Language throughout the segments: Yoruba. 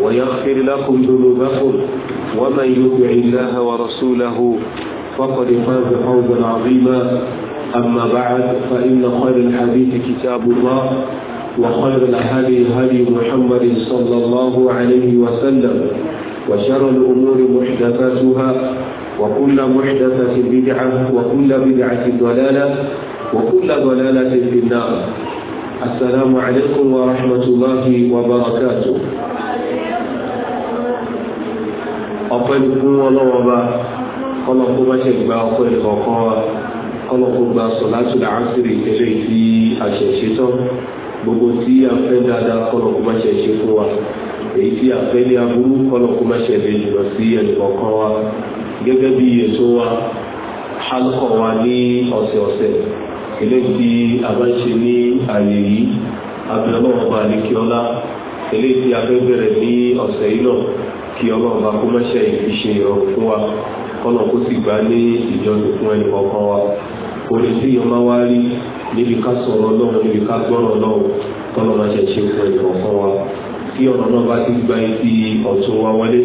ويغفر لكم ذنوبكم ومن يطع الله ورسوله فقد فاز فوزا عظيما أما بعد فإن خير الحديث كتاب الله وخير الهدي هدي محمد صلى الله عليه وسلم وشر الأمور محدثاتها وكل محدثة بدعة وكل بدعة ضلالة وكل ضلالة في النار السلام عليكم ورحمة الله وبركاته ọpẹ́ ní fún Kọlọkụ bá kọ́lọ́kó bá ṣe gba ọpẹ́ ìkọ̀ọ̀kan wa gba sọ láti á a ṣe gbogbo tí a fẹ́ dáadáa kọ́lọ́kó bá ṣe ṣe fún wa èyí tí a fẹ́ ní aburú kọ́lọ́kó bá ṣe lè jùlọ sí wa bí ètò wa wa ní eléyìí tí a bá ń ṣe ní àyè yìí bá a lè kí ọlá eléyìí tí a ní kí ọlọ́run bá kó mọ́ṣẹ́ ìṣe ìrọ̀rùn fún wa kọ́nà kó sì gbá ní ìjọsìn fún ẹnì kọ̀ọ̀kan wa tí ọmọ wa rí níbi ká sọ̀rọ̀ ọlọ́run níbi ká gbọ́rọ̀ ọlọ́run ṣe fún ẹnì wa kí ọ̀nà náà bá ti gba etí ọ̀tún wa wọlé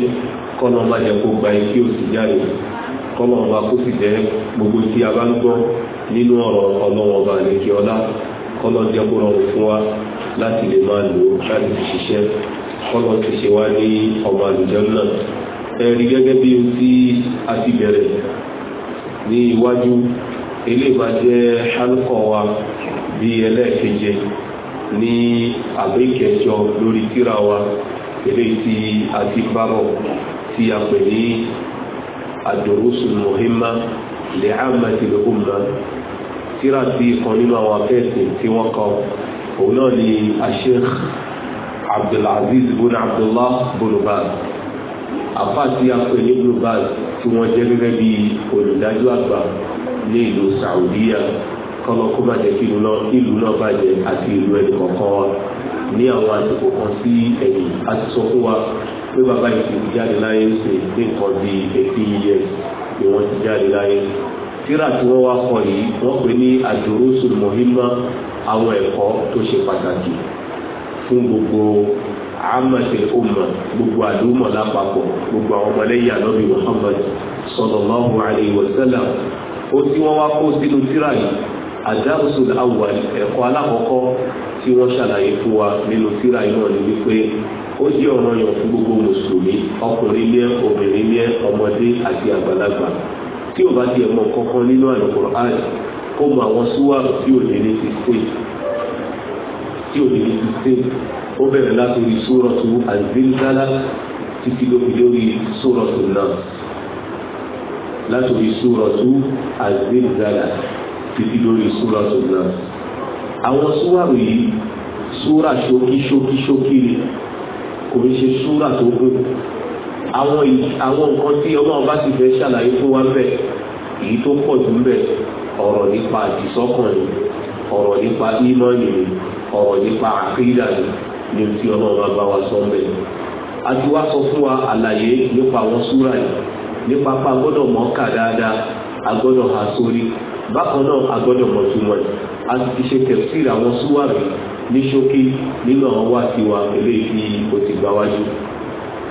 kọ́nà kó gba ọba kó gbogbo tí a bá ń gbọ́ nínú ọ̀rọ̀ ọlọ́run ọba kọ́nà ti ṣe wá ní ọmọ àlùjànnà ẹ̀rí gẹ́gẹ́ bí ohun tí a ti bẹ̀rẹ̀ ní iwájú eléyìí máa jẹ́ hálùkọ̀ wa bí ẹlẹ́ẹ̀keje ní àbẹ́kẹjọ lórí tírà wa eléyìí tí a ti bábọ̀ tí a pè ní ad-durusul muhimma li 'ammatil umma tírà tí kan nínú àwọn akẹ́sìn tí wọ́n kọ òun náà ni Sheikh abdulaziz bin abdullah bolobaz àfáàtì akpẹlẹ bolobaz tí wọn jẹ gẹ́gẹ́ bí olùdájọ́ àgbà ní ìlú saudiya kọlọ kó má jẹ kí ìlú náà bàjẹ́ àti ìlú ẹnì kọ̀ọ̀kan wa ní àwọn àsìkò kan sí ẹ̀yìn àti sọ fún wa pé bàbá yìí ti jáde láyé ṣe ní nǹkan bíi eighty years ni wọ́n ti jáde láyé tíra tí wọ́n wá kọ yìí wọ́n pè ní àdúrósùn mọ̀hímà àwọn ẹ̀kọ́ tó ṣe pàtàkì fún gbogbo amẹ̀tẹ̀ ọmọ gbogbo àdúmọ̀ lápapọ̀ gbogbo àwọn ọmọlẹ́yìn ànábì Muhammad sallallahu alayhi wa sallam ó tí wọ́n wá kó sínú tírà yìí ad-darsul awwal ẹ̀kọ́ alákọ̀ọ́kọ́ tí wọ́n ṣàlàyé fún wa nínú tírà yìí náà ni wípé ó jẹ́ ọ̀ranyàn fún gbogbo mùsùlùmí ọkùnrin ní ẹ obìnrin ní ẹ ọmọdé àti àgbàlagbà tí ò bá tiẹ̀ mọ kankan nínú Al-Qur'an kó mọ àwọn súwà tí ò ní ní ti tí ò ní ní ṣe ó bẹ̀rẹ̀ látòrí sórọ̀tù àzíńtálá títí lóbi lórí sórọ̀tù náà látòrí sórọ̀tù àzíńtálá títí lórí sórọ̀tù náà. àwọn súwárù yìí súrà ṣókí ṣókí ṣókí ni kò ń ṣe súrà tó gùn àwọn àwọn nǹkan tí ọlọ́run bá ti fẹ́ ṣàlàyé fún wa bẹ́ẹ̀ èyí tó pọ̀ jù ń bẹ ọ̀rọ̀ nípa àdìsọ́kàn ni ọ̀rọ̀ nípa ímọ́ọ̀nì ni ọ̀rọ̀ nípa àkéyídà ni o ti ọlọ́run bá wa sọ mẹ́. àti wá sọ fún wa àlàyé nípa àwọn súrà yìí nípa pa gbọ́dọ̀ mọ̀ ká dáadáa agbọ́dọ̀ ha sórí bákan náà agbọ́dọ̀ mọ̀ túmọ̀ ẹ̀ àti ti ṣe tẹ̀síìrì àwọn súwà mi ní ṣókí nínú àwọn wá sí wa eléyìí tí o ti gbà wájú.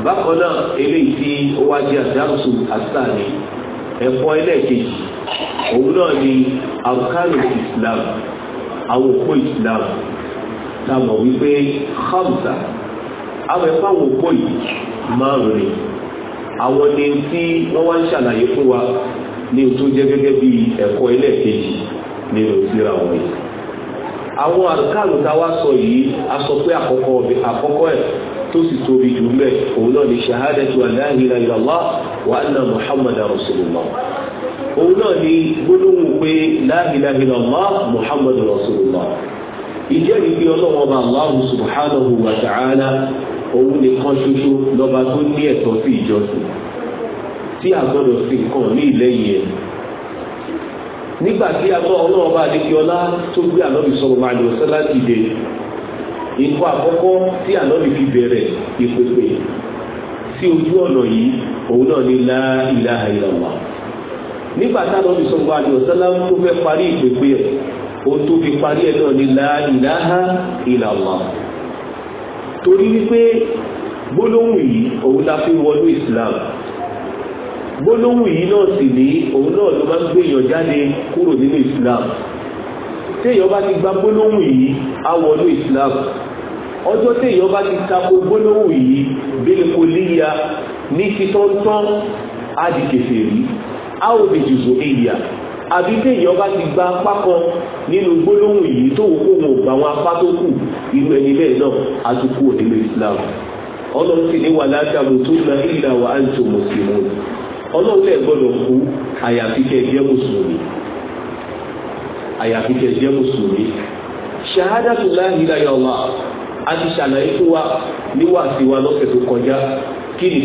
bákan náà eléyìí tí ó wá jẹ́ àdáhùsù àtàní ẹ̀kọ́ ẹlẹ́ẹ̀kejì òun náà ni àrùkárò Islam àwọn òpó la mọ̀ wípé hamza àwọn ẹ̀fọ́ àwọn òpó yìí márùn ni àwọn ni tí wọ́n wá ń ṣàlàyé fún wa ní o tó jẹ́ gẹ́gẹ́ bí ẹ̀kọ́ ẹlẹ́ẹ̀kejì nínú síra wọn yìí àwọn àrùkàrù tá a wá sọ yìí a sọ pé àkọ́kọ́ ọbẹ̀ àkọ́kọ́ ẹ̀ tó sì tóbi jù mẹ́ òun náà ni shahadatu la ilaha illallah wa anna muhammadan rasulullah òun náà ni gbólóhùn pé la ilaha illallah muhammadan ìjẹ́rìí pé ọlọ́run ọba Allahu subhanahu wa ta'ala òun nìkan ṣoṣo lọ́ba tó ní ẹ̀tọ́ sí ìjọsìn tí a sí nǹkan ní ìlẹ́yìn ẹ̀ nígbà tí ọba tó gbé ànábì sọ̀rọ̀ máa lọ nǹkan àkọ́kọ́ tí ànábì fi bẹ̀rẹ̀ ìpèpè sí ojú ọ̀nà yìí òun náà ní la ilaha illallah nígbà ohun tó fi parí ẹ̀ náà ni la ilaha illallah torí wípé gbólóhùn yìí òun la fi wọnú islam gbólóhùn yìí náà sì ní òun náà ló máa ń gbéyàn jáde kúrò nínú islam téèyàn bá ti gba gbólóhùn yìí á wọnú islam ọjọ́ téèyàn bá ti tako gbólóhùn yìí bílẹ̀kọ líya ní ti á di kèfèrí á ò lè jùzọ èyà àbí téèyàn bá ti gba apá kan nínú gbólóhùn yìí tó wò kóhùn ògbà àwọn apá tó kù irú ẹni bẹ́ẹ̀ náà Islam ọlọ́run sì ní wà tó na ìlà wà á ń tó mùsùlùmí ọlọ́run lè gbọ́dọ̀ kú àyàfi kẹ́ ẹ mùsùlùmí àyàfi kẹ́ ẹ jẹ́ a ti ṣàlàyé fún wa níwàásí wa lọ́sẹ̀ tó kọjá kí ni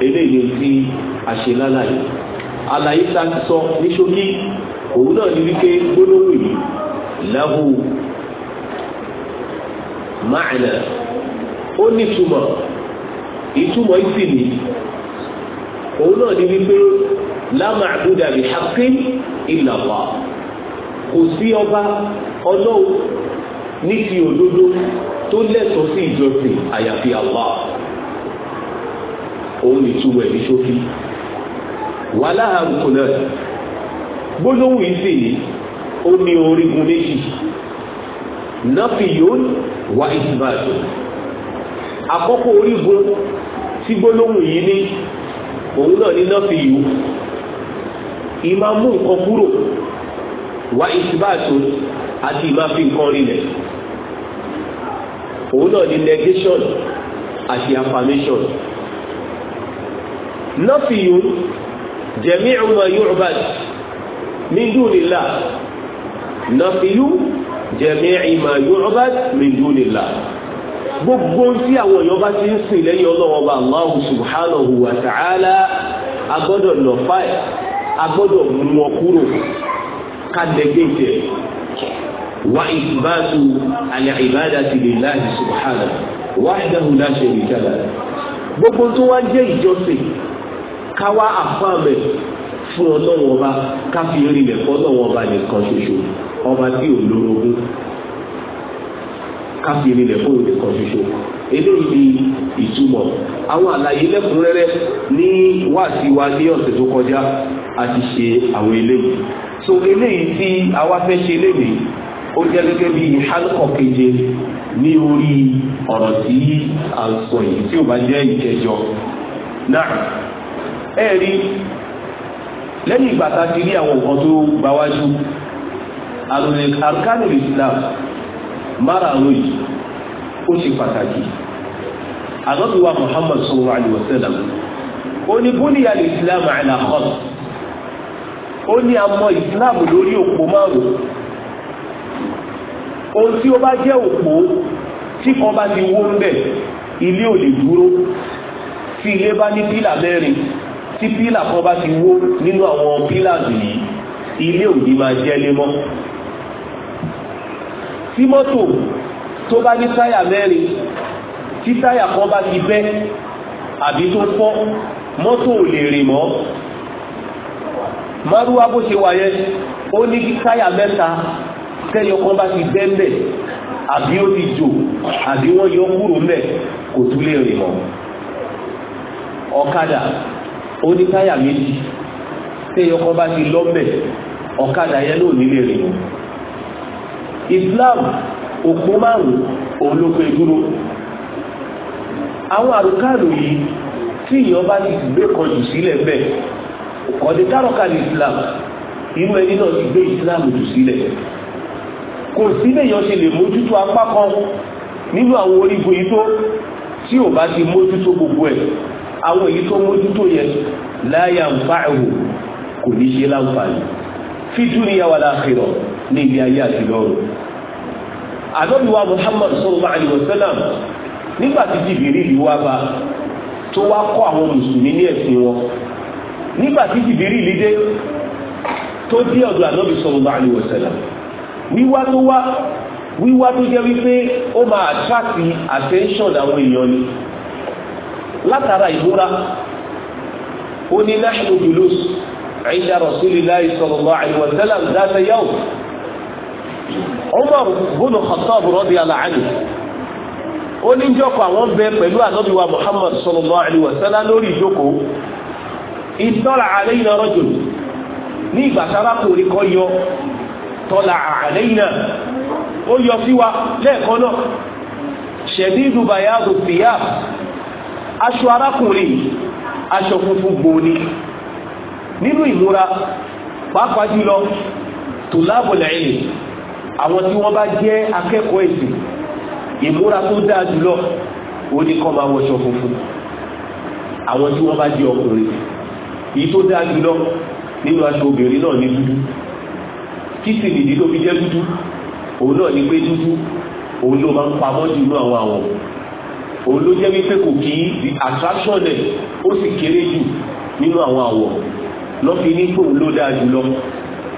eléyìí tí a ṣe lálàyé àlàyé tá a ti sọ ní ṣókí òun náà ní wípé gbólóhùn yìí lahu ma'na ó ní ìtumọ̀ ìtumọ̀ ìsì ni òun náà ní wípé la ma'buda bi haqqin illa kò sí ọba ọlọ́wọ́ ní ti òdodo tó lẹ́tọ̀ọ́ sí ìjọsìn àyàfi Allah òun lè tu ẹ̀ ní ṣókí wàhálà àrùkù náà gbólóhùn ìsè yìí ó ní orígun méjì nafiyun wa isbatu àkọ́kọ́ orígun tí gbólóhùn yìí ní òun náà ní nafiyun ìmá mú nǹkan kúrò wa isbatu àti ìmá fi nǹkan rinlẹ̀ òun náà ní negation àti affirmation nafiyun jami'u ma yu'bad min dunillah nafiyu jami'i ma yu'bad min dunillah gbogbo tí àwọn èèyàn bá ti ń sìn lẹ́yìn ọlọ́wọ́ bá Allahu subhanahu wa ta'ala a gbọ́dọ̀ nọ̀fà ẹ̀ a gbọ́dọ̀ mú wọn kúrò ká dẹ́gbẹ́ jẹ wa ìbádu al-ibadati lillahi subhanahu wahdahu la sharika lahu gbogbo tó wá jẹ́ ìjọsìn ká wá àfáàmẹ̀ fún ọlọ́wọ́n ọba ká fi rinlẹ̀ fún ọlọ́wọ́n ọba nìkan ṣoṣo ọba tí ò lórogún ká fi rinlẹ̀ fún nìkan ṣoṣo eléyìí ni ìtumọ̀ àwọn àlàyé lẹ́kùnrẹ́rẹ́ ní wáàsí wa ní ọ̀sẹ̀ tó kọjá a ti ṣe àwọn eléyìí so eléyìí tí a fẹ́ ṣe lénìí ó jẹ́ gẹ́gẹ́ bí hálùkọ̀ keje ní orí ọ̀rọ̀ tí a sọ yìí tí ò bá jẹ́ ìkẹjọ náà. ẹ rí lẹ́yìn ìgbà tá ti rí àwọn nǹkan tó gba wájú arkanu islam mara yìí ó ṣe pàtàkì àdọ́tùwà muhammad sallallahu alayhi wa sallam ó islam ala khams ó ní àmọ́ islam lórí òpó márùn ohun tí ó bá jẹ́ òpó tí ti wó ń bẹ̀ ilé ò lè dúró tí ilé bá ní pílà tí pílà kan bá ti wó nínú àwọn pílàsì yìí ilé òní máa jẹ́ lé mọ́ tí mọ́tò tó bá ní táyà mẹ́rin tí táyà kan bá ti bẹ́ àbí tó fọ́ mọ́tò ò lè rìn mọ́ márúwá bó ṣe wà yẹn ó ní táyà mẹ́ta tẹ́yọ kan bá ti bẹ́ mbẹ̀ àbí ó ti jò àbí wọ́n yọ kúrò mbẹ̀ kò tún lè rìn mọ́ ọ̀kadà ó ní táyà méjì tí ọkọ̀ bá ti lọ́mẹ̀ ọ̀kadà yẹn ló nílé rìn o Islam òpó márùn òun ló pe dúró àwọn àrùkárò yìí tí ìyàn bá ti gbé kan sílẹ̀ bẹ́ẹ̀ ọ̀dẹ tárọ̀kà Islam irú ẹni náà ti gbé Islam jù sílẹ̀ kò sí léèyàn ṣe lè mójútó apá kan nínú àwọn orígun yìí tó tí ò bá ti mójútó gbogbo ẹ̀ àwọn èyí tó mójútó yẹn láyà ń fa ẹ̀wò kò ní ṣe láǹfààní fíjú ni yàwá láàkìrọ̀ ní ilé ayé àti lọ́rùn. àdọ́bíwá Muhammad sallallahu alaihi wasallam nígbà tí jìbìrì ìlú wa bá tó wá kọ́ àwọn mùsùlùmí ní ẹ̀sìn wọn nígbà tí jìbìrì ìlú dé tó dé ọ̀dọ̀ àdọ́bí sallallahu alaihi wíwá tó wá wíwá tó jẹ́ wípé ó máa attract attention àwọn èèyàn ni látara ìbúra ó ní nahnu julus inda rasulillahi sallallahu alaihi wa sallam dhata yawm Umar ibn Khattab radiyallahu anhu ó ní jókòó àwọn bẹ pẹ̀lú ànábì wa Muhammad sallallahu alaihi wa sallam lórí ìjókòó ìtọ́lá alayna rajul ní ìgbà sára kò rí kọ́ yọ tọ́lá alayna ó yọ sí wa lẹ́ẹ̀kan náà shadidu bayadu aṣọ arákùnrin aṣọ funfun gbòòni nínú ìmúra pàápàá jùlọ tulabul ilm àwọn tí wọ́n bá jẹ́ akẹ́kọ̀ọ́ ẹ̀sìn ìmúra tó dáa jùlọ ó ní kọ́ máa wọṣọ funfun àwọn tí wọ́n bá jẹ́ ọkùnrin èyí tó dáa jùlọ nínú aṣọ obìnrin náà ní dúdú kí sì nìdí ló fi jẹ́ dúdú òun náà ní pé dúdú òun ló máa ń pamọ́ jù nínú àwọn àwọn òun ló jẹ́ wípé kò kí attraction ẹ̀ ó sì kéré jù nínú àwọn àwọ̀ lọ́fi ní pé òun ló dáa jùlọ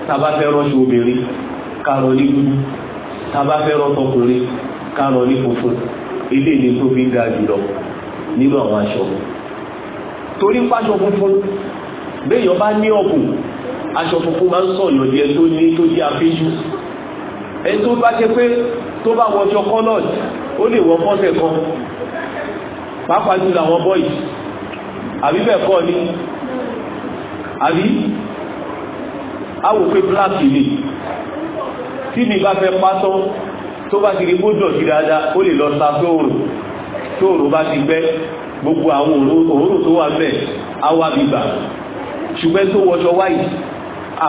tá a bá fẹ́ rọ́ṣọ obìnrin ká rọ ní dúdú tá a bá fẹ́ rọ́ṣọ ọkùnrin ká rọ ní funfun ilé ìdè tó fi ń dáa jùlọ nínú àwọn aṣọ torí pàṣọ funfun béèyàn bá ní ọ̀gùn aṣọ funfun máa ń sọ̀yàn jẹ tó ní tó jẹ́ afẹ́jú ẹni tó bá jẹ pé tó bá wọṣọ kọ́lọ́ọ̀dì ó lè wọ fọ́sẹ̀ kan pàápàá jùlọ àwọn bọ́ìs àbí bẹ́ẹ̀ kọ́ ni àbí awò pé black ni tí mi bá fẹ́ pátán tó bá ti rí kó dọ̀tí dáadáa ó lè lọ sa tóòrò tóòrò bá ti gbẹ gbogbo àwọn òórùn tó wà bẹ́ẹ̀ á wá bíbà ṣùgbọ́n tó wọṣọ wáyé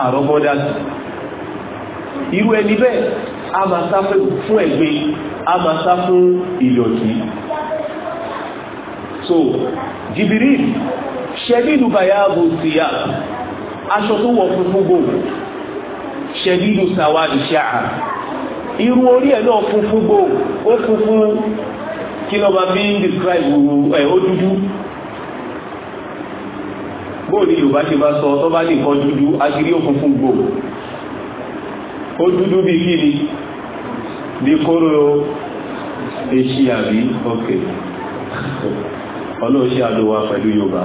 àárọ̀ bọ́dá sí irú ẹni bẹ́ẹ̀ a máa sá fún ẹ̀gbin a máa sá fún ìdọ̀tí so Jibril ṣẹ̀dídù bayabu síyá aṣọ tó wọ̀ funfun gbò ṣẹ̀dídù sàwà ìṣáà irun orí ẹ̀ náà funfun gbò ó funfun kí ló máa fi ń describe ẹ̀ ó dúdú bóò ni yorùbá ṣe máa sọ tó bá ní nǹkan dúdú agiri ó funfun gbò ó dúdú bí kí bí kóró èṣì àbí ok ọlọ́run ṣe àdó wa pẹ̀lú yorùbá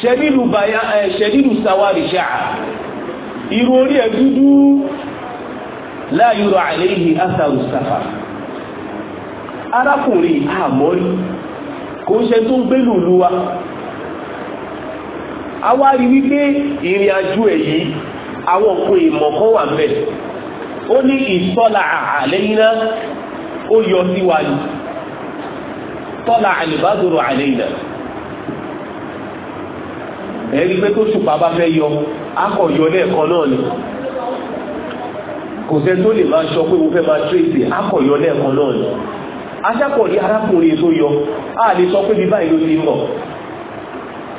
ṣẹ̀dílù bàyá ẹ̀ ṣẹ̀dílù sawari ṣáà irú orí ẹ̀ dúdú láàyòrò àléhì asaru safa arákùnrin àmọ́rí kò ń ṣe tó ń gbé lùlù wa a wá rí wípé ìrìn àjò ẹ̀ yìí àwọn òkun ìmọ̀ kan wà bẹ́ẹ̀ ó ní ìsọ́là àléhìnà ó yọ síwájú. Si tọ́lá àlùbádòrò àlẹ́ ìlà ẹ̀rí pé tó ṣùpá bá fẹ́ yọ akọ̀yọ lẹ́ẹ̀kan náà ni kò sẹ́ tó lè máa sọ pé mo fẹ́ máa tírèsì akọ̀yọ lẹ́ẹ̀kan náà ni aṣápọ̀ ní arákùnrin tó yọ a lè sọ pé bí báyìí ló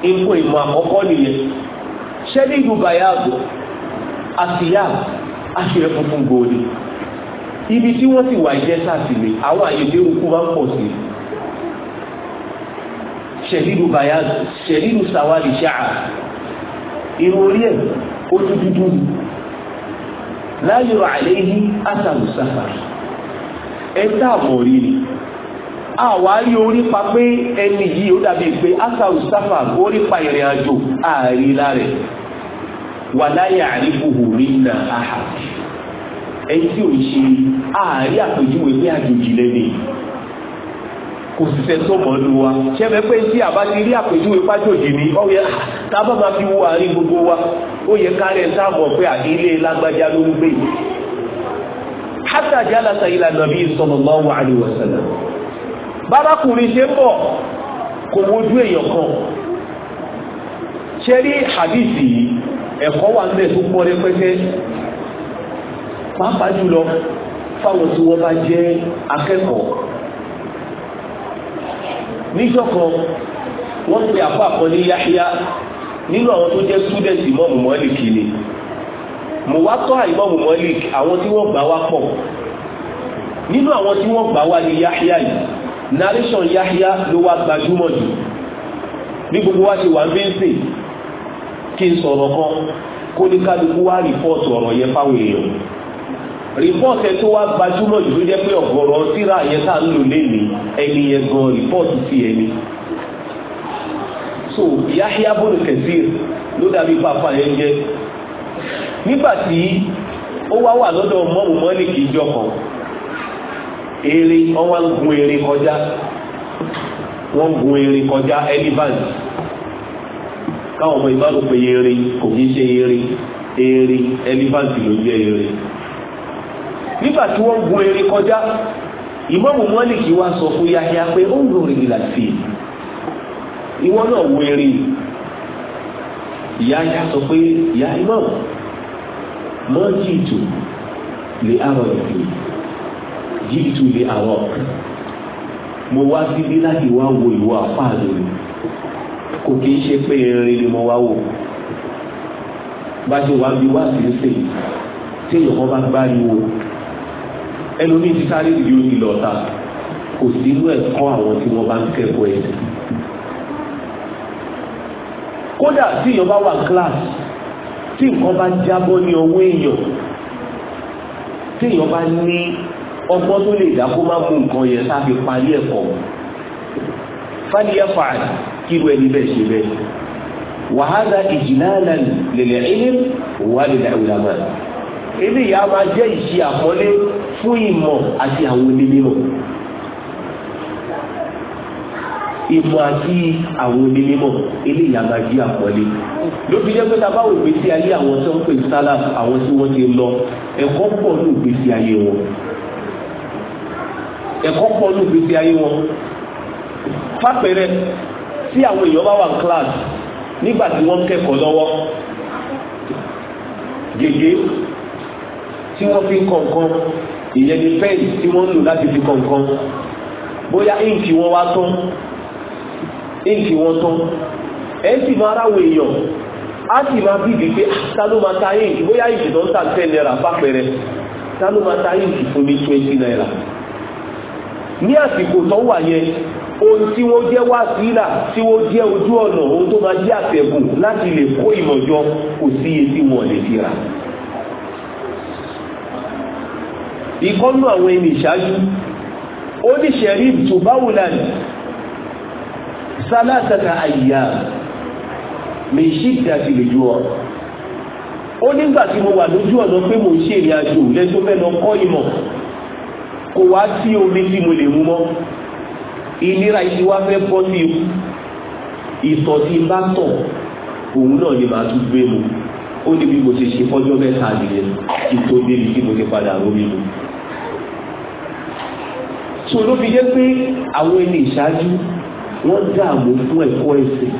ti ń bọ̀ ipò ìmọ̀ àkọ́kọ́ nìyẹn ṣẹ́lẹ̀ ìlú bayaago àtìyá aṣèrè funfun gòòlì ibi tí wọ́n ti wà ìjẹ́sà sí ni àwọn àyèdè òkú máa ń pọ̀ sí i ṣẹ̀dídù bayaz ṣẹ̀dídù sawadi ṣáà irun orí ẹ̀ ó tún dúdú ni láyò àléhí àtàlù sáfàrì ẹ tá àmọ̀ orí ni àwa rí orí pa pé ẹni yìí ó dàbí pé àtàlù sáfàrì orí pa ìrìn àjò ààrí lára ẹ̀ wàláyà àrífòhò rí nà áhà ẹ tí ò ń ṣe ààrí àpèjúwe pé àjòjì lẹ́nu yìí kò sì fẹ́ tó mọ́ lu wa ṣẹ́fẹ́ pé tí a bá ti rí àpèjúwe fájòjì ní ó yẹ tá a bá máa fi wo àárín gbogbo wa ó yẹ kárẹ̀ tá a mọ̀ pé àdílé lágbájá ló ń gbé hátà jálàtà ilà nàbí sallallahu alaihi wasallam bárakùnrin ṣe ń bọ̀ kò wojú èèyàn kan ṣe rí hadisi yìí ẹ̀kọ́ wà nílẹ̀ tó pọ̀ rẹpẹtẹ pàápàá jùlọ fáwọn tí wọ́n níjọ́kan wọ́n pe àpá kan ní yáyá nínú àwọn tó jẹ́ student ìmọ̀mù mọ́lìk ni mo wá tọ́ àìmọ̀mù mọ́lìk àwọn tí wọ́n gbà wá pọ̀ nínú àwọn tí wọ́n gbà wá ní yáyá yìí narration yáyá ló wá gbajúmọ̀ jù ní gbogbo wa ti wà ń bí ń sè kí n sọ̀rọ̀ kan kó ní kálukú wá rìpọ́ọ̀tù ọ̀rọ̀ yẹn fáwọn èèyàn rìpọ́ọ̀tì tó wá gbajúmọ̀ jù ló jẹ́ pé ọ̀gọ̀rọ̀ síra yẹn tá à ń lò lẹ́nu ẹni yẹn gan rìpọ́ọ̀tì sí ẹni. so Yahya bun Kathir ló dàbí pàpà yẹn jẹ́ nígbà tí ó wá wà lọ́dọ̀ mọ́mù mọ́lìkì ìjọ kan eré ọwọ́ ń gun eré kọjá wọ́n gun eré kọjá elephant káwọn ọmọ ìbálòpọ̀ eré kò kí ń ṣe eré eré elephant ló jẹ́ eré nígbà tí wọ́n gun erin kọjá ìmọ̀mù mọ́lìkì wa sọ fún yahya pé ó ń lórí ìlàsì ìwọ náà wo erin yahya sọ pé ya ìmọ̀mù mọ́jì ìtò lè àrọ̀ ìtò jí ìtò lè àrọ̀ mo wá síbí láti wá wo ìwọ àfáà lórí kò kí n ṣe pé erin ni mo wá wò bá ṣe wá bí wá sí ń sè tí èèyàn kan bá gbá ariwo ẹlòmíì ti sáré ìdí omi lọ́ta kò sí inú ẹ̀kọ́ àwọn tí wọ́n bá ń kẹ́kọ̀ọ́ ẹ̀ kódà tí èèyàn bá wà kíláàsì tí nǹkan bá jábọ́ ní ọwọ́ èèyàn tí èèyàn bá ní ọgbọ́n tó lè dá kó má mú nǹkan yẹn sáfi parí ẹ̀kọ́ fàdíyàfà kíru ẹni bẹ́ẹ̀ ṣe bẹ́ẹ̀ wàhálà ìjìnlẹ̀ lẹ́lẹ̀ ẹ̀yìn wà lẹ́lẹ̀ ìwúlámà eléyìí á máa jẹ́ ìṣe àpọ́nlé fún ìmọ̀ àti àwọn onímọ̀ ìmọ̀ àti àwọn onímọ̀ eléyìí á máa jẹ́ àpọ́nlé ló fi jẹ́ pé ta bá wò gbèsè ayé àwọn tó ń pè sálà àwọn tí wọ́n ti lọ ẹ̀kọ́ pọ̀ ní ìgbésí ayé wọn ẹ̀kọ́ pọ̀ ní ìgbésí ayé wọn fápẹ̀rẹ̀ tí àwọn èèyàn bá wà ní class nígbà tí wọ́n kẹ́kọ̀ọ́ lọ́wọ́ gègé tí wọ́n fi ń kọ nǹkan ìyẹn ni pẹ́ẹ̀lì tí wọ́n ń lò láti fi kọ nǹkan bóyá íǹkì wọn wá tán íǹkì wọn tán ẹ̀ sì máa ráwọ̀ èèyàn á sì máa bíbi pé ah, ta ló máa ta íǹkì bóyá íǹkì tó ń tà ten naira fápẹ̀rẹ̀ ta ló máa ta íǹkì fún mi twenty naira ní àsìkò tó wà yẹn ohun tí wọ́n jẹ́ wàsílà tí wọ́n jẹ́ ojú ọ̀nà ohun tó máa jẹ́ àtẹ̀gùn láti lè kó ìmọ̀jọ kò sí iye tí wọ́n lè fi rà ìkọ́nù àwọn ẹni ìṣáájú ó ní sẹ̀rí tó bá wùlà ní sálásàkà àyà mèṣí ìdàtì lójú ọ ó nígbà tí mo wà lójú ọ̀nà pé mo ń ṣe ìrìn àjò lẹ́tọ́ fẹ́ lọ kọ́ ìmọ̀ kò wá sí omi tí mo lè mú mọ́ ìnira yìí wá fẹ́ bọ́ sí ikú ìtọ̀ tí bá tọ̀ òun náà ni màá tún gbé mu ó ní bí mo ṣe ṣe fọ́jọ́ mẹ́ta nìyẹn kí tó tí mo ti padà rómi mu so ló fi jẹ́ pé àwọn ẹni ìṣáájú wọ́n dààmú fún ẹ̀kọ́ ẹ̀sìn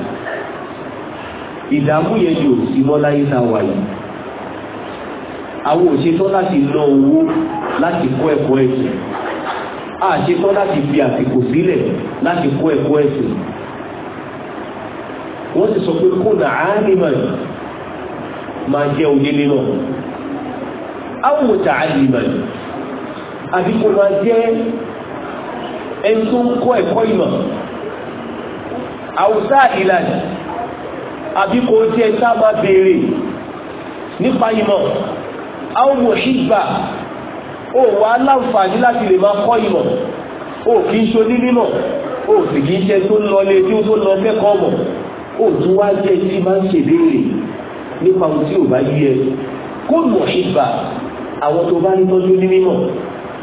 ìdààmú yẹn ni ò sí mọ́ láyé a wà yìí àwọn òṣetán láti ná owó láti kọ́ ẹ̀kọ́ ẹ̀sìn àṣetán láti fi àsìkò sílẹ̀ láti kọ́ ẹ̀kọ́ ẹ̀sìn wọ́n sì sọ pé kó nà ánímà máa jẹ́ onílé náà àwọn òtà ánímà àbí máa jẹ́ ẹni tó ń kọ́ ẹ̀kọ́ ìmọ̀ àwùsá ìlànà àbí kò tiẹ̀ sá máa béèrè nípa ìmọ̀ àwọn mòṣìgbà ó wà láǹfààní láti lè máa kọ́ ìmọ̀ ó kì í ṣe onímọ̀ ó sì kì í ṣe tó ń lọ lé tí ó tó ń lọ kẹ́kọ̀ọ́ mọ̀ ó tún wá jẹ́ tí máa ń ṣèbéèrè nípa ohun tí ò bá yí ẹ kó mòṣìgbà àwọn tó bá ń tọ́jú ní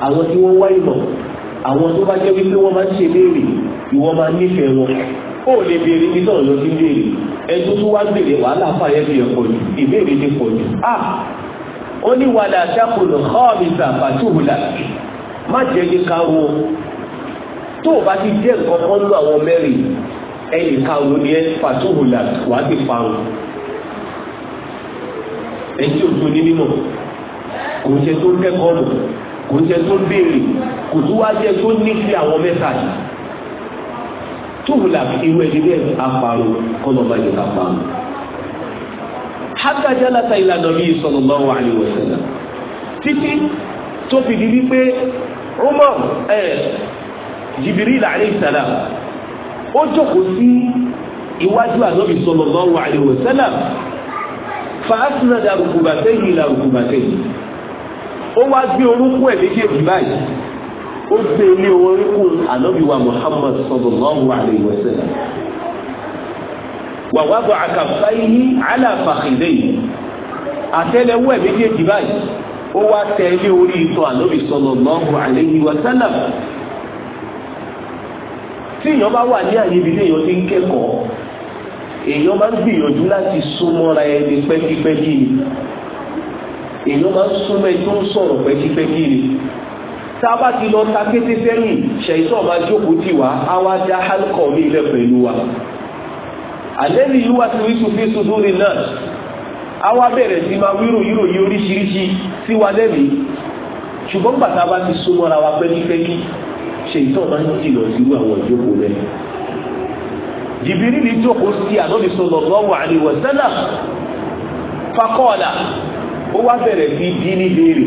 àwọn tí wọ́n wá ìmọ̀ àwọn tó bá jẹ́ wípé wọ́n máa ń ṣe léèrè ìwọ máa nífẹ̀ẹ́ wọn ó lè béèrè ibi tọ̀rọ̀ lọ sí léèrè ẹjú tó wá béèrè wàhálà fàyẹ́ fi ẹ̀ pọ̀jù ìbéèrè ti pọ̀jù à ó ní wàdà àṣàkùnà ọ̀ọ́mìsà fàtúhùlà má jẹ́ ní karo tó o bá ti jẹ́ nǹkan kan lọ àwọn mẹ́rin ẹnì karo ni ẹ fàtúhùlà wàá ti parun ẹni tí o tó ní mímọ̀ kò ṣe tó kẹ́kọ̀ọ́ mọ̀ kò jẹ́ tó béèrè kò tó wá jẹ́ tó nífẹ̀ẹ́ àwọn mẹ́ta yìí tóun là irú ẹni bẹ́ẹ̀ apàrọ̀ kọ́nọ̀bá yìí ká pa. hatta jalasa ila nabi sallallahu alaihi wasallam títí tó fi di wípé Umar ẹ̀ Jibril alayhi salam ó jókòó sí iwájú ànábì sallallahu alaihi wasallam fa asnada rukubatayhi ila rukubatayhi ó wá gbé orúnkún ẹ̀ méjèèjì báyìí ó gbé ilé orúnkún ànábìwá Muhammad sallallahu alayhi wa sallam wa wada'a kaffayhi ala fakhidayhi àtẹ́lẹwọ́ ẹ̀ méjèèjì báyìí ó wá tẹ ilé orí ìtọ́ ànábì sallallahu alayhi wa sallam tí èèyàn bá wà ní àyè ibi tí èèyàn ti ń kẹ́kọ̀ọ́ èèyàn bá ń gbìyànjú láti súnmọ́ra ẹni pẹ́kípẹ́kí èèyàn máa ń súnmọ́ ẹ tó ń sọ̀rọ̀ pẹ́kípẹ́kí ni tá a bá ti lọ ta kété sẹ́yìn ṣẹ̀yìntàn máa jókòó tì wá á wá dá hálùkọ̀ mi lẹ̀ pẹ̀lú wa àlẹ́ ni yíwá ti rí sùfé sùdúrì náà á wá bẹ̀rẹ̀ sí máa wírò yírò yí oríṣiríṣi sí wa lẹ́mìí ṣùgbọ́n bàtà bá ti súnmọ́ra wa pẹ́kípẹ́kí ṣèyítọ́ máa ń jìnà sírú àwọn ìjókòó rẹ̀. jìbìrì ní jókòó sí ànábì ó wá bẹ̀rẹ̀ sí bí ní béèrè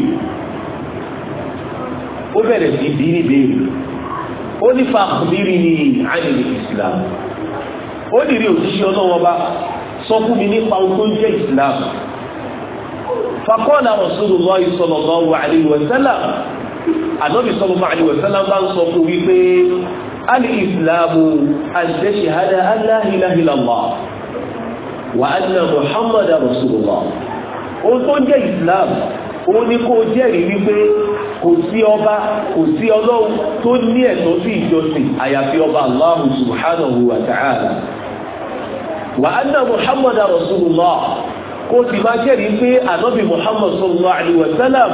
ó bẹ̀rẹ̀ sí bí ní béèrè ó ní fàkùnrin ní àyè islam ó ní rí òṣìṣẹ́ ọlọ́wọ́ bá sọ fún mi nípa ohun tó ń jẹ́ islam fakọ́ọ̀lá rasulullah sallallahu alaihi wa sallam ànábì sallallahu alaihi wa sallam bá ń sọ fún wípé alìsìláàmù àṣẹṣe hada aláhìláhìláwà wà á nà muhammadu rasulullah ohun tó jẹ́ islam òun ni kó jẹ́rìí wípé kò sí ọba kò sí ọlọ́run tó ní ẹ̀tọ́ sí ìjọsìn àyàfi ọba allahu subhanahu wa ta'ala wa anna muhammadu rasulullah kó sì máa jẹ́rìí pé ànábì muhammad sallallahu alayhi wa sallam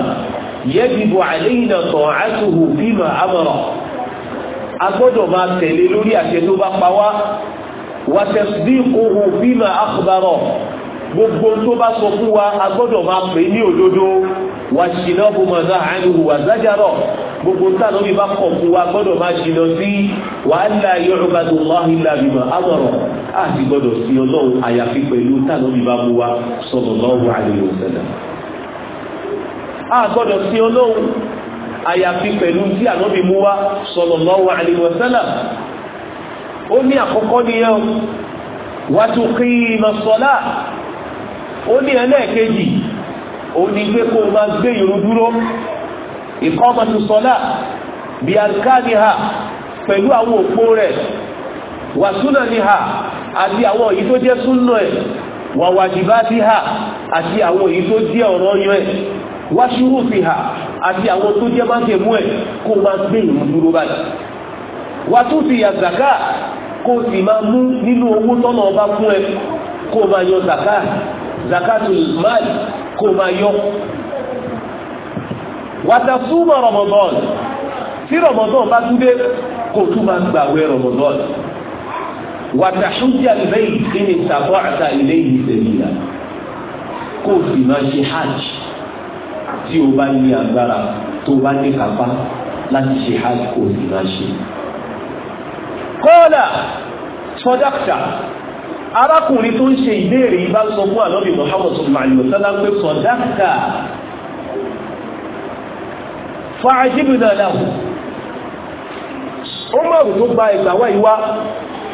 yajibu alayna ta'atuhu fima amara a gbọ́dọ̀ máa tẹ̀lé lórí àṣẹ bá pa wá wa tasdiquhu fima akhbara gbogbo tó bá sọ fún wa a gbọ́dọ̀ máa pè é ní òdodo wà ṣìnà bùmọ̀dá àìníhù wà zájàrọ̀ gbogbo táwọn mi bá kọ̀ fún wa a gbọ́dọ̀ máa ṣìnà sí wàhálà yorùbá tó láhìn làbìmọ̀ àmọ̀rọ̀ àti gbọ́dọ̀ sí ọlọ́run àyàfi pẹ̀lú táwọn mi bá mú wa sọ̀rọ̀ lọ́wọ́ àlejò sẹ́lẹ̀ a gbọ́dọ̀ sí ọlọ́run àyàfi pẹ̀lú tí ànábì mú wa sallallahu alaihi wa sallam ó ní ó ní ẹlẹ́ẹ̀kejì ó ní pé kó o máa gbé ìrun dúró bí ha pẹ̀lú àwọn òpó rẹ̀ ha àti àwọn èyí tó jẹ́ súnà ẹ̀ ha àti àwọn oyi tó jẹ́ ọ̀rọ̀ yan ẹ̀ wá ha àti àwọn tó jẹ́ máa ẹ̀ kó o máa gbé ìrun dúró báyìí wà fi kó o sì máa mú nínú owó tọ́nà ọba fún ẹ kó o zakatul mal kó máa yọ wàtàsúmọ̀ rọmọdọ́ọ̀nù tí rọmọdọ́ọ̀nù bá tún dé kó tún máa gbàwẹ̀ rọmọdọ́ọ̀nù wàtàṣújà lẹ́yìn tí ní sàbọ̀ àtà ilé yìí sẹ́yìnlá kó sì máa ṣe hajj tí o bá ní agbára tó bá ní kápá láti ṣe hajj kó sì máa ṣe. kọ́ọ̀là sọ́dọ̀kítà arákùnrin tó ń ṣe ìbéèrè yìí bá sọ fún àlọ́bì Muhammad sallallahu alaihi wasallam pé sọ̀dáàkà fàájìbìnà làwọn ó mọ̀rù tó gba ìgbàwá ìwá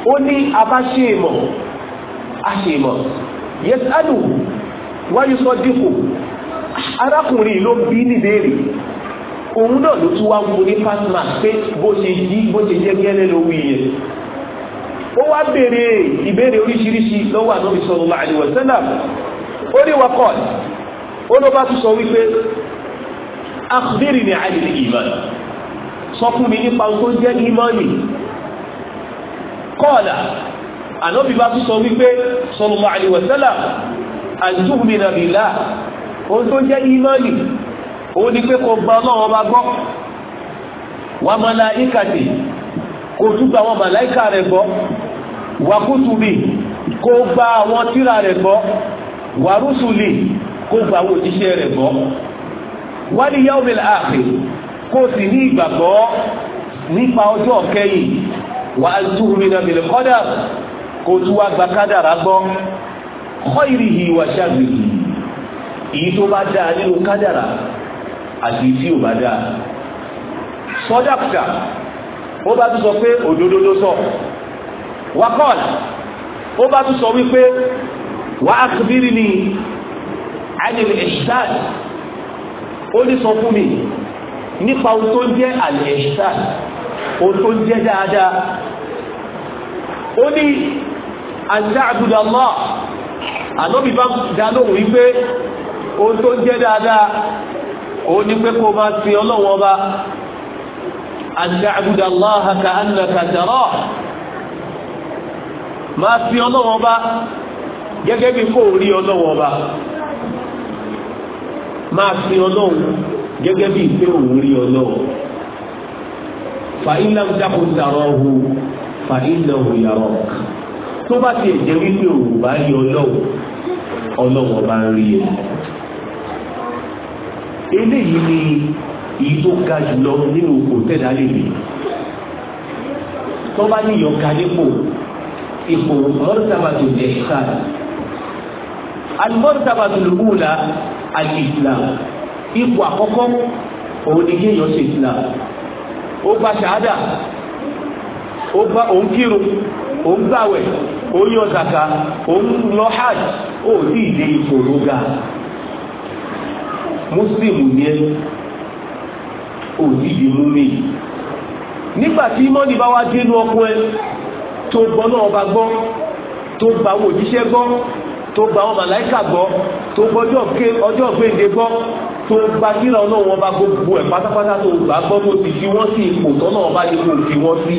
ó ní abáṣe ìmọ̀ àṣe ìmọ̀ yẹsánù wáyé sọ dínkù arákùnrin ló bí níbèrè òun náà ló tún wá ń mu ní fásitì pé bó ṣe jí bó ṣe jẹ́ gẹ́lẹ́ lówó iye ó wá béèrè ìbéèrè oríṣiríṣi lọ́wọ́ ànábì sallallahu alaihi wasallam ó ní wakọ́ọ̀d ó ló bá tún sọ wípé akhbirni ani al-iman sọ fún mi nípa ohun tó jẹ́ kọ́ọ̀là bá tún sọ wípé sallallahu alaihi wasallam an ohun tó jẹ́ ìmánì ni pé kò gbọ́ ọba gbọ́ kò tún gba àwọn màláìkà rẹ̀ gbọ́ wàkútùbì kó gba àwọn tírà rẹ̀ gbọ́ wàrúsùlì kó gba àwọn òjíṣẹ́ rẹ̀ gbọ́ wálé yaumil akhir kó sì ní ìgbàgbọ́ nípa ọjọ́ kẹ́yìn wà á tún mi nà bil qadar kó tún wá gba kádàrá gbọ́ khairihi wa sharrihi èyí tó bá dáa nínú kádàrá àti tí ò bá dáa sọ́dọ̀kítà ó bá tún sọ pé òdodo ló sọ wakọ́ọ̀lù ó bá tún sọ wípé wà á kúbírì ní àìlèmí ẹ̀ṣáàdì ó ní sọ fún mi nípa ohun tó ń jẹ́ àlè ẹ̀ṣáàdì ohun tó ń jẹ́ dáadáa ó ní àjá àgùdà lọ́ọ̀ ànọ́bì bá dá lóhùn wípé ohun tó ń jẹ́ dáadáa òun ni pé kó o máa sin ọlọ́wọ́n ọba an ta'budu Allaha ka'annaka tarah máa fi ọlọ́wọ́ bá gẹ́gẹ́ bí kò rí ọlọ́wọ́ bá máa fi ọlọ́wọ́ gẹ́gẹ́ bí pé òun rí ọlọ́wọ́ fa in lam takun tarahu fa innahu yarak tó bá ti ẹ̀jẹ̀ wípé òun bá rí ọlọ́wọ́ ọlọ́wọ́ bá ń rí ẹ eléyìí ni èyí tó ga jùlọ nínú òkò tẹ̀dá lè lè tó bá níyàn ga nípò ipò mọ́tàbàtò jẹ́ sáà alimọ́tàbàtò lùkúùlà al-Islam ipò àkọ́kọ́ òun ni kéèyàn ṣe Islam ó gba ṣàádà ó gba òun kírun òun gbàwẹ̀ òun yọ zaka òun lọ hajj ó sì dé ipò ló ga muslim ni ẹ òdìdí mú mi nígbà tí mọ́ni bá wá dénú ọkọ ẹ tó gbọ́ náà ọba gbọ́ tó gba àwọn òjíṣẹ́ gbọ́ tó gba àwọn màláìkà gbọ́ tó gbọ́ ọjọ́ gbèǹde gbọ́ tó gba kíra náà wọn bá gbogbo ẹ̀ pátápátá tó gbà gbọ́ bó ti fi wọ́n sí ipò tó náà bá yẹ kó fi wọ́n sí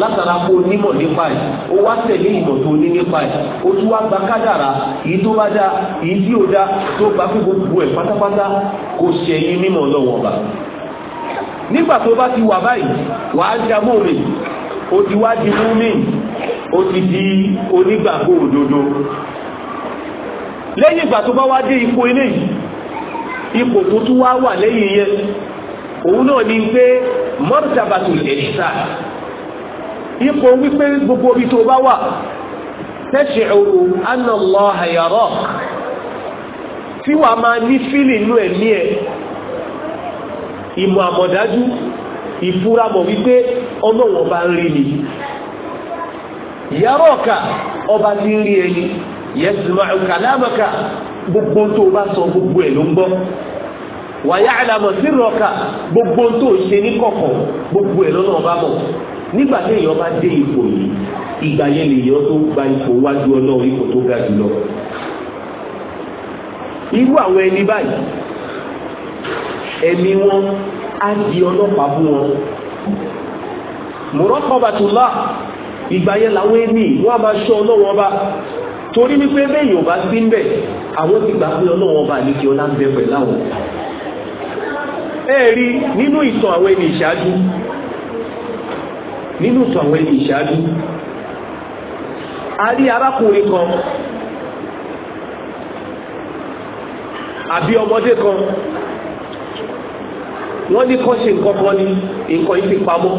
látara kó nímọ̀ nípa ẹ̀ ó wá tẹ̀lé ìmọ̀ tó ní nípa ẹ̀ ó tún wá gba kádàrá èyí tó bá dá èyí tí ò dá tó gba gbogbo ẹ̀ pátápátá kò ṣẹ̀yìn mímọ̀ náà wọn bá. nígbà tó bá ti wà báyìí wàá o ti wá di múmi o ti di onígbàgbọ́ òdodo lẹ́yìn ìgbà tó bá wá dé ipò eléyìí ipò tó tún wá wà lẹ́yìn yẹn òun náà ni pé mọ́tàbàtù ẹ̀ṣà ipò wípé gbogbo ibi tó bá wà tẹ́sìrò anàlọ́ àyàrọ̀ tí wàá máa ní fílì inú ẹ̀mí ẹ̀ ìmọ̀ àmọ̀dájú ìfúramọ̀ wípé ọlọ́wọ̀n bá ń rí ni yàrá ọ̀ka ọba ti ń rí ẹni yẹsùn kàlámàkà gbogbo tó o bá sọ gbogbo ẹ̀ ló ń gbọ́ wàyà àlàmọ̀ sí gbogbo tó o ṣe ní gbogbo ẹ̀ lọ́nà ọba nígbà tí èèyàn bá dé ipò yìí ìgbà yẹn lèèyàn tó gba ipò wájú ọlọ́run ipò tó ga ẹ̀mí wọn á di ọlọ́pàá bú wọn. muraqabatullah ìgbà yẹn làwọn ẹni wọn a máa ṣọ ọlọ́wọ́n ọba torí wípé bẹ́ẹ̀ yóò bá sí ń bẹ̀ àwọn ti gbà pé ọlọ́wọ́n ọba àlejò ọlá ń bẹ pẹ̀ láwọn. ẹ rí nínú ìtàn àwọn ẹni ìṣáájú nínú ìtàn àwọn ẹni ìṣáájú a rí arákùnrin kan àbí ọmọdé kan wọ́n ní kọ́ ṣe nǹkan kan ní nǹkan yìí ti pamọ́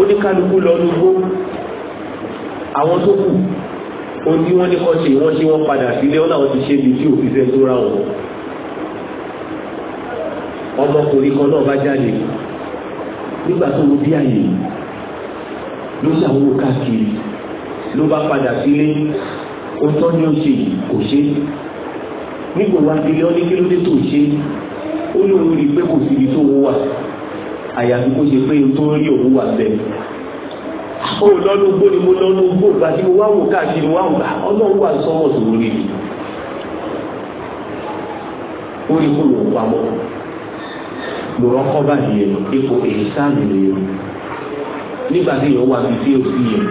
oníkálukú lọ lúgbó àwọn tó kù ohun tí wọ́n ní kọ́ ṣe wọ́n ṣe wọ́n padà sílé wọn làwọn ti ṣe ibi tí òfin fẹ́ tó ra wọn ọmọkùnrin kan náà bá jáde nígbà tó wo bí àyè ló ṣàwúrò káàkiri ló bá padà sílé ohun tó ní ó ṣe kò ṣe nígbà wá sílé ọ ní kí ló dé tó ṣe ó lóun rí i pé kò síbi tó wọ́n wà àyàfi kó ṣe pé tó rí òun wà bẹ́ẹ̀ ó lọ́nu gbó ni mo lọ́nu gbó ìgbà tí mo wá wò káàkiri wá wò ah, ọlọ́run wà sọ́wọ́ tó rí i ó rí kó lòun pamọ́ lòrán kọ́ báyìí yẹn ipò èyí sáà nìyẹn nígbà tí yẹn wà bíi tí o sì yẹn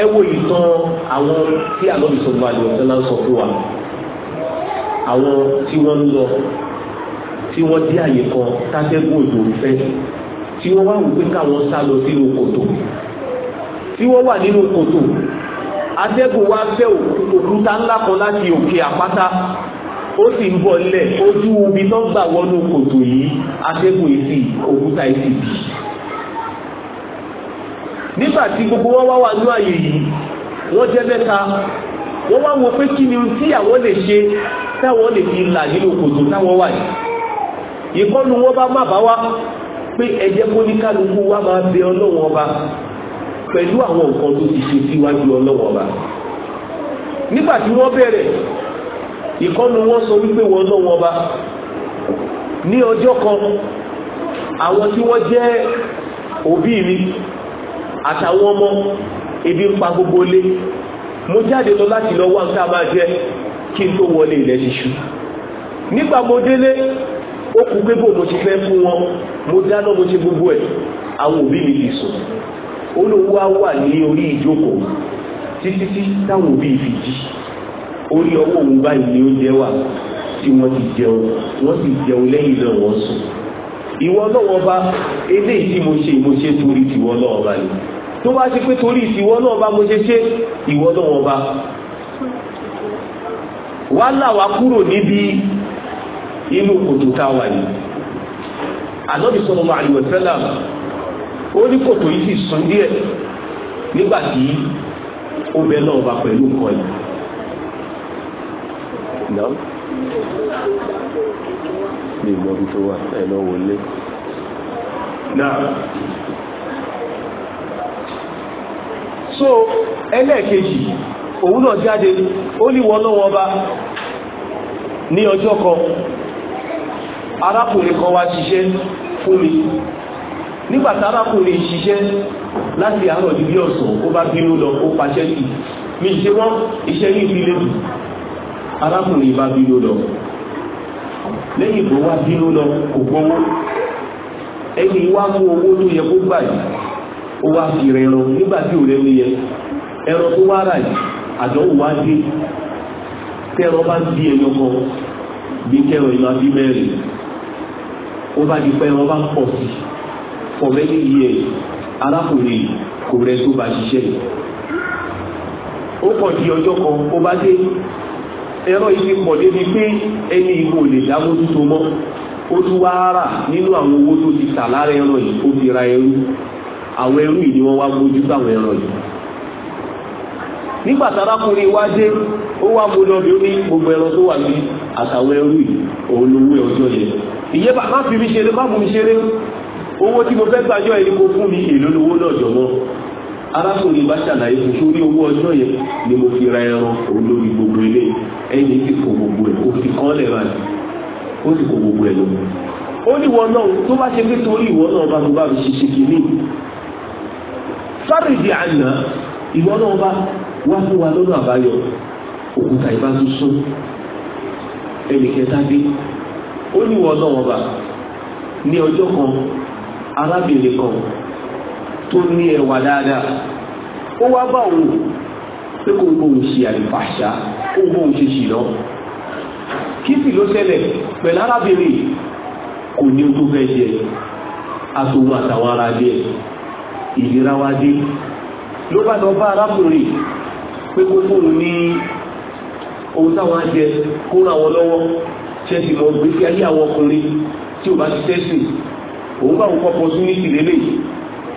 ẹ wo ìtàn àwọn tí àlọ́ àdìọ̀tẹ́lá sọ fún wa àwọn tí wọ́n ń lọ tí wọ́n dé àyè kan tátẹ́gùn òjò ń fẹ́ tí wọ́n wá wò pé káwọn sá lọ sínú kòtò tí wọ́n wà nínú kòtò atẹ́gùn wá fẹ́ òkúta ńlá kan láti òkè àpáta ó sì ń bọ̀ lẹ̀ ojú omi tó ń gbà wọnú kòtò yìí atẹ́gùn èsì òkúta èsì bì nígbà tí gbogbo wọn wá wà ní àyè yìí wọ́n jẹ́ mẹ́ta wọ́n wá wò pé kí ni tí àwọn lè ṣe táwọn lè fi là nínú kòtò táwọn wà yìí ìkọlù wọn bá má bá wa pé ẹjẹ kóníkálukú wa máa bẹ ọlọ́wọ́n ọba pẹ̀lú àwọn nǹkan tó ti ṣe síwájú ọlọ́wọ́n ọba nígbà tí wọ́n bẹ̀rẹ̀ ìkọlù wọn sọ wípé wọn ọlọ́wọ́n ọba ní ọjọ́ kan àwọn tí wọ́n jẹ́ òbí mi àtàwọn ọmọ ebi ń pa gbogbo lé mo jáde lọ láti lọ wá nǹkan máa kí n tó wọlé ilẹ̀ ṣíṣú nígbà mo délé ó kú pé bò mo ti fẹ́ fún wọn mo dáná mo ti gbogbo ẹ̀ àwọn òbí mi lè sùn ó ló wá wà ní orí ìjókòó títí tí táwọn òbí fi jí orí ọwọ́ òun báyìí ni ó jẹ́ wà tí wọ́n ti jẹun wọ́n ti jẹun lẹ́yìn náà wọ́n sùn ìwọ lọ́wọ́ bá eléyìí tí mo ṣe mo ṣe torí tìwọ lọ́wọ́ bá ni tó bá ṣe pé torí tìwọ náà bá mo ṣe ṣe ìwọ lọ́wọ́ bá wàhálà wa kúrò níbi inú kòtò tá a wà yìí ànábì sallallahu alaihi wasallam ó ní kòtò yìí sì sún díẹ̀ nígbà tí ó bẹ náà bá pẹ̀lú nǹkan yìí. Nàá ní ìgbọ́bí tó wà ẹ̀ wọlé. so ẹlẹ́ẹ̀kejì òun náà jáde ó ní wọ́n lọ́wọ́ ọba ní ọjọ́ kan. arákùnrin kan wá ṣiṣẹ́ fún mi nígbà tí arákùnrin ṣiṣẹ́ láti àárọ̀ di bí ọ̀sán ó bá bínú lọ ó paṣẹ́ sí mi ṣe wọ́n iṣẹ́ ní ìdílé bù arákùnrin bá bínú lọ lẹ́yìn wá bínú lọ kò ẹni wá mú owó tó yẹ kó gbà yìí ó wá fi rẹ̀ ẹran nígbà tí ó bá di pẹ́ wọ́n bá pọ̀ for many years arákùnrin kò rẹ tó bá ṣiṣẹ́ ó kàn di ọjọ́ kan ó bá dé ẹ̀rọ yìí ti pọ̀ débi pé ẹni ìwò lè dámójútó mọ́ ó tún wá rà nínú àwọn owó tó ti tà lára ẹ̀rọ yìí ó fi ra ẹrú àwọn ẹrú yìí ni wọ́n wá gbójú sáwọn ẹ̀rọ yìí nígbà tárákùnrin wá dé ó wá mo lọ bí ó ní gbogbo ẹran tó wà ní àtàwọn ẹrú yìí òun lówó ọjọ́ yẹn ìyẹn bá má fi mi ṣeré má mú mi ṣeré owó tí mo fẹ́ gbàjọ́ ẹni mo fún mi èlò lówó náà jọ̀mọ́ arákùnrin bá ṣàlàyé fún sórí owó ọjọ́ yẹn ni mo fi ra ẹran òun gbogbo ilé ẹni tí kò gbogbo ẹ̀ ó fi kán lẹ̀ báyìí ó sì kò gbogbo ẹ̀ lọ. ó ní ìwọ náà tó bá ṣe pé torí ìwọ náà bá mo bá mi ṣe ṣe kìíní sáré àná ìwọ náà bá wá fún wa lọ́nà àbáyọ òkúta ìbá tún sún ẹnì kẹta dé ó ní wọ́n náà wọ́n bá ní ọjọ́ kan arábìnrin kan tó ní ẹwà dáadáa ó wá bá òun pé kò gbóhùn ṣe àlùfàṣà kò gbóhùn ṣe ṣì lọ kí sì ló ṣẹlẹ̀ pẹ̀lú arábìnrin kò ní o tó fẹ́ jẹ àtòun àtàwọn ará jẹ ìlera wa dé ló bá lọ bá arákùnrin pé kó fóun ní ohun táwọn á jẹ kó ra wọn lọ́wọ́ ṣẹ́ẹ̀sì mọ gbèsè ayé àwọn ọkùnrin tí ò bá ti tẹ́sì òun bá òun kọ́kọ́ sún ní ìlélẹ̀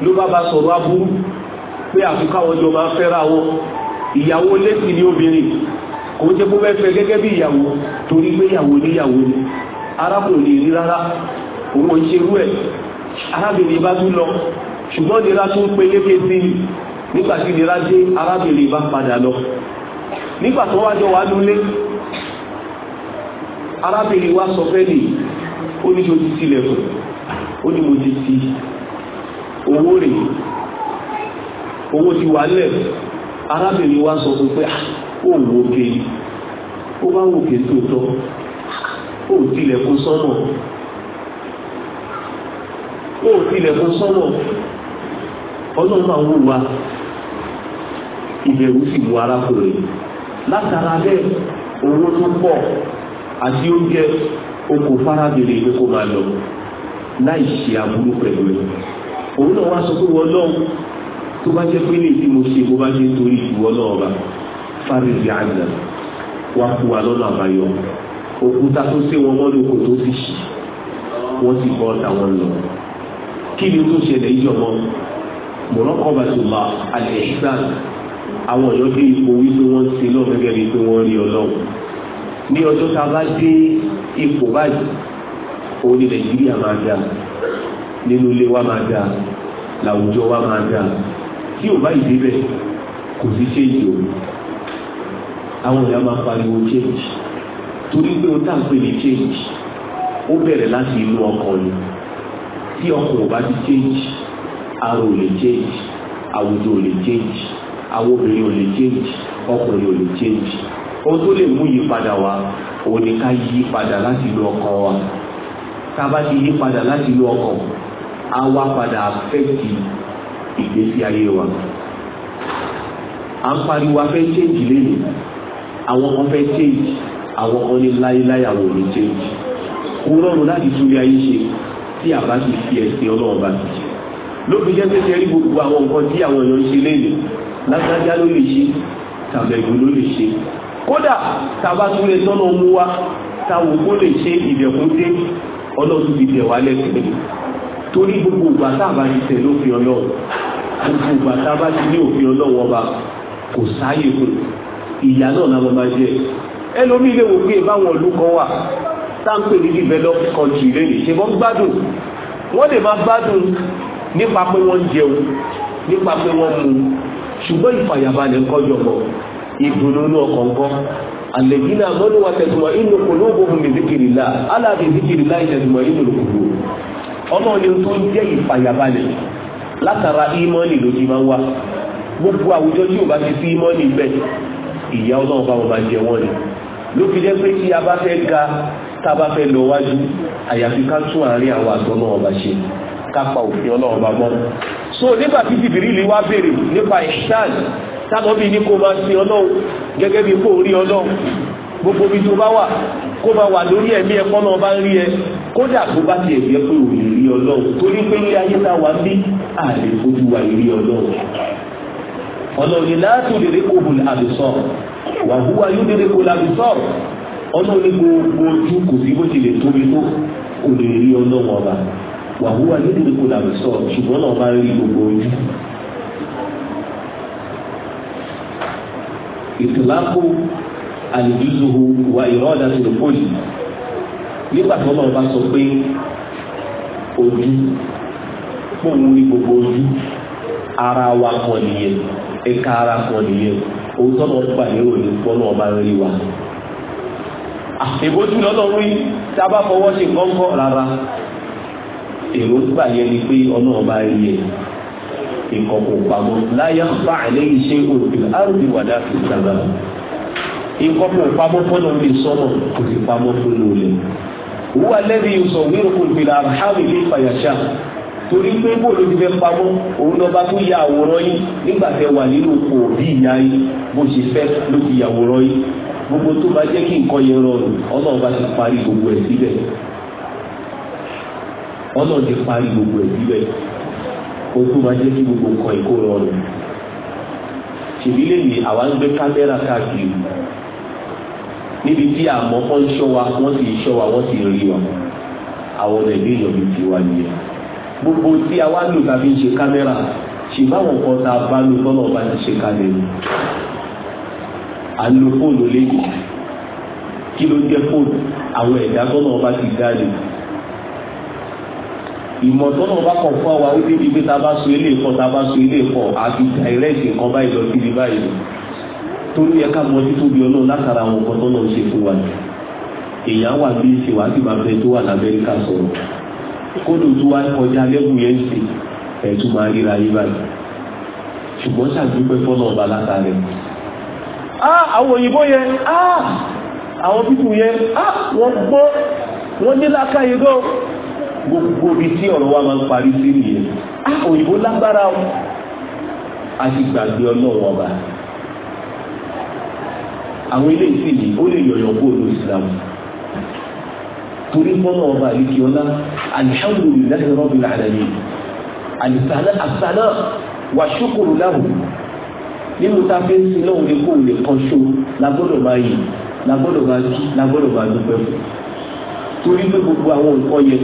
ló bá ba sọ̀rọ̀ aburú pé àfi káwọn jọ máa fẹ́ra wọn ìyàwó lẹ́sìn ní obìnrin kò ń jẹ́ kó fẹ́ fẹ́ gẹ́gẹ́ bí ìyàwó torí pé ìyàwó níyàwó ni arákùnrin rí rárá òun ò ń ṣerú ẹ̀ arábìnrin bá tún lọ ṣùgbọ́n nira tún pé léke sí i nígbà tí nira dé arábìnrin bá padà lọ nígbà tó wájọ wá lulẹ̀ arábìnrin wa sọ fẹ́ nìyí ó ní ṣe o ti ti ilẹ̀kùn ó ní mo ti ti owó rè owó ti wà lẹ̀ arábìnrin wa sọ fún pé ah, ó wò ó ké ó bá wò ké tòótọ́ ó ti ilẹ̀kùn sọ́nà ó ti ilẹ̀kùn sọ́nà ọlọ́run máa ń wò wá ìbẹ̀rù sì bu arákùnrin látara bẹ́ẹ̀ owó tó pọ̀ àti oúnjẹ o kò farabèrè pé kó máa lọ láì ṣe aburú pẹ̀lú ẹ̀ òun náà wá sọ pé wọ́n lọ́hùn tó bá jẹ́ pé ní ìdí mo ṣe mo bá ṣe torí ìwọ náà bá fárẹ́sì àgbà wá fún wa lọ́nà àbáyọ òkúta tó ṣe wọn mọ́lẹ̀ oko tó ti ṣì wọ́n ti bọ́ táwọn lọ kí ni tó ṣẹlẹ̀ ìjọba mọ̀lọ́kọ̀ bá ti ma alẹ́ ìgbà àwọn ọ̀yọ́ dé ipò wípé wọ́n ti lọ́ọ̀ gẹ́gẹ́ bí pé wọ́n rí ọlọ́run ní ọjọ́ tá a bá dé ipò báyìí òun ni nàìjíríà máa dà nínú ilé wa máa dà làwùjọ wa máa dà tí ò báyìí débẹ̀ kò sí ṣéèjì o àwọn èèyàn máa pariwo change torí pé o tá à ń pè ní change ó bẹ̀rẹ̀ láti inú ọkàn ni tí ọkàn ò bá ti change ara ò lè change àwùjọ ò lè change àwọn obìnrin ò lè change ọkùnrin ò lè change ohun tó lè mú ìyípadà wá òun ni ká yí padà láti lo ọkàn wa ká bá ti yí láti lo ọkàn á wá padà affect ìgbésí ayé wa à ń pariwo afẹ́ change lẹ́yìn àwọn kan fẹ́ change àwọn kan ní láéláé àwọn ò ní change kó rọrùn láti túlé ayé ṣe tí a bá ti fi ẹsẹ̀ ọlọ́run bá ti ṣe lóbi jẹ́ pé rí gbogbo àwọn nǹkan tí àwọn èèyàn ń ṣe lẹ́yìn lágbájá ló lè ṣe tàbẹ̀gùn ló lè ṣe kódà tàbá tún lè tọ́nà mú wa táwọn kó lè ṣe ìdẹ̀kùn dé ọlọ́run ti dẹ̀ wá lẹ́sìn torí gbogbo ìgbà táàbá ti tẹ̀ lófin ọlọ́run gbogbo ìgbà táàbá ti ní òfin ọlọ́run ọba kò sáàyè fún ìyá náà náà máa jẹ ẹlòmíì lè wò pé báwọn ìlú kan wà táǹpẹ̀ ní developed country lẹ́nu ṣe wọ́n gbádùn wọ́n lè máa gbádùn nípa pé wọ́n jẹun nípa pé wọ́n mu ṣùgbọ́n ìfàyàbalẹ̀ kọjọ bọ̀ ìgbòlónú ọkàn gbọ́ àlèjìnà mọ́nú wa tẹ̀tùmọ̀ inú qulubuhum bi zikrillah ala bi zikrillah ìtẹ̀tùmọ̀ inú qulub ọlọ́ọ̀ni tó ń jẹ́ ìfàyàbalẹ̀ látara ìmọ́nì ló ti máa ń wá gbogbo àwùjọ tí o bá ti sí ìmọ́nì bẹ́ẹ̀ ìyá ọlọ́run bá wọn máa jẹ wọ́n ni ló fi jẹ́ pé tí a bá fẹ́ ga tá a bá fẹ́ lọ wájú àyàfi ká tún àárín àwọn àgbọ̀ náà bá ṣe ká pa òfin ọlọ́run bá mọ́ so nígbà tí jìbìrì lè wá tánàbí ní kó máa sin ọlọ́run gẹ́gẹ́ bí kó rí ọlọ́run gbogbo bí tó bá wà kó máa wà lórí ẹ̀mí ẹ̀kọ́ náà bá ń rí ẹ kódà kó bá tiẹ̀ jẹ́ pé òun rí ọlọ́run torí pé ilé ayé tá a wà bí àlè fojú wa rí ọlọ́run ọlọ́run ni láti òdèrè kó hùn àbùsọ wàhúwa yóò dèrè kó làbùsọ ọlọ́run ní gbogbo ojú kò sí bó tilẹ̀ tóbi tó kò lè rí ọlọ́run ọba wàhúwa yóò dèrè kó làbùsọ ṣùgbọ́n náà bá rí gbogbo ojú ìtìlápò àlùjúzuhu wa ìrọ́dà tòlópòlì nígbà tí ọlọ́run bá sọ pé ojú pòun ní gbogbo ojú ara wa kan nìyẹn ẹ̀ka ara kan nìyẹn òun tọ́nà ọgbà lérò ní pọ́nà ọba rí wa. àìbójú lọ́lọ́run yìí tá a bá fọwọ́ ṣe kọ́ńkọ́ rárá èrò gbà yẹn ni pé ọlọ́run bá rí yẹn. ìkọ̀kọ̀ pamọ́ láyé fà lẹ́yìn ṣé òfin àrùn ìwàdà fi sábà fi sọ́nà kò sì pamọ́ fún lòlẹ̀. wúwa lẹ́bi sọ wíwòkùn fìlà àbáwí ní fàyàṣà torí pé ti fẹ́ pamọ́ òun ya àwòrán yín nígbà tẹ wà nínú òbí ìyá ya àwòrán yín gbogbo tó bá jẹ́ kí nǹkan yẹn rọrùn ọlọ́run bá ti gbogbo ẹ̀ ó tún máa jẹ́ kí gbogbo nǹkan ìkó rọrùn ṣèbí lè ní àwa ń gbé kámẹ́rà káàkiri níbi tí àmọ́ kan ń ṣọ́ wa wọ́n sì ṣọ́ wa wọ́n sì rí wa àwọn ọ̀nà ìlú ìyọ̀bí ti wá nìyẹn gbogbo tí a wá lò tàbí ṣe kámẹ́rà ṣì bá wọn kan tá a bá lò tọ́nà ọba ti ṣe kalẹ̀ ni à ń lo fóònù lẹ́yìn kí ló jẹ́ fóònù àwọn ẹ̀dá tọ́nà ọba ti dá nìyẹn ìmọ̀tọ́nà bá kàn fún àwa wípé ibi tá a bá so ilé ìkọ́ tá a bá so ilé ìkọ́ àti dàírẹ́tì nǹkan báyìí lọ síbi báyìí torí ẹ ká mọ títóbi ọlọ́run látara àwọn nǹkan tọ́nà ń ṣe fún wa èèyàn wà bí ìṣe wàá sì máa fẹ́ tó wà lamẹ́ríkà sọ̀rọ̀ kódò tó wá kọjá lẹ́kùn yẹn sì ẹ̀tún máa ríra yí báyìí ṣùgbọ́n ṣàdúpẹ́ fọ́nà ọba látàrẹ. àwọn òyìnbó yẹn àwọn pípù yẹn wọ́n gbọ́ wọ́n ní lákàyè gan-an gbogbo ibi tí ọ̀rọ̀ wa máa ń parí sí nìyẹn ah, òyìnbó lágbára o a ti gbàgbé ọlọ́run ọba àwọn eléyìí sì ní ó lè yọ̀yọ̀ kó o lo islam torí mọ́nà ọba àlìkí ọlá alihamdulilayi rabbil alamin alisana asana wa shukuru lahu nínú tá a fi ń sin lọ́hùn ní kó o lè kan ṣó la gbọ́dọ̀ máa yìí la gbọ́dọ̀ máa kí la gbọ́dọ̀ máa dúpẹ́ fún torí pé gbogbo àwọn nǹkan yẹn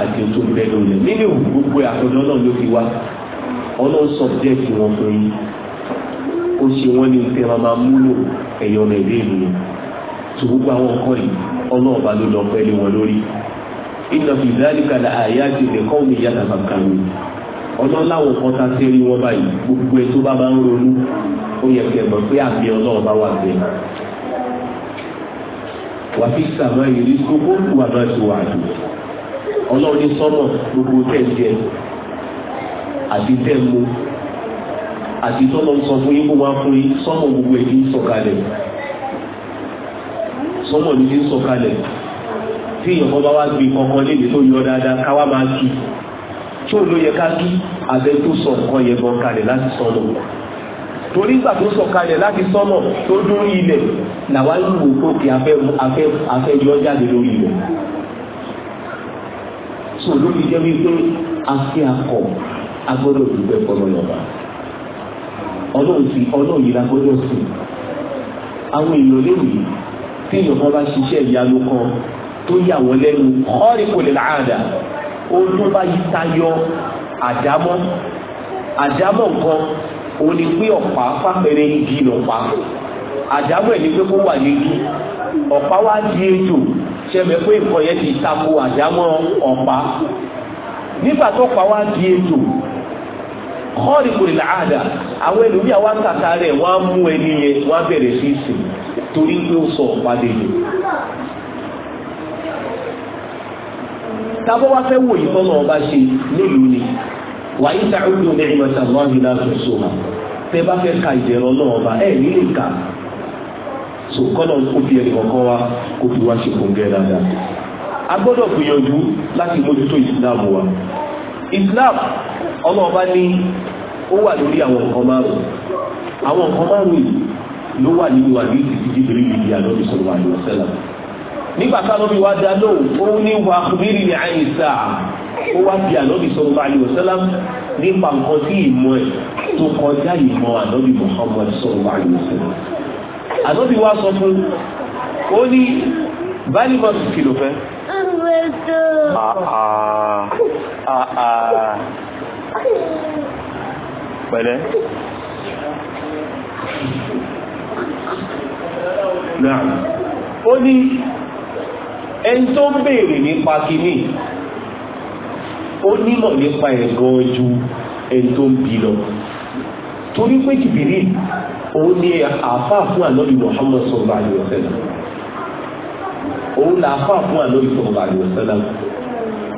àti ètò ìfẹ́ lórí nínú gbogbo àtọ̀dọ́ náà ló fi wá ọlọ́run sọ̀bjẹ́tì wọn fún yín ó ṣe wọ́n ní ìfẹ́ máa múlò ẹ̀yọ́ ọ̀nà ìlú ènìyàn tó gbogbo àwọn nǹkan yìí ọlọ́run bá ló lọ pẹ́ lé wọn lórí iná fi dáríkà la àyà ti lè kọ́ mi yàtà bàbá mi ọlọ́run láwọn kan ta sí rí wọn báyìí gbogbo ẹ tó bá máa ń ronú ó yẹ kẹ́ mọ̀ pé àmì ọlọ́run bá wà bẹ́ẹ̀ wàá fi sàmọ́ ìrísí kókó wà náà ti wà dùn ọlọ́run ní sọ́nà gbogbo tẹ̀síẹ̀ àti tẹ̀mú àti tọ́lọ́ sọ fún yín kó wá fún yín sọ́nà gbogbo ẹ̀ ń sọ̀kalẹ̀ sọ́nà ní ń sọ̀kalẹ̀ tí èèyàn kan bá wá gbé kankan léde tó yọ dáadáa káwá máa kí tí ò ló yẹ ká kí abẹ tó sọ nǹkan yẹn gan kalẹ̀ láti sọ́nà torí ìgbà tó sọ kalẹ̀ láti sọ́nà tó dún ilẹ̀ làwa ń wò pé afẹ́ afẹ́ afẹ́ yọ jáde lórí ilẹ̀ so lórí jẹ́ wípé afi akọ agbọ́dọ̀ dùgbẹ́ fọlọ́yọ̀bà ọlọ́run ti ọlọ́run yìí la gbọ́dọ̀ sìn àwọn èèyàn léwu tí èèyàn kan bá ṣiṣẹ́ ìyanu kan tó yà wọ́n lẹ́nu ọ́rí kò lè láàdà olú bá yí tayọ àdámọ́ àdámọ́ nǹkan òun ni pé ọ̀pá fáfẹ́rẹ́ igi lọ́pàá àdámọ́ ẹ̀ ni pé kó wà ní igi ọ̀pá wá di ejò ṣẹmẹ pé nǹkan yẹn ti tako àdámọ́ ọ̀pá nígbà tó pa wá di ètò kọ́ọ̀lì kò lè láàdà àwọn ẹlòmíà wá kàkà rẹ̀ wọ́n mú ẹni yẹn wọ́n bẹ̀rẹ̀ sí sìn torí pé ó sọ ọ̀pá dèjì. tábọ́ wá fẹ́ wò yìí ọba ṣe nílùú ni wàyí sàrúdùn ní ìmọ̀ta lọ́ọ̀dún náà sọ̀rọ̀ tẹ́ bá ka ìdẹ̀rọ̀ náà ọba ẹ̀ so kọ́nà ó fi ẹnì kọ̀ọ̀kan wa kó fi wá ṣe kòǹgẹ́ dáadáa a gbọ́dọ̀ gbìyànjú láti mójútó islam wa islam ọlọ́ọ̀bá ní ó wà lórí àwọn nǹkan márùn àwọn nǹkan márùn yìí ló wà nínú àdéhùn ti jíbìrì yìí àlọ́bí sọ̀rọ̀ àlọ́sẹ́là nígbà tá lóbi wá dá lóhùn òun ní wà kúbírì ní àyíṣà ó wá bí àlọ́bí sọ̀rọ̀ àlọ́sẹ́là nípa nǹkan tí ìmọ̀ ẹ̀ tó kọjá ìmọ̀ àlọ́bí Muhammad sọ̀rọ̀ àlọ́sẹ́là ànábì wa sọ fún ó ní báyìí máa tún kìlò fẹ́. pẹ̀lẹ́. ó ní ẹni tó ń béèrè nípa kínní ó nímọ̀ nípa ẹ̀ gan-an ẹni tó ń bi lọ torí pé jìbìrì òun ni àáfàá fún ànábì Muhammad sallallahu alaihi wasallam òun là àáfàá fún ànábì sallallahu alaihi wasallam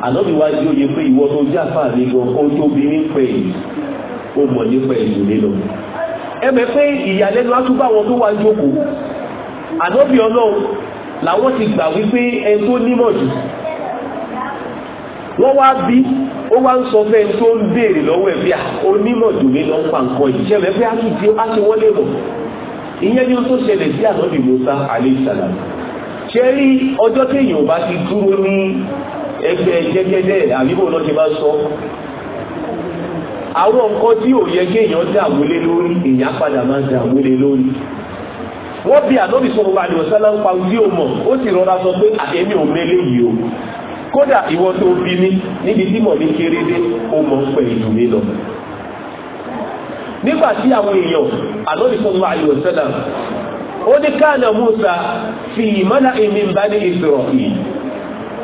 ànábì wa yóò yẹ pé ìwọ tó jáfà ní gan ó tóbi nípa èyí ó mọ̀ nípa èyí nílò ẹ mẹ pé ìyàlẹ́nu á tún bá wọn tó wá jókòó ànábì ọlọ́run làwọn ti gbà wípé ẹni tó nímọ̀ jù wọ́n wá bí ó wá ń sọ fẹ́ẹ́ tó ń béèrè lọ́wọ́ ẹ̀ bí i onímọ̀ dùnmí lọ́ ń pa nǹkan yìí ṣe mẹ́fẹ́ á sì di á sì wọ́n lè mọ̀ ìyẹn ni ó tó ṣẹlẹ̀ sí ànábì Musa alayhi salam ṣe rí ọjọ́ téèyàn bá ti dúró ní ẹgbẹ́ jẹ́gẹ́dẹ́ àbíbò náà ti bá sọ àwọn nǹkan tí ò yẹ kéèyàn dààmú lé lórí èèyàn padà máa dààmú lé lórí wọ́n bí ànábì sọ̀rọ̀ àdìọ̀sálà ń pa ojú ò kódà ìwọ tó bí mi níbi tí mọ̀ ní kéré dé ó mọ̀ ń pẹ̀ ìlú mi lọ nígbà tí àwọn èèyàn àlọ́nìfọ́nmọ́ àyọ̀ sẹ́lá ó ní káànà Musa fi ìmọ́lá èmi ń bá ní ìsọ̀rọ̀ yìí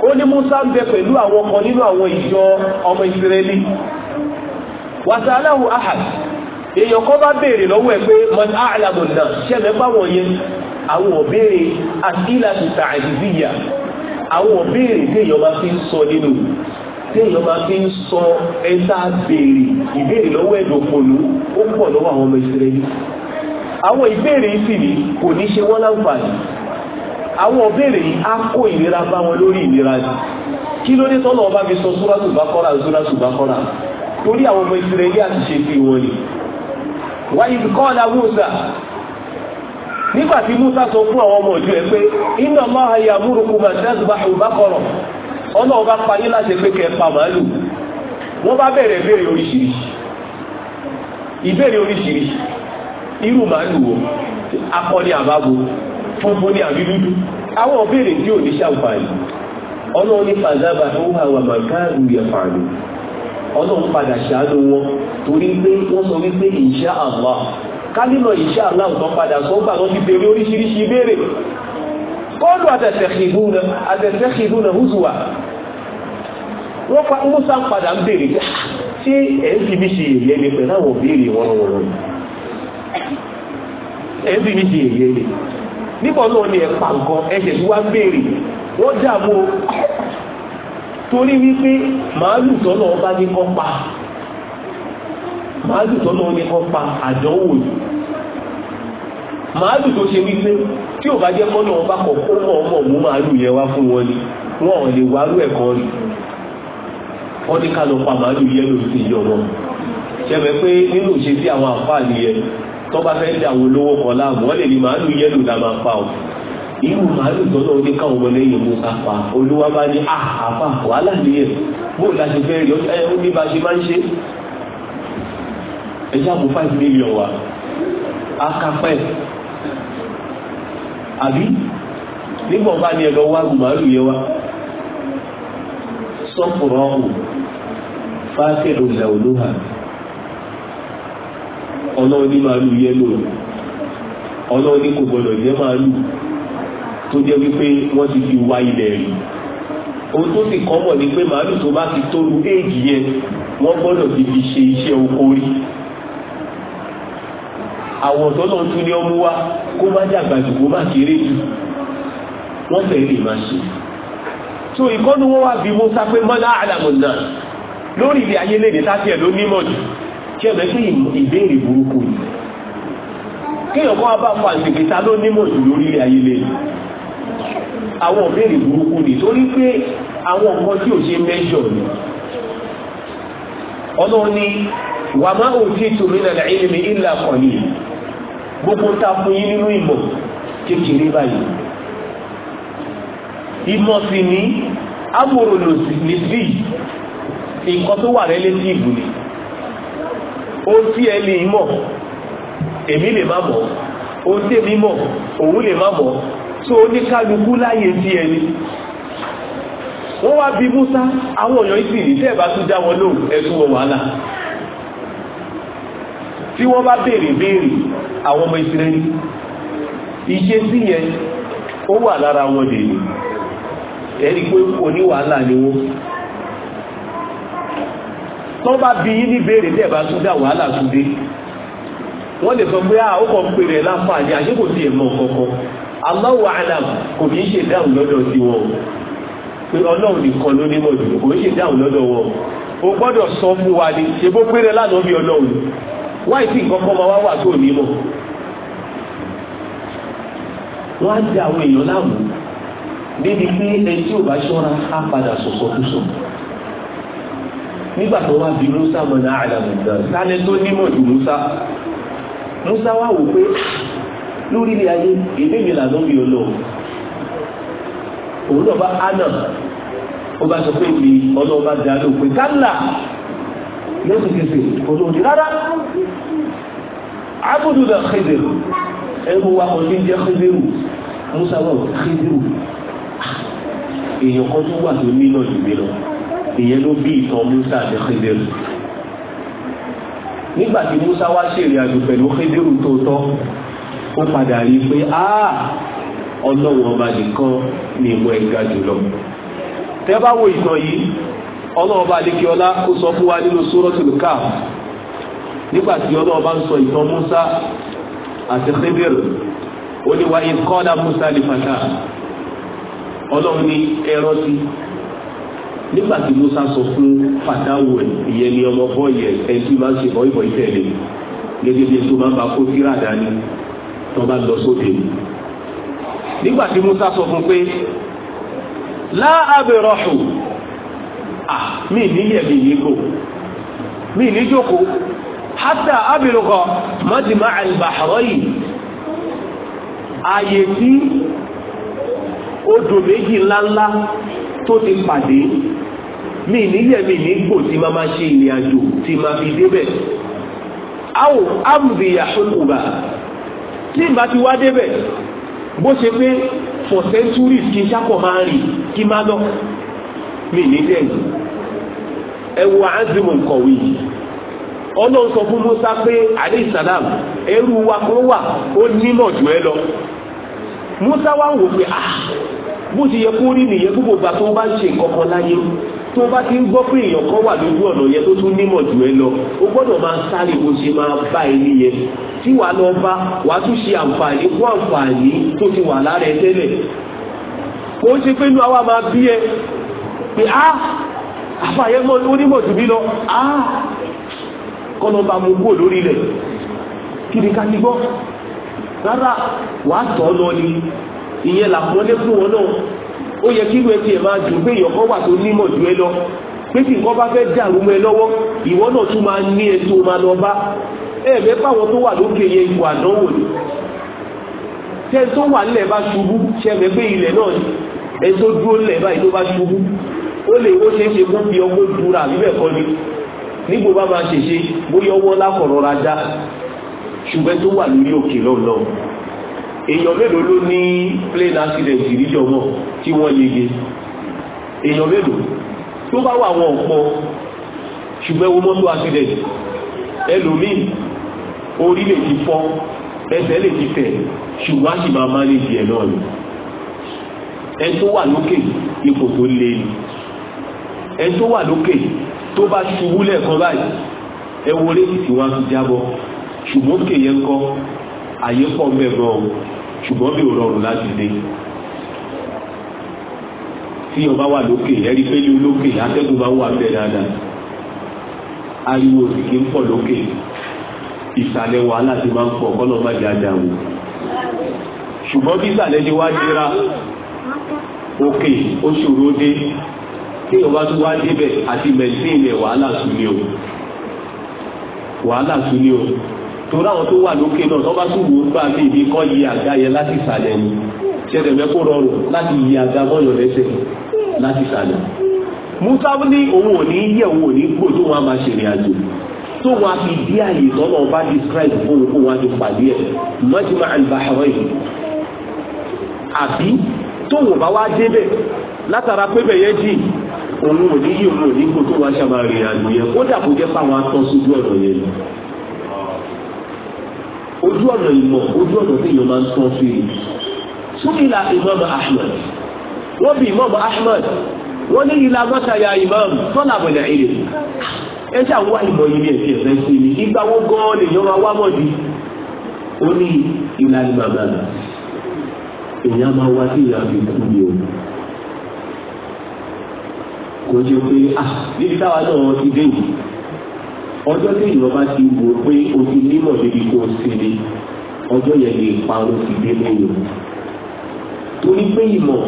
ó ní Musa ń bẹ pẹ̀lú àwọn kan nínú àwọn ìjọ ọmọ Ìsírẹ́lì wàsálàhù ahad èèyàn kan bá béèrè lọ́wọ́ ẹ pé mọ́n àlàmù náà ṣẹlẹ̀ báwọn yẹn àwọn òbéèrè àti ìlànà tààdìbíyà àwọn òbéèrè tí èèyàn máa fi ń sọ nínú tí èèyàn máa fi ń sọ ẹ̀ta béèrè ìbéèrè lọ́wọ́ ẹ̀dọ̀fọ̀lù ó pọ̀ lọ́wọ́ àwọn ọmọ ìsirẹ́lì àwọn ìbéèrè yìí sì ní kò ní ṣe wọ́n láǹfààní àwọn ìbéèrè yìí á kó ìlera bá wọn lórí ìlera ni kí ló dé tọ́lọ̀ ọba fi sọ súrátù Bákọ́rà súrátù Bákọ́rà torí àwọn ọmọ ìsirẹ́lì àti ṣe nígbà tí Musa sọ fún àwọn ọmọ ìjọ ẹ pé inna Allaha ya'murukum an tadhbahu baqara ọlọ́run bá pa yín láti pé kẹ́ ẹ pa màálù wọ́n bá bẹ̀rẹ̀ ìbéèrè oríṣiríṣi ìbéèrè oríṣiríṣi irú màálù wo akọ ní àbábo funfun ní àbídúdú àwọn ìbéèrè tí ò ní ṣàǹfààní ọlọ́run ní fàzábà tó wà wà màkàrù yẹ̀fààní ọlọ́run padà ṣàánú wọn torí pé wọ́n sọ wípé kálímọ̀ ìṣe aláwùjọ padà sọ gbà lọ sí bèrè oríṣiríṣi ìbéèrè kọ́ọ̀lù àtẹ̀tẹ̀kìdúnà àtẹ̀tẹ̀kìdúnà hùzùwà wọ́n fa musa padà ń bèrè ah, ṣé npbc èyẹ ni pẹ̀lú àwọn òbéèrè wọn wọn wọn npbc èyẹ ni nígbà náà ni ẹ̀pà nǹkan ẹ̀jẹ̀ tí wọ́n á bèrè wọ́n dààmú torí wípé màálù tọ́lọ́ ọba ní kọ́ pa màálù tọ́lọ́ ní kọ́ pa àdánwò yìí màálù tó ṣe wípé tí ò bá jẹ́ kọ́nà ọba kọ̀ kó mọ̀ ọmọ mú màálù yẹn wá fún wọn ni wọn ò lè wárú ẹ̀kọ́ rí wọ́n ní ká lọ pa màálù yẹn lórí ti yọ wọn ṣẹbẹ pé nínú ìṣe sí àwọn àǹfààní yẹn tó bá fẹ́ dà wọn lówó kan láàmú wọ́n lè ní màálù yẹn lò dáa máa pa ọ́ irú màálù tọ́lọ́ ní káwọn ọmọ lẹ́yìn mú ká pa olúwa bá ní àhàfà ah, wàhálà nìyẹn bó la ṣe fẹ́ rí ọ ẹ àbí nígbà ọba ni ẹ̀lọ́ wá màálù yẹ wá sọ́kùrọ̀ ọ̀hún fáṣẹ̀lú ìlà olóhà ọlọ́run ní màálù yẹ lò ọlọ́run ní kò gbọdọ̀ jẹ́ màálù tó jẹ́ wípé wọ́n ti fi wá ilẹ̀ rí ohun tó sì kọ́ mọ̀ ni pé màálù tó bá ti tó éèjì yẹn wọ́n gbọ́dọ̀ ti fi ṣe iṣẹ́ oko àwọn ọ̀dọ́ náà tún ní ọmú wá kó má dàgbà jù kó má kéré jù wọ́n tẹ̀lé máa ṣe. so ìkọ́nu wọn wá bí musa pé mọ́lá àlàmù náà lórí ilé ayé lè ní sáfì ẹ̀ ló nímọ̀ jù kí ẹ̀mẹ́ pé ìbéèrè burúkú ni kéèyàn kọ́ abá fa àṣìkìta ló nímọ̀ jù lórí ilé ayé lè ní àwọn ìbéèrè burúkú ni pé àwọn nǹkan tí ò ṣe mẹ́jọ ni ọlọ́run ní wà má utitu minal ilmi illa qalil gbogbo ta fún yín nínú ìmọ̀ kékeré báyìí ìmọ̀ sì ní amòrò nìsí nǹkan tó wà rẹ́lẹ́tìfù ni ohun tí ẹ e lè mọ̀ èmi lè má mọ̀ ohun tí èmi e mọ̀ òun lè má mọ̀ tó oníkálukú láyé sí ẹni wọ́n wá bí Musa àwọn èèyàn ìsìn ní tẹ́ẹ̀ bá tún dá wọn lóhùn ẹ̀sùn wọn wàhálà tí wọ́n bá béèrè béèrè àwọn ọmọ Ísírẹ́lì ìṣesí yẹn ó wà lára wọn dèlè ẹ̀rí pé oníwàhálà ni wọ́n tó bá bí yín ní béèrè tẹ́ẹ̀ bá tún dá wàhálà tún dé wọ́n lè sọ pé ó kọ́ ń pèrè láǹfààní àṣé kò tiẹ̀ mọ̀ kọ̀ọ̀kan aláwọ̀ àlàm kò ní í ṣe dáhùn lọ́dọ̀ tiwọn o pé ọlọ́run nìkan ló ní mọ̀jú kò ń ṣe dáhùn lọ́dọ̀ wọn o gbọ́dọ̀ sọ fún wa ni ṣe bó péré lánàá bí ọlọ́run wáyé tí nǹkan kan máa wá wà tó ní mọ̀ wọ́n á di àwọn èèyàn láàmú níbi pé ẹni tí ò bá ṣọ́ra á padà sọ̀sọ̀ kú sọ nígbà tó wá bí Musa mọ̀nà àdàmùdà sálẹ̀ tó nímọ̀ ju Musa Musa wá wò pé ah, lórí ilé ayé èdè mi làdó òun náà bá hánà ó bá sọ pé mi ọlọ́run bá dá ló pé kálà lẹ́sìn kẹsì olóòdì rárá abúdúdà xèdèrú ẹrú wa kò ní jẹ xèdèrú musa wà xèdèrú èèyàn kan tó wà tó ní lọ́jọ́ mi ìyẹn ló bí ìtàn musa àti xèdèrú nígbà tí musa wá ṣèrìn àjò pẹ̀lú xèdèrú tó tọ́ ó padà rí i pé aaa ọlọ́run ọba nìkan ni ìmọ̀ ẹ̀ga jùlọ. tẹ́ bá wo ìtàn yìí ọlọ́run ọba adékeọlá ó sọ fún wa nínú Suratul Kahf nígbà tí ọlọ́run ọba ń sọ ìtàn Musa àti Khidir ó ní wa idh qala Musa li fatah ọlọ́run ní ẹ̀rọ ti nígbà tí Musa sọ fún fatawu ẹ̀ ìyẹn ni ọmọ bọ́ọ̀lì ẹ̀ ẹ̀ tí máa ń ṣe bọ́ọ̀lì bọ́ọ̀lì tẹ̀lé gẹ́gẹ́ bí tó máa ń bá kó nígbà tí Musa sọ fún pé láàbẹ̀rọ̀hù ah, mi níyẹ̀ mi yíkò mi níjókòó hátà abìrùkọ mọ́tìmá àlùbàhárọ́ yìí ààyè tí odò méjì ńláńlá tó ti pàdé mi níyẹ̀ mi nígbò tí máa máa ṣe ìrìn àjò tí máa fi débẹ̀ áwò ámùbìyà ṣolùbà tí ìbá ti wá débẹ̀ bó ṣe pé for centuries kí n ṣàpọ̀ máa rìn kí má lọ mí ní Musa pé alayhi salam ẹrú wa kó wà ó jù lọ Musa wá wò pé ah, bó ṣe yẹ kó rí nìyẹn gbogbo ìgbà tó bá ń ṣe nǹkan kan láyé tó bá ti ń gbọ́ pé èèyàn kan wà lójú ọ̀nà yẹn tó tún nímọ̀ jù ẹ lọ o gbọ́dọ̀ máa sáré bó ṣe máa bá ẹni yẹn tí wàá lọ bá wàá tún ṣe àǹfààní fún àǹfààní tó ti wà lára ẹ tẹ́lẹ̀ kò ń ṣe pé inú àwa máa bí ẹ pé á àfààyẹ mọ onímọ̀ jù mí lọ á kọ́nà bá mu kúrò lórí ilẹ̀ kí ni ká ti gbọ́ rárá wàá tọ́ lọ ni ìyẹn làpọ́nlé fún wọn náà ó yẹ kí wẹ́ẹ́ tiẹ̀ máa dùn pé èèyàn kan wà tó nímọ̀ ju ẹ lọ pé tí nǹkan bá fẹ́ dàrú mọ́ ẹ lọ́wọ́ ìwọ náà tún máa ní ẹ tó máa lọ bá ẹ̀ẹ́dẹ́ fáwọn tó wà lókè yẹ ipò àdánwò ni tẹ́ tó wà nílẹ̀ bá ṣubú ṣẹ́fẹ̀ pé ilẹ̀ náà ni ẹ tó dúró nílẹ̀ báyìí tó bá ṣubú ó lè wó ṣeé ṣe kó fi ọwọ́ dúra àbí kọ́ ni nígbò bá máa ṣèṣe bóyá ọwọ́ lákọ̀rọ̀ ra dá tó wà lórí òkè lọ́nà èèyàn mélòó ló ní plane accident ìríjọ náà tí wọ́n yege èèyàn mélòó tó bá wà wọn ọ̀pọ̀ ṣùgbọ́n ewu mọ́tò accident ẹlòmíì orí lè ti fọ́ ẹsẹ̀ lè ti tẹ̀ ṣùgbọ́n a sì máa manage ẹ̀ náà ni ẹ tó wà lókè ipò tó le ni ẹ tó wà lókè tó bá ṣubú lẹ́ẹ̀kan báyìí ẹ wo rétí tí wọ́n á fi jábọ́ ṣùgbọ́n òkè yẹn kọ́ àyè pọ̀ mẹ́gbọ́n o ṣùgbọ́n mi ò rọrùn láti dé tí ọba wà lókè ẹ̀rí pẹ́lú lókè atẹ́gùn bá wà bẹ́ẹ̀ dáadáa ariwo sì kí ń pọ̀ lókè ìsàlẹ̀ wàhálà ti máa ń pọ̀ kọ́nà má dáadáa wò ṣùgbọ́n bí ìsàlẹ̀ ṣe wá dira òkè ó ṣòro dé tí ọba tó wá débẹ̀ àti mẹ̀sìn ilẹ̀ wàhálà sùn ni o wàhálà sùn ni o torí àwọn tó wà lókè náà tó bá tún wò ó gbà mí ìbí kọ́ yí àga yẹn láti ìsàlẹ̀ ni ṣẹlẹ̀ mẹ́kó rọrùn láti yí àga mọ́yàn lẹ́sẹ̀ láti ìsàlẹ̀. Musa ní òun ò ní yẹ òun ò ní gbò tó wọn a máa ṣèrìn àjò tó wọn a fi dí àyè tọ́nà ọba describe fún òun kó wọn a ti pàdé ẹ̀ mọ́júmọ́ àlùbáhàwẹ̀ yìí àbí tó wọn bá wá débẹ̀ látara pé bẹ̀yẹ jì òun ò ní yí òun ò ní gbò tó wọn a ṣàmàrìn ojú ọ̀nà ìmọ̀ ojú ọ̀nà tí èèyàn máa ń tán sí i. súnmìlà imam ahmed wọ́n bí imam ahmed wọ́n ní ilà mọ́tàyà imam tọ́lá àbọ̀lẹ̀ èlé ẹ ṣáà wá ìmọ̀ yìí ní ẹ̀sìn ẹ̀fẹ́ sí mi ìgbà wo gan-an lèèyàn máa wá mọ̀ di. ó ní ilà ìmàmà èèyàn máa wá sí ìyá fi kú ni o kò ṣe pé ah níbi táwa náà ti dé yìí ọjọ́ tí ìwọ bá ti wò pé o ti nímọ̀ débi kó o sinmi ọjọ́ yẹn lè parun sí délé o torí pé ìmọ̀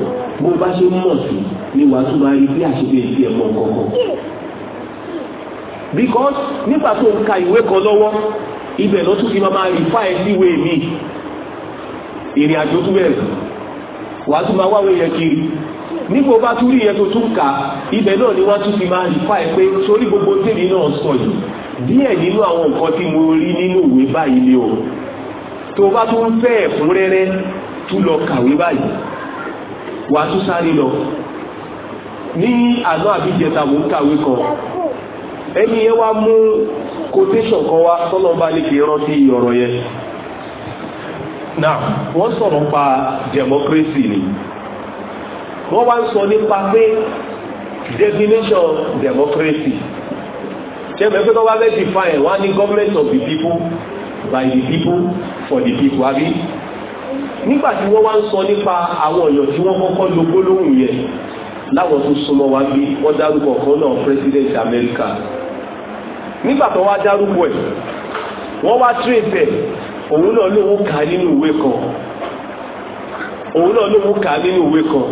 bó bá ṣe mọ̀ sí ni wàá tún máa rí bí àṣepé ti ẹ̀ mọ̀ kankan because nígbà tó ń ka ìwé kan lọ́wọ́ ibẹ̀ ló tún fi máa máa rìfá ẹ sí ìwé mi ìrìn àjò tún bẹ̀rẹ̀ wàá tún máa wáwé yẹn kiri nígbà bá tún rí yẹn tó tún kà ibẹ̀ náà ni wọ́n tún fi máa rìfá ẹ pé sórí gbogbo tèmi náà sọ yìí díẹ̀ nínú àwọn nǹkan tí mo rí nínú ìwé báyìí ni o tó bá tó ń fẹ́ ẹ̀kúnrẹ́rẹ́ tún lọ kàwé báyìí wà tún lọ ní àná àbíjẹta mò ń kàwé kan ẹni yẹn wá mú quotation kan wá tọ́lọ́mbà ní rántí ọ̀rọ̀ yẹn wọ́n pa democracy ni wọ́n wá sọ nípa pé definition ṣẹ́mi pé tọ́wọ́ bẹ́ẹ̀ define wọ́n á ní government of the people by the people for the people àbí nígbà tí wọ́n wá ń sọ nípa àwọn èèyàn tí wọ́n kọ́kọ́ lo gbólóhùn yẹn láwọn tó súnmọ́ wa bí wọ́n dárúkọ kan náà president America nígbà tó wá dárúkọ ẹ̀ wọ́n wá tírèsẹ̀ òun náà lòun kà nínú ìwé kan òun náà lòun kà nínú ìwé kan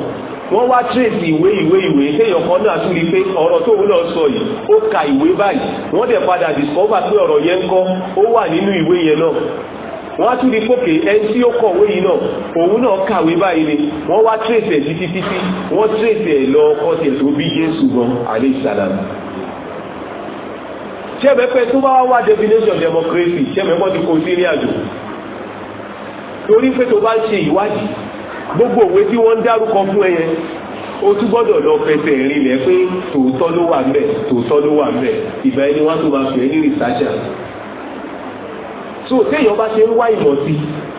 wọ́n wá tírèsì ìwé ìwé ìwé téèyàn kan náà tún rí pé ọ̀rọ̀ tó náà sọ yìí ó ka ìwé báyìí wọ́n dẹ̀ padà discover pé ọ̀rọ̀ yẹn ń kọ́ ó wà nínú ìwé yẹn náà wọ́n á tún di pókè ẹni tí ó kọ̀wé yìí náà òun náà kàwé báyìí ni wọ́n wá tírèsì ẹ̀ títí títí wọ́n tírèsì ẹ̀ lọ ọkọ̀ tẹ̀ tó bí Jésù gan alayhi salam sẹ́mẹ̀pẹ́ tó bá wá definition democracy sẹ́mẹ̀pọ́ ti kó sí ilé àjò torí pé tó bá ń ṣe ìwádìí gbogbo òwe tí wọ́n ń dárúkọ fún ẹ yẹn o tún gbọ́dọ̀ lọ fẹsẹ̀ rìn lẹ̀ pé tòótọ́ ló wà ńbẹ̀ tòótọ́ ló wà ńbẹ̀ ìgbà ẹni wọ́n tó máa fi ẹni rìsájà so téèyàn bá ṣe ń wá ìmọ̀ sí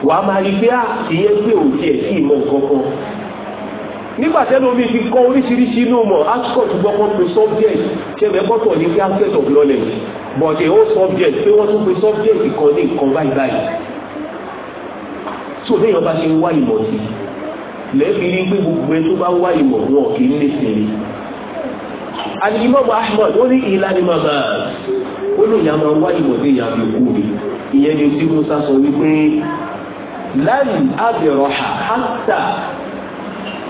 wà á máa rí pé à ah, ìyẹn pé ò tiẹ̀ sí ìmọ̀ kankan nígbà tẹ́lẹ̀ omi fi kọ́ oríṣiríṣi inú mọ̀ ascot gbọ́kàn pé subject ṣẹlẹ̀ gbọ́tọ̀ ní pé aspect of knowledge but the whole subject pé wọ́n tún pé subject kan ní nǹkan báyìí báyìí so téèyàn bá ṣe ń wá ìmọ̀ sí i lebi pé gbogbo ẹ tó bá wá ìmọ̀ wọn kì í lè sinmi. alimọ́bù ahmed ó ní ìlànà màmá ó lè yà máa wá ìmọ̀ sí ìyàwó ikú mi ìyẹn ni tí sọ wípé láì abẹ̀rọ̀ hàtà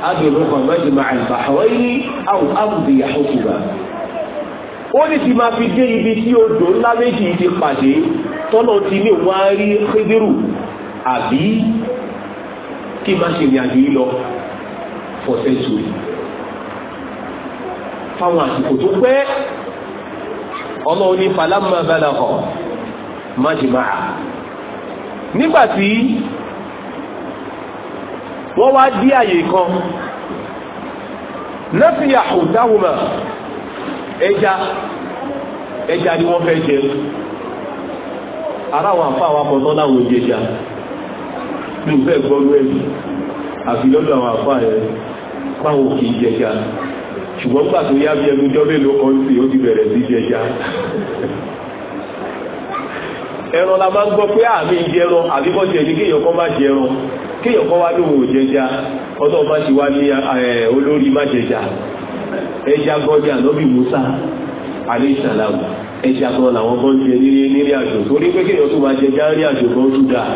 abẹ̀rọ̀ kọ̀mẹ́tì máa ń bá àwọn ilé àwọn àbùdí àkókò ó ní ti máa fi dé ibi tí odò ńlá méjì pàdé tọ́nà rí kí n má ṣe ìrìn àjò yìí lọ for century fáwọn àsìkò tó pẹ́ ọlọ́run ní falamma balagha majma'a nígbà tí wọ́n wá dí àyè kan nasiya hutahuma ẹja ẹja ni wọ́n fẹ́ jẹ ara àwọn àfa àwọn akọ̀tọ́ láwọn ojú ẹja mi ò fẹ́ gbọ́ lórí ẹ̀sìn àfi lọ́dọ̀ àwọn àfa yẹn fáwọn kì í jẹja ṣùgbọ́n gbà tó yá bí ẹnu jọ́ mélòó kan sí ó ti bẹ̀rẹ̀ sí jẹja ẹran la máa ń gbọ́ pé àmì ìjẹran àbí kọ́ tiẹ̀ ní kéèyàn kan má jẹran kéèyàn kan wá lóhùn òjẹja ọtọ́ má ti wá ní olórí má jẹja ẹja gọ́jà lọ́bì Musa aleyhisalaam ẹja gan làwọn kan jẹ nílé nílé àjò torí pé kéèyàn tó máa jẹja nílé àjò kan tún dáa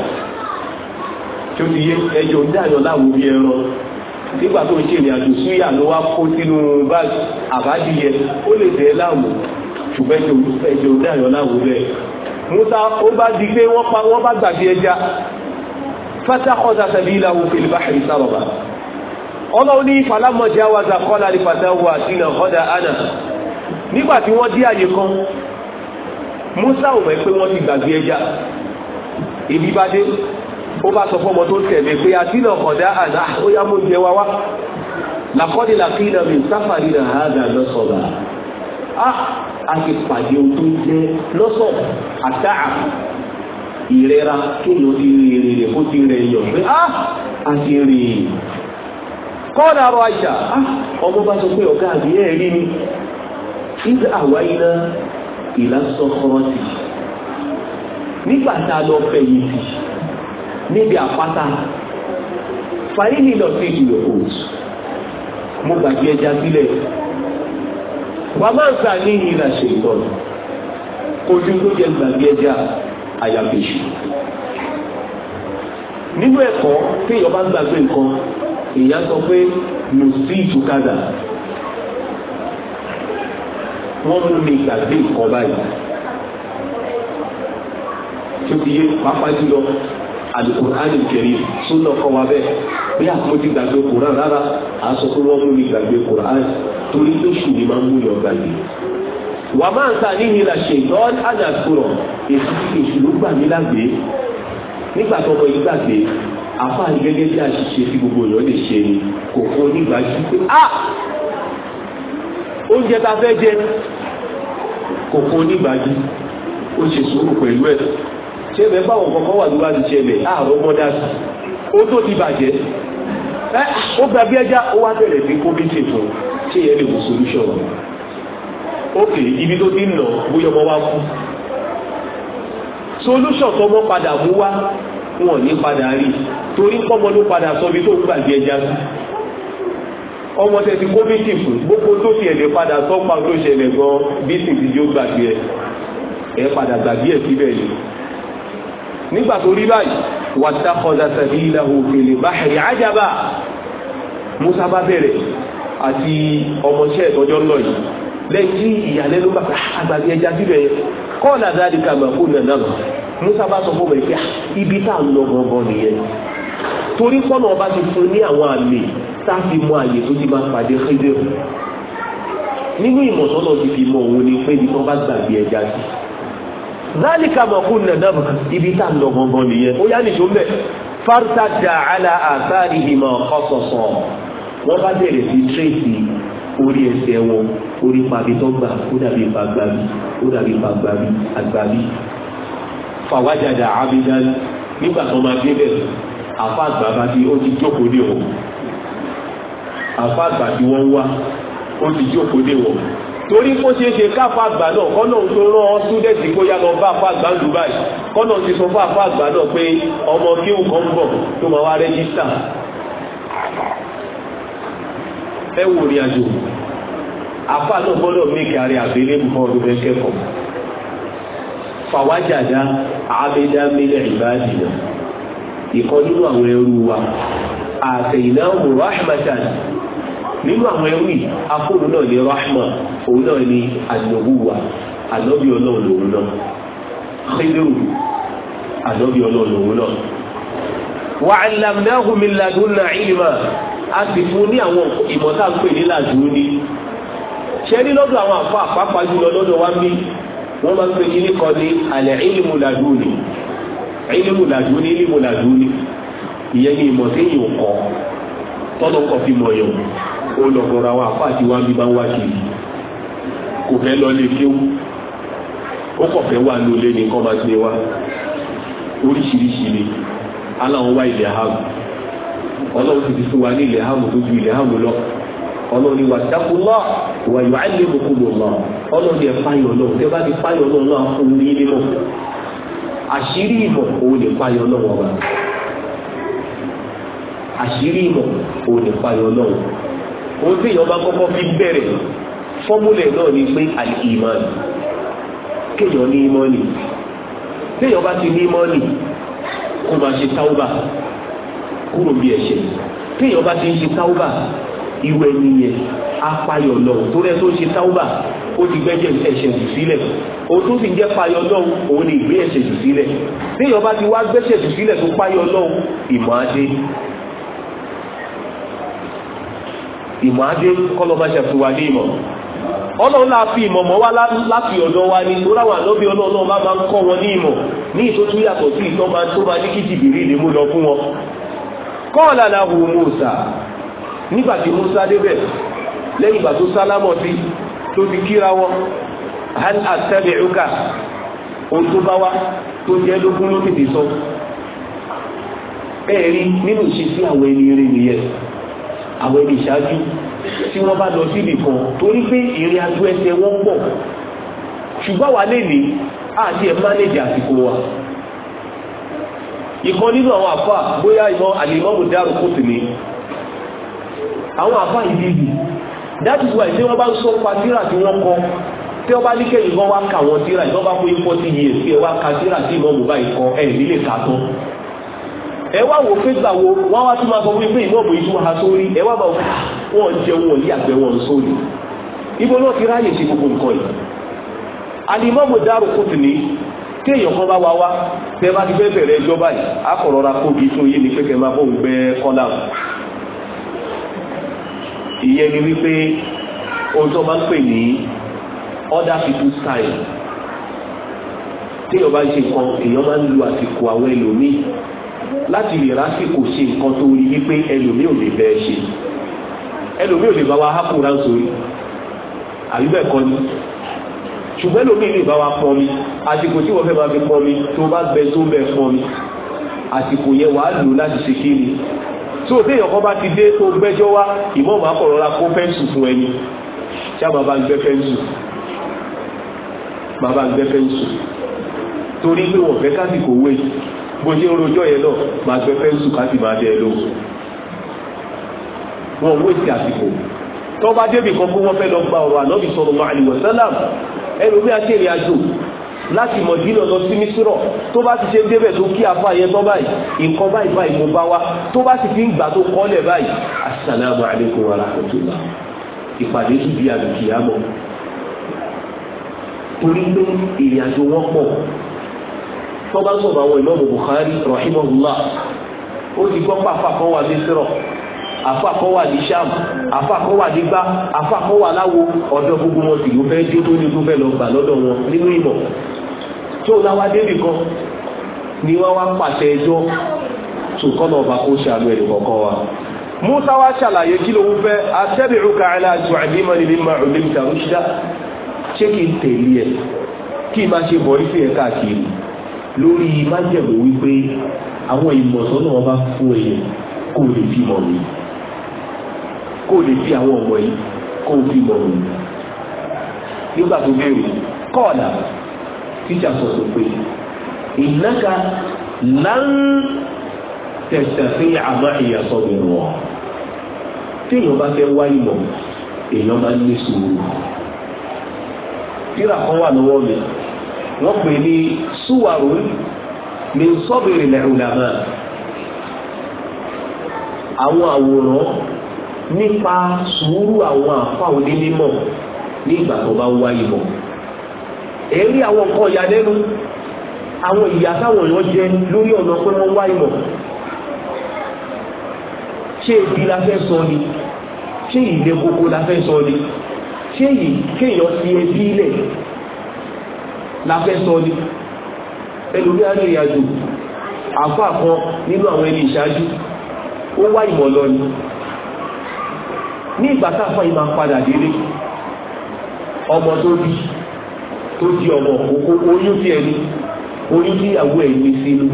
tó ti yé ẹjọ ń dàyọ láwo bí ẹran nígbà tó ń ṣe ìrìn àjò súyà ló wá kó sínú báàgì àbádìyẹ ó lè dẹ̀ láwo ṣùgbọ́n ẹjọ ń dàyọ láwo bẹ́ẹ̀ musa ó bá di pé wọ́n bá gbàgbé ẹja fatakọ́ta tàbí ìlà òfin ìbáṣẹ̀ ìsàrọ̀bà ọlọ́run ní falamọ̀já wa zakọ́lá ní fatahu àtìnà ọ̀dà àná nígbà tí wọ́n dí àyè kan musa ò mọ̀ pé wọ́n ti gbàgbé ẹja ìbí bá dé ó bá sọ fọmọ tó tẹ̀lé pé àtìnà ọ̀dà àná ó yá mú jẹ wá wá làkọ́ni làkínà mi sáfàrí nà á dà lọ́sọ̀rọ̀ à á ti pàdé ohun tó ń jẹ lọ́sọ̀ àtàà ìrẹ́ra kéèyàn ti rí rèrè kó ti rẹ̀ yàn pé á á ti rí i kọ́ọ̀dà ọ̀rọ̀ àjà ọmọ bá sọ pé ọ̀gá àbí ẹ̀ rí ni ìdá àwáyíná ìlàsọ̀kọ́rọ́tì nígbà tá a lọ fẹ̀yìntì níbi àpáta fàyínì lọ sí ìlú yòókù mo gbàgbé ẹja sílẹ̀ wàá máa ń sà ní ìlà ṣe ìtọ́jú ojú ló jẹ gbàgbé ẹja àyàfẹ́sù nínú ẹ̀kọ́ tí èèyàn bá gbàgbé nǹkan èèyàn sọ pé mo sí ìtukadà wọ́n mú mi gbàgbé nǹkan báyìí tó ti yé pápá jùlọ alukur'an kẹrin súnà kọ́ wa bẹ́ẹ̀ bí àpótí gbàgbé kuran rárá a sọ pé wọ́n mú mi gbàgbé kuran torí tó sùn ní máa ń mú yọ gbàgbé. wà á máa ń ta níhi la ṣe ìtọ́jú àdàkùrọ̀ èsì èsì ló gbà mí lágbè nígbà tó ọmọ yìí gbàgbé àfa gẹ́gẹ́ bí àṣìṣe tí gbogbo èèyàn lè ṣe ni kò fún onígbàjú pé a ah! oúnjẹ ta fẹ́ jẹ kò fún onígbàjú ó ṣe sùúrù pẹ̀lú ẹ̀ tẹ́lẹ̀ báwọn kankan wà lóra ti ṣẹlẹ̀ àárọ̀ mọ́dá sí ó tó ti bàjẹ́ ẹ ó gba bí ẹja ó wá bẹ̀rẹ̀ sí kọ́mítì fún ṣé yẹn lè wò solution ok ibi tó ti ń nà bóyá ọmọ wa kú solution tọmọ padà mú wá wọn ní padà rí torí pọ́mọ ló padà sọ ibi tó ń gbàgbé ẹja sí ọmọ tẹ ti kọ́mítì fún gbogbo tó ti ẹ̀dẹ̀ padà sọ́pàá tó ṣẹlẹ̀ gan bí sì ti jó gbàgbé ẹ ẹ padà gbàgbé ẹ síbẹ̀ yìí nígbà tó rí báyìí wàtàkọ̀dà sabilahu fil bahri ajaba musa bá bẹ̀rẹ̀ àti ọmọọṣẹ́ ìtọ́jọ́ ńlọ yìí lẹ́yìn ìyàlẹ́nu bàbá ah, àgbàdo ẹja síbẹ̀ yẹn kọ́ọ̀lá dáadé kàgbà fún nàdàmà musa bá sọ fún mi pé ah, ibi tá à ń lọ gangan nìyẹn torí kọ́nà ọba ti fún ní àwọn àmì tá a fi mọ àyè tó ti máa pàdé Khidir nínú ìmọ̀sọ́nà ti fi mọ òun ni pé ibi tí bá gbàgbé ẹja sí zálìkà mọ̀kún nà náà ibi tá a lọ gangan nìyẹn ó yá nìṣó mbẹ fárúta dà àlà àtàrí ìmọ̀ ọ̀sọ̀sọ̀ wọ́n bá bẹ̀rẹ̀ sí tírèsì orí ẹsẹ̀ wọn orí pàbí tó gbà ó dàbí pa gbàbí ó dàbí pa gbàbí àgbàbí fàwájàdà abidan nígbà tó máa débẹ̀ àfa àgbà bá ó ti jókòó dé wọn àfa àgbà wọ́n wá ó ti jókòó dé wọn torí kó ṣeé ṣe káfa àgbà náà kọ́nà tó rán ọ súdẹ̀tì kó yá lọ bá àfa àgbà ń dùbà yìí kọ́nà ti sọ fún àfa àgbà náà pé ọmọ kíhùn kan ń bọ̀ tó máa wá rẹ́jísítà ẹ wò ní àjò àfa náà gbọ́dọ̀ méjì àrẹ àbílẹ̀ nǹkan ọdún bẹ́ẹ̀ kẹ́kọ̀ọ́ fàwájàdá àbẹ̀dámílẹ̀ ìbáàdìnà ìkọ́ nínú àwọn ẹrú wa àtẹ̀yìnà rahmatan nínú àwọn ẹrú yìí akóhùn náà ní rahma òun náà ní àdìọ̀wúwa ànábì ọlọ́run lòun náà xidúrù ànábì ọlọ́run lòun náà. wà á lamnahu min ladunna ilma a sì fún ní àwọn ìmọ̀tá pè ní ladunni ṣé ní lọ́dọ̀ àwọn àfọ àpapà jùlọ lọ́dọ̀ wa bí wọ́n máa ń pè yín kọ́ ní alẹ́ ìlímù ladunni ìlímù ladunni ìlímù ladunni ìyẹn ní ìmọ̀ téèyàn kọ́ tọ́lọ́ kọ́ fi mọ̀ yàn. ó lọ bọ̀rọ̀ àwọn bí bá ń kiri kò fẹ́ lọ lé kéwú ó kọ̀ fẹ́ wà lólé ní oríṣiríṣi ti wa ní ilẹ̀ hàmù tó ju ilẹ̀ hàmù lọ ọlọ́run ni wà dákúlọ́ wà yọ àìlè mokòlò mọ́ ọlọ́run ni ẹ̀ fáyọ̀ náà tẹ́ bá ti fáyọ̀ náà náà fún ní nínú àṣírí ìmọ̀ òun lè fáyọ̀ náà àṣírí òun tí èèyàn bá kọ́kọ́ fi bẹ̀rẹ̀ fọ́múlẹ̀ náà ni pé àìmánì kéèyàn ní ìmánì téèyàn bá ti ní ìmánì kó máa ṣe táwùbà kúrò bí ẹ̀ṣẹ̀ téèyàn bá ti ń ṣe táwùbà irú ẹni yẹn apayọ̀ lọ tó rẹ tó ń ṣe táwùbà ó ti gbẹ́jẹ̀ ẹ̀ṣẹ̀ jù sílẹ̀ òun tó sì ń jẹ́ payọ̀ lọ́hùn òun ni ìgbé ẹ̀ṣẹ̀ jù sílẹ̀ téèyàn bá ti wá gbẹ́ṣẹ̀ jù sílẹ̀ tó payọ̀ lọ́hùn ìmọ̀ adé ìmọ̀ adé kọ́lọ́mà ṣàfihàn wa ní ìmọ̀ ọlọ́run náà fi ìmọ̀ mọ́ wá láti ọ̀dọ̀ wa ní tó láwọn àlọ́bí ọlọ́run bá máa ń kọ́ wọn ní ìmọ̀ ní yàtọ̀ sí ìtọ́ tó ní mú Musa nígbà tí Musa débẹ̀ lẹ́yìn ìgbà tó sálámọ̀ sí tó ti kíra wọn hal àtẹ̀lẹ̀ọ́kà ohun tó bá tó jẹ́ lógún ló àwọn ẹni ìṣáájú tí wọ́n bá lọ síbì kan torí pé ìrìn àjò ẹsẹ̀ wọn pọ̀ ṣùgbọ́n wà lè ní àti ẹ̀ mánéjì àsìkò wa ìkan nínú àwọn àfà bóyá ìmọ̀ àlèmọ́mù dárò kò sì ní àwọn àfà ìdí ìdí that is why tí wọ́n bá ń sọ pa tíra tí wọ́n kọ tí wọ́n bá ní kẹ́yìn kan wá kà wọ́n tíra ìjọba fún yín fọ́tí yìí èsì ẹ̀ wá ka tíra tí ìmọ̀ mùbá yìí kọ ẹ̀ nílé kàtó ẹ wá wò pé gbà wo wọ́n wá tún máa sọ wípé ìmọ̀ òbí tún ha sórí ẹ wá bá wọn ah, jẹun wọn yàgbẹ́ wọn sórí ibo náà ti ráyè ṣe gbogbo nǹkan yìí alimọ́mù dárò kùtù ní tí èèyàn kan bá wá wá tẹ bá ti fẹ́ bẹ̀rẹ̀ ẹjọ́ báyìí akọ̀rọ̀ra kóbi fún yé ni pé kẹ́ máa bóun gbẹ́ kọ́lá ìyẹn ni wípé ohun tó máa ń pè ní other people's time tí èèyàn bá ń ṣe nǹkan èèyàn máa ń lu àsìkò àwọn ẹlòmíì láti lè rásìkò ṣe nǹkan tó rí wípé ẹlòmíì ò lè bẹ́ẹ̀ ṣe ẹlòmíì ò lè bá wa hápò ránṣorí àbí bẹ́ẹ̀ kọ́ ni ṣùgbọ́n ẹlòmíì lè bá wa pọn mi àsìkò tí wọ́n fẹ́ bá mi pọn mi tó bá gbẹ tó bẹ pọn mi àsìkò yẹn wàá lò láti ṣe kí ni tí òtí èèyàn kan bá ti dé tó gbẹ́jọ́ wá ìmọ̀ọ́mù akọ̀rọ̀ra kó fẹ́ǹsì fún ẹni ṣá bàbá ń gbẹ́ fẹ́ǹsì bàbá ń gbẹ́ fẹ́ǹsì torí pé wọ́n fẹ́ kásìkò wéyìí bó ṣe ń rojọ́ yẹn náà máa gbẹ fẹ́ǹsù ká sì máa dẹ́ ẹ lóhùn wọn wó sí àsìkò tó bá débi kan fún wọn fẹ́ lọ gba ọ̀rọ̀ ànábì sallallahu alaihi wasallam ẹlòmí àti ìrìn àjò láti mọ̀dínà lọ sí mísírọ̀ tó bá ti ṣe ń débẹ̀ tó kí afá yẹn tán báyìí nǹkan báyìí báyìí mo bá wa tó bá sì fi ń gbà tó kọ́lẹ̀ báyìí assalamu alaikum wa rahmatullah ìpàdé tún di àdùkìyà mọ́ torí pé ìrìn àjò wọn pọ̀ tó bá sọ̀rọ̀ àwọn ìmáàmù Bukhari rahimahullah ó ti gbọ́ pàfà kan wà ní sírọ̀ àfà kan wà ní sham àfà kan wà ní gbá àfà kan wà láwo ọ̀dọ̀ gbogbo wọn sì ló fẹ́ dé tó ní tó fẹ́ lọ gbà lọ́dọ̀ wọn nínú ìmọ̀ tó láwa débì kan ni wọ́n wá pàṣẹ ẹjọ́ tó kọ́nà ọba kó ṣàánú ẹ̀dùn kọ̀ọ̀kan wa. Musa wá ṣàlàyé kí ló ń fẹ́ atẹ́bìrúkà aláàjọ àdìmọ́ ni mímọ́ ọ̀lẹ́mìtà rúṣídà ṣé kí n tẹ̀lé ẹ̀ kí n má ṣe bọ̀ ife káàkiri lórí májẹ̀mú wípé àwọn ìmọ̀sán náà bá fún ẹ̀yẹ kó lè fi mọ̀ mí kó lè fi àwọn ọmọ yìí kó fi mọ̀ mí. nígbà tó bẹ̀rù kọ́ọ̀dà tíṣà sọ̀tọ̀ pé ìnáka lan tẹ̀sẹ̀fín àmọ́ ìyàsọ̀ mi wọ̀ téèyàn bá fẹ́ wá ìmọ̀ èèyàn máa ń ní sùúrù. kíra kan wà lọ́wọ́ mi wọ́n pè ní suwarun ní sọ́bìrì lẹ́rùlámà àwọn àwòrán nípa sùúrù àwọn àfa onímọ̀ ní ìgbà tó bá ń wá ìmọ̀ èrí àwọn nǹkan ìyàlẹ́nu àwọn ìyà táwọn èèyàn jẹ lórí ọ̀nà pé wọ́n wá ìmọ̀ ṣé ebi la fẹ́ sọ ni ṣé ìdẹ́kókó la fẹ́ sọ ni ṣé yìí kéèyàn fi lẹ̀ láfẹ́ sọ ni ẹlòmí arìnrìn àjò àfa kan nínú àwọn ẹni ìṣáájú ó wá ìmọ̀ lọ ni ní ìgbà táfà yìí máa padà délé ọmọ tó bí tó di ọmọ oyún tí ẹni oyún tí ìyàwó ẹ̀ gbé sínú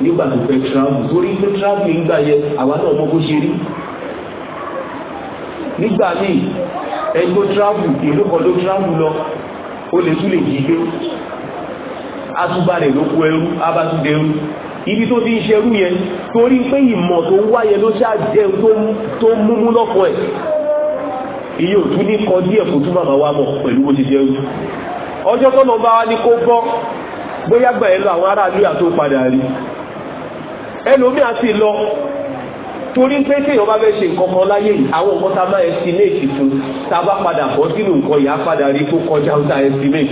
nígbà tó fẹ́ travel torí pé travel ń gbà yẹ àwa náà mọ bó ṣe rí nígbà míì ẹni tó travel ìlú kan ló travel lọ ó lè tún lè jí ilé atúbalẹ̀ ló kó ẹrú abátúndẹrú ibi tó ti ń ṣerú yẹn torí pé ìmọ̀ tó wáyé ló ṣáà jẹun tó múmú lọ́pọ̀ ẹ̀ iye òtún ní kọ díẹ̀ kó tún màmá wa mọ̀ pẹ̀lú bó ti jẹun ọjọ́ tó lọ bá wa ní kó bọ́ bóyá gbà ẹ lọ àwọn aráàlú àtó padà rí ẹlòmíà sì lọ torí pé téèyàn bá fẹ́ ṣe nǹkan kan láyé yìí àwọn nǹkan tá a máa estimate fún tá a bá padà bọ́ sínú nǹkan yìí á padà rí tó kọjá ó ta estimate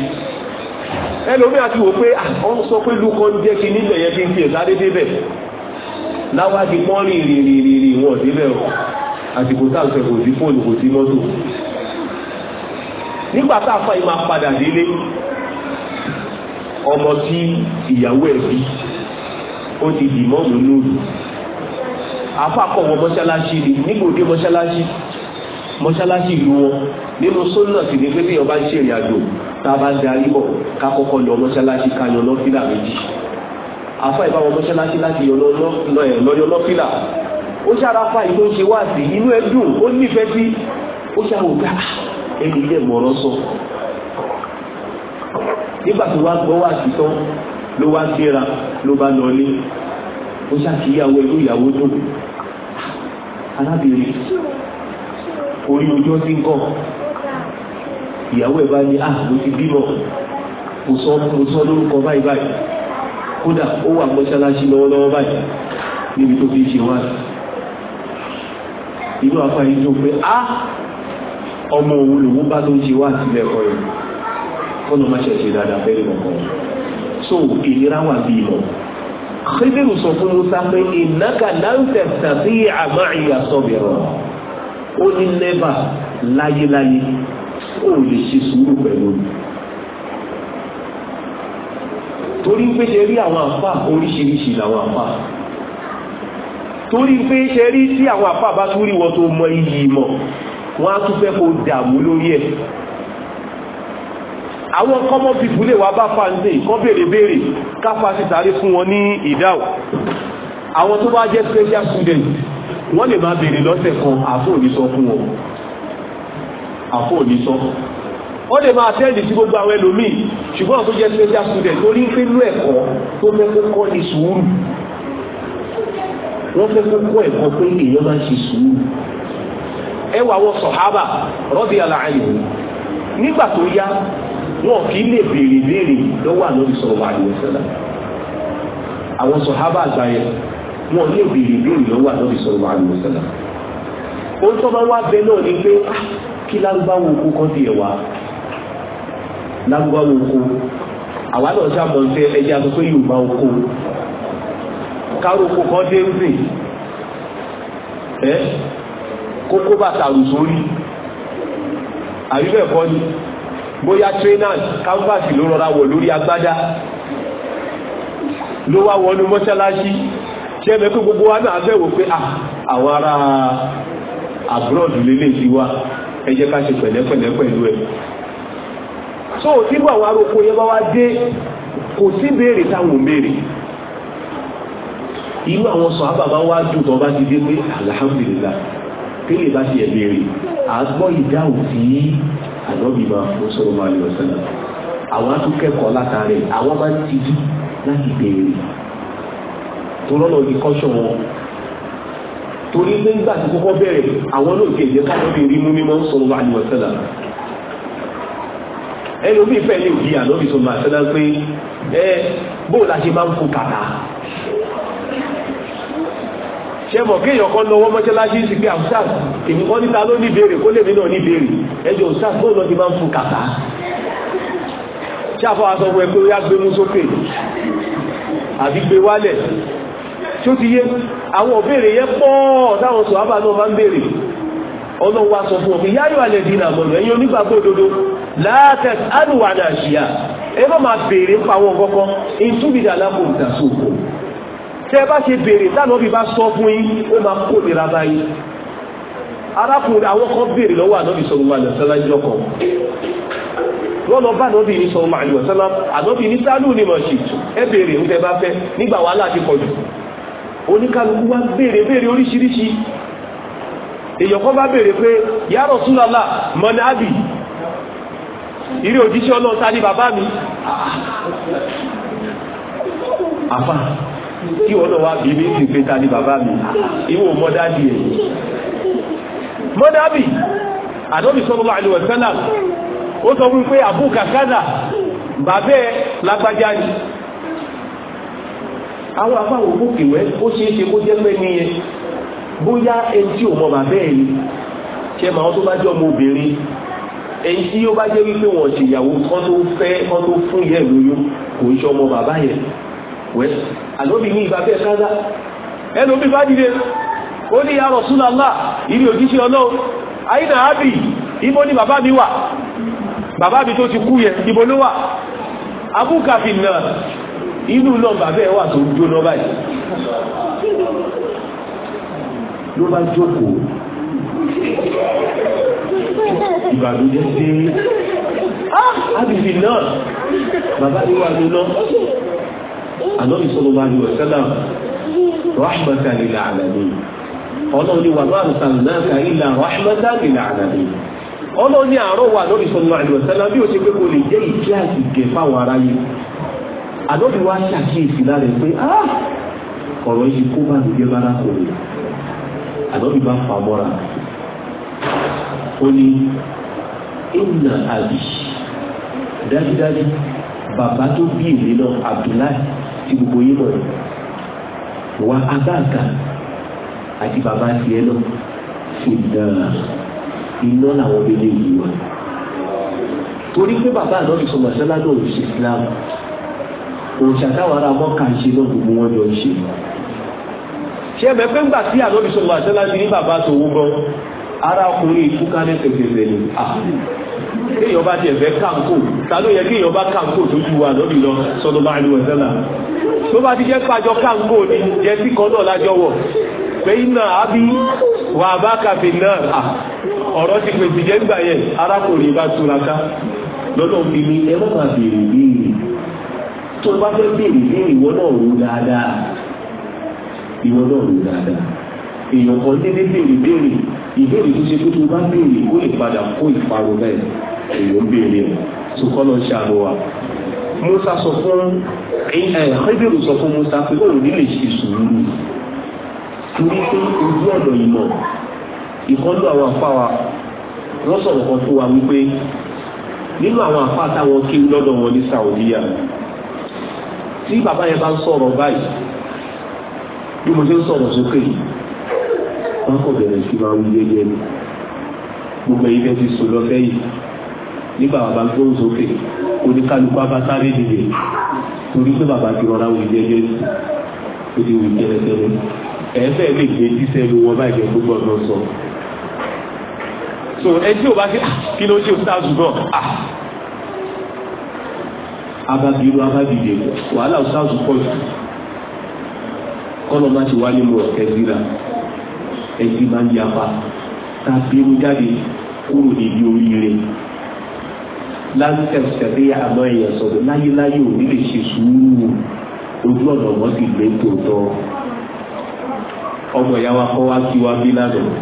ẹlòmíì àti wò pé ọ ń sọ pé lukọ ń jẹ́ kí nílẹ̀ yẹ kí n tiẹ̀ sáré débẹ̀ láwádìí pọ́n rìn rìn rìn rìn rìn wọ́n débẹ̀ o àsìkò tá à ń sọ kò sí fóònù kò sí mọ́tò nígbà tá a fa ìmọ̀ padà délé ọmọ tí ìyàwó ẹ̀ bí ó ti dì mọ́ọ̀mù lóru àfa kọwọ mọ́ṣáláṣí ni nígbòde mọ́ṣáláṣí mọ́ṣáláṣí ìlú wọn nínú sọ́nà sì ni pé bí ọba ń ṣe ìrìn àjò tá a bá ń darí bọ̀ ká kọ́kọ́ lọ mọ́ṣáláṣí ká yan lọ́fílà méjì àfa ìbáwọn mọ́ṣáláṣí láti yan lọ́yọ lọ́fílà ó ṣára fa ìlú ń ṣe wá sí inú ẹ dùn ó nífẹ̀ẹ́ sí ó ṣàwò gbà ah, ẹni ilé mọ̀ọ́rọ́ sọ nígbà tó wá gbọ́ wá sí tán ló wá gbéra ló bá lọ ní ó ṣàṣeyàwó ẹgbẹ́ ìyàwó dùn arábìnrin orí ojú ọtí ń kọ́ ìyàwó ẹ̀ bá ní à ah, ló ti bímọ kò sọ kò sọ lórúkọ báyìí báyìí kódà ó wà mọ́ṣáláṣí lọ́wọ́lọ́wọ́ báyìí níbi tó fi ṣe wá inú afa yìí tó pé á ah, ọmọ òun lòun bá ló ń ṣe wá sílẹ̀ ẹ̀kọ́ yìí kọ́nà má ṣẹ̀ṣẹ̀ dáadáa fẹ́ẹ́ lọ́kọ́ so ìlera wà bí ìmọ̀. Khidiru sọ fún Musa pé innaka lan tastati'a ma'iya sabira ó ní nẹ́bà láyéláyé ó lè ṣe sùúrù pẹ̀lú mi. torí pé ṣe rí àwọn àpá oríṣiríṣi làwọn àpá torí pé ṣe rí tí àwọn àpá bá tún rí wọn tó mọ iyì mọ wọn á tún fẹ́ kó dààmú lórí ẹ̀ àwọn common people lè wá bá fàǹdé kan béèrè béèrè káfà sí sáré fún wọn ní ìdáhùn àwọn tó bá jẹ́ special student wọ́n lè máa béèrè lọ́sẹ̀ kan àfọ òní sọ fún wọn àfọ òní sọ wọ́n lè máa tẹ́lẹ̀ sí gbogbo àwọn ẹlòmíì ṣùgbọ́n àwọn tó jẹ́ special student torí ń pé lú ẹ̀kọ́ tó fẹ́ kó kọ́ ní sùúrù wọ́n fẹ́ kó kọ́ ẹ̀kọ́ pé èèyàn máa ń ṣe sùúrù ẹ wà wọ sọ̀hábà rọ́bì àlàáyé nígbà tó yá wọn kì í lè béèrè béèrè lọ́wọ́ àlọ́bí sọ̀rọ̀ wà àwọn sọ̀hábà àgbà yẹn wọn lè béèrè béèrè lọ́wọ́ àlọ́bí sọ̀rọ̀ wà lóyún sọ́dà ó tọ́ bá wá náà ni pé ah, wá àwa náà yorùbá oko dé ń sìn kókó bàtà sórí kọ́ ni. bóyá trainers canvas ló rọra wọ̀ lórí agbádá ló wá wọnú mọ́ṣáláṣí tí ẹ mẹ́kọ́ gbogbo wa náà bẹ̀wò pé ah, àwọn ará abroad lélẹ̀ sí wa ẹ jẹ́ ká ṣe pẹ̀lẹ́pẹ̀lẹ́ pẹ̀lú ẹ̀. so nígbà wa roko yẹn bá wá dé kò sí béèrè táwọn béèrè inú àwọn sọ àbàbá wa dùn tó bá ti dé pé alhamdulillah kéèyàn bá ti ẹ̀ béèrè àgbọ̀ ìdáhùn sí ànábì máa fún sọ̀rọ̀ máa lè ọ̀sẹ̀ náà àwọn atúkẹ́kọ̀ọ́ látàrí àwọn máa ń tijú láti béèrè torọ́ náà di kọ́ṣọ̀ wọn torí pé nígbà tí kọ́kọ́ bẹ̀rẹ̀ àwọn náà ti ẹ̀jẹ̀ káwọn fi rí mú mímọ́ sọ̀rọ̀ máa lè ọ̀sẹ̀ náà ẹni omi ìfẹ́ ni òbí ànábì sọ̀rọ̀ máa pé ẹ ṣẹ́mọ̀ kí èèyàn kan lọ́wọ́ mọ́ṣáláṣí sí pé àwùsàs èmi kan níta ló ní ìbéèrè kó lèmi náà ní ìbéèrè ẹjọ́ àwùsàs bóun náà ti máa ń fún kàtà ṣáfà aṣọ fún ẹ pé ó yá gbé mú sókè àbí gbé wálẹ̀ tí ó ti yé àwọn òbéèrè yẹn pọ̀ táwọn sọ ábà náà máa ń béèrè ọlọ́run wa sọ fún ọ pé yáyọ alẹ́ dín náà gbọ́dọ̀ ẹ̀yin onígbàgbọ́ òdodo látẹ̀s ánùwàdà àṣìyà ẹ má máa béèrè ń pa àwọn kọ́kọ́ ìtúbìdà alákòó ìdásókò tẹ́ bá ṣe béèrè táwọn bí bá sọ fún yín ó máa kó nira báyìí arákùnrin àwọn kan béèrè lọ́wọ́ ànábì sọ̀rọ̀ wà lọ́sẹ̀ lájọ́ kan wọ́n lọ bá ànábì ní sọ̀rọ̀ màálù ọ̀sẹ̀ lá ànábì ní sálù ni mọ̀ ṣì ẹ béèrè ń tẹ́ bá fẹ́ nígbà wàhálà ti kọjú oníkálukú wa béèrè béèrè oríṣiríṣi èèyàn kan bá béèrè pé ya Rasulullah mọ̀nà àbí ìrí òjíṣẹ́ ọlọ́ọ̀ta ní bàbá mi àfa kí wọn náà wá bí mi sì pé ta ni bàbá mi ìwò mọ́dádì ẹ̀ mọ́dábì àdóbi sallallahu alaihi wasallam ó sọ fún mi pé àbúkà kádà bàbá ẹ lágbájá ni àwọn afáwọn òkèwẹ́ ó ṣeé ṣe kó jẹ́ pé nìyẹn bóyá ẹni tí ò mọ bàbá ẹ ni ṣe máa tó bá jẹ́ ọmọ obìnrin èyí tí ó bá jẹ́ wípé wọ́n ṣèyàwó kán tó fẹ́ kán tó fún yẹ̀ lóyún kò ń ṣe ọmọ bàbá yẹn wẹ́ àlóbi ní ìgbà bẹ́ẹ̀ sáńdá ẹnu bí bá dìde ó ní ya Rasulullah ìrì òjíṣẹ́ ọlọ́run àyínà ábì ibo ni bàbá mi wà bàbá mi tó ti kú yẹn ibo ló wà abúkàfì náà inú lọ́mbà bẹ́ẹ̀ wà tó ń jóná báyìí ló bá jókòó ìbàdújẹ́ dé ábìfì ah, náà bàbá mi wà lóná ànábì sallallahu alaihi wasallam rahmatan lil alamin ọlọ́run ni wàá arsalnaka illa rahmatan lil alamin ọlọ́run ni aro sallallahu alaihi wasallam o wa ṣàkíyèsí lára pé ah, ọ̀rọ̀ yìí kó bá mi gbé bára kò lè ànábì bá fà mọ́ra ó Abdullahi tí gbogbo yín mọ̀ wà abáàkà àti bàbá tiẹ̀ náà sì dáa iná làwọn bèbè yìí wà. torí pé bàbá àná ti sọmọ sẹ́lá náà ń ṣe Islam òòṣà táwọn ará mọ́ka ń ṣe náà gbogbo wọn jọ ń ṣe. ṣé ẹ̀mẹ́ pé ńgbà tí àná ti sọmọ sẹ́lá ti ní bàbá tòun gan ara ọkùnrin ìfúkálẹ̀ pẹ̀pẹ̀pẹ̀ ni. Ah. kéèyàn bá tiẹ̀ fẹ́ kàǹkò ta ló yẹ kéèyàn bá kàǹkò tó ju wa lórí lọ tó bá ti jẹ́ pàjọ kàǹkò ni jẹ sí kan náà lájọ wà bá kàfé náà ti pèsè gbà arákùnrin bá ká fi ẹ má máa béèrè béèrè tó bá béèrè béèrè náà ìbéèrè tó ṣe pé tó bá béèrè ó lè padà kó ìparun bẹ́ẹ̀ èèyàn béèrè rẹ̀ tó kọ́ lọ ṣàánú wa. Musa sọ fún ẹ̀ẹ́dẹ̀rù sọ fún Musa pé òun ní lè ṣe sùúrù torí pé ojú ọ̀nà ìmọ̀ ìkọ́lù àwọn afáwa wọ́n sọ̀rọ̀ kan fún wa wípé nínú àwọn afá táwọn kéwú lọ́dọ̀ wọn ní Saudiya tí bàbá yẹn bá ń sọ̀rọ̀ báyìí bí mo ṣe ń sọ̀rọ̀ sókè yìí wọ́n kò bẹ̀rẹ̀ sí máa ń wí gẹ́gẹ́ ni gbogbo ẹ̀yin fẹ́ẹ́ ti sùn lọ sẹ́yìn nígbà bàbá gbóhùn sókè oníkálukú abásáré dìde torí pé bàbá ti rọra wí gẹ́gẹ́ ni ó ti wí gẹ́gẹ́ ẹ̀ẹ́fẹ́ lè gbé jíṣẹ́ nu wọn báyìí ẹ̀ gbogbo ọ̀nà sọ so ẹ tí o bá kí ah, kí ló ṣe fún àzù náà ah. ababiru ababide wàhálà ọ̀sán àzù pọ̀ jù kọ́nà má ti wá nínú ọ̀kẹ́ síra ẹtí máa ń yapa tá a bínú jáde kúrò níbi oríire lásìkò ṣẹ̀fẹ́ yà àmọ́ èèyàn sọ̀rọ̀ láyéláyé ò ní lè ṣe sùúrù ojú ọ̀nà wọn sì lé tòótọ́ ọmọ ìyá wa kọ́ wá kí wá bí lánàá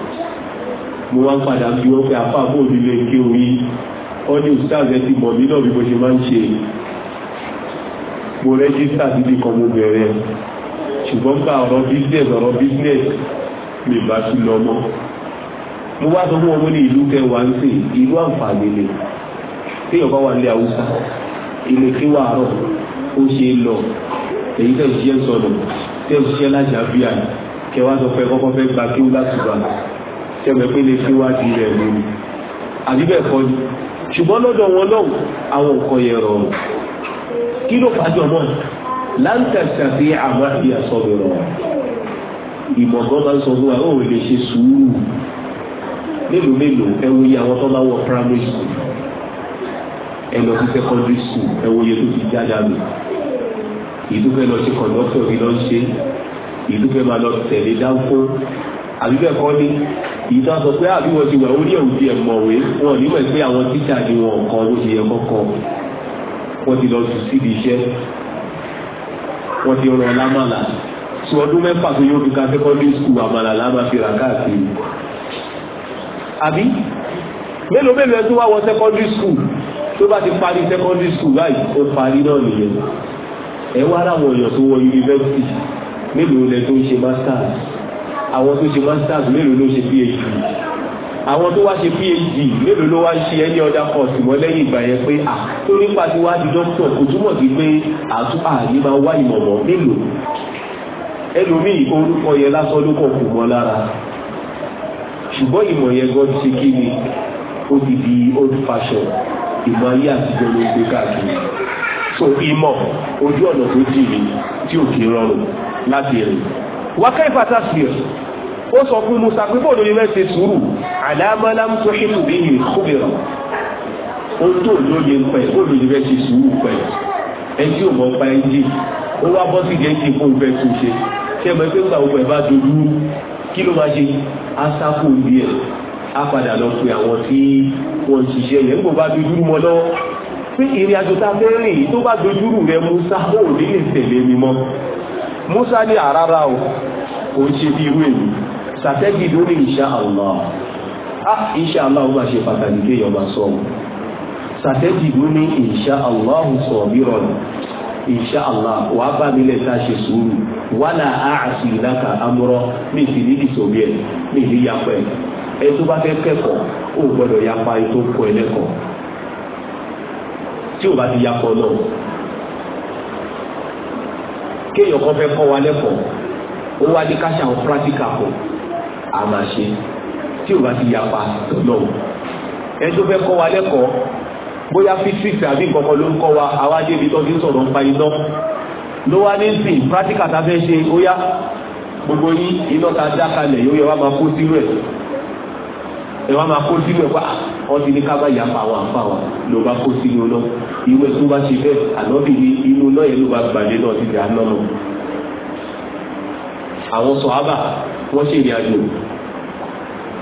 mo wá ń padà bí wọ́n pé àfa àbó òní lè ké orí wọ́n ní ustaz ẹ ti mọ̀ mí náà bí mo ṣe máa ń ṣe mo rẹ́jísítà síbi kan mo bẹ̀rẹ̀ ṣùgbọ́n gba ọ̀rọ̀ business ọ̀rọ̀ business mi bá tún lọ mọ́ mo wá sọ fún wọn ní ìlú kẹwàá ń sìn ìlú àǹfààní ni téèyàn bá wà ní haúsá ilé kí wàá rọ ó ṣe é lọ èyí tẹ̀ ṣiṣẹ́ sọ̀rọ̀ tẹ̀ ṣiṣẹ́ lájà bíà kẹwàá sọ pé kọ́kọ́ fẹ́ gba kí ó látùbà tẹ̀mẹ̀ pé lè fi wá di rẹ̀ lórí àbí bẹ́ẹ̀ kọ́ ni ṣùgbọ́n lọ́dọ̀ wọn lọ́wọ́ àwọn nǹkan yẹn rọrùn kí ló fàájọ mọ́ láǹtà ṣàfihàn àmọ́ ìyàsọ́ mi rọrùn ìmọ̀gán máa ń sọ fún wa ó lè ṣe sùúrù mélòó mélòó ẹ wo iye àwọn tó bá wọ primary school ẹ lọ sí secondary school ẹ wo iye tó ti jáde àmì ìdúpẹ́ lọ sí kọ̀dọ́tọ̀ mi lọ ṣe ìdúpẹ́ máa lọ tẹ̀lé dáńfó àbí bẹ́ẹ̀ kọ́ ni ìtọ́ sọ pé àbí wọ́n ti wà ó ní ẹ̀wù mọ̀wé wọn níwọ̀ pé àwọn tíṣà ni wọn kọ́ ló ṣe yẹ kọ́kọ́ wọ́n ti lọ sùn síbi iṣẹ́ wọ́n ti rán lámàlà sọ ọdún mẹ́fà tó yóò fi ka secondary school àmàlà là máa fi rà káàkiri àbí mélòó mélòó ẹ tó wá wọ secondary school tó bá ti parí secondary school báyìí ó parí náà nìyẹn ẹ wá láwọn èèyàn tó wọ yunifásitì mélòó lẹ tó ń ṣe masters àwọn tó ṣe masters mélòó ló ṣe phd àwọn tó wá ṣe phd mélòó ló wá ṣe ẹni ọ̀dà kọ̀ọ̀sì mọ́ lẹ́yìn ìgbà yẹn pé à tó nípa ti wá di doctor kò túmọ̀ sí pé àtúntà ní máa wá ìmọ̀mọ́ mélòó ẹlòmíì orúkọ yẹn lásán ló kọ̀ kù mọ́ lára ṣùgbọ́n ìmọ̀ yẹn gan ti kí ni ó ti di old fashion ìmọ̀ ayé àtijọ́ ló ń gbé káàkiri so ìmọ̀ ojú ọ̀nà tó jì mí tí ò kì í rọrùn láti rìn. wákàtí fata spear ó sọ fún Musa pé bóòdù yìí fẹ́ ṣe sùúrù àdámọ́lá ń tó ṣètò bí yìí kúbìrọ̀ ohun tó lóye ń pẹ́ bóòdù yìí fẹ́ ṣe sùúrù pẹ́ ẹ tí ò mọ̀ pa ẹ́ jì ó wá bọ́ sí jẹ́ fún un fẹ́ ṣe ṣe mọ̀ pé gbà gbogbo ẹ̀ bá dojú kí ló máa ṣe asákò ibi ẹ̀ á padà lọ pe àwọn tí wọ́n ń ṣiṣẹ́ yẹn nígbà bá dojú mọ́ lọ́wọ́ pé ìrìn àjò a fẹ́ rìn tó bá dojú rẹ̀ Musa ó ní lè tẹ̀lé mi mọ́ Musa ní àrárá o kò ń ṣe bí irú èmi sàtẹ́gì lórí insha Allah ah insha Allah ó máa ṣe pàtàkì kéèyàn máa sọ ọ́ sàtẹ́gì lórí insha Allah sọ̀ míràn insha allah wàá bá mi lẹ́ta ṣe sùúrù wàlà àásì ìlàkà amúrọ́ mi sì ní ìsòmí mi ní yapa ẹ̀ ẹ tó bá gbọ́dọ̀ yapa ẹ tó kọ ẹ tí o bá ti yapa kéèyàn kan wa lẹ́kọ̀ọ́ ó wá ní káṣà pírátíkà a tí o bá ti yapa ọ ẹ tó fẹ́ bóyá physics àbí nǹkan kan ló ń kọ́ wa àwa débi tó ti ń sọ̀rọ̀ nípa iná ló wá ní sìn practical ta fẹ́ ṣe ó yá gbogbo yín iná ta dá kalẹ̀ yóò yẹ wá máa kó sínú ẹ̀ ẹ wá máa kó sínú ẹ̀ pa wọ́n ti ní ká bá yàpá wa ń pa wa ló bá kó sínú lọ ìwé tó bá ṣe bẹ́ẹ̀ ànábì ní inú náà yẹn ló bá gbàdé náà ti dà á náà àwọn sọ̀hábà wọ́n ṣèrìn àjò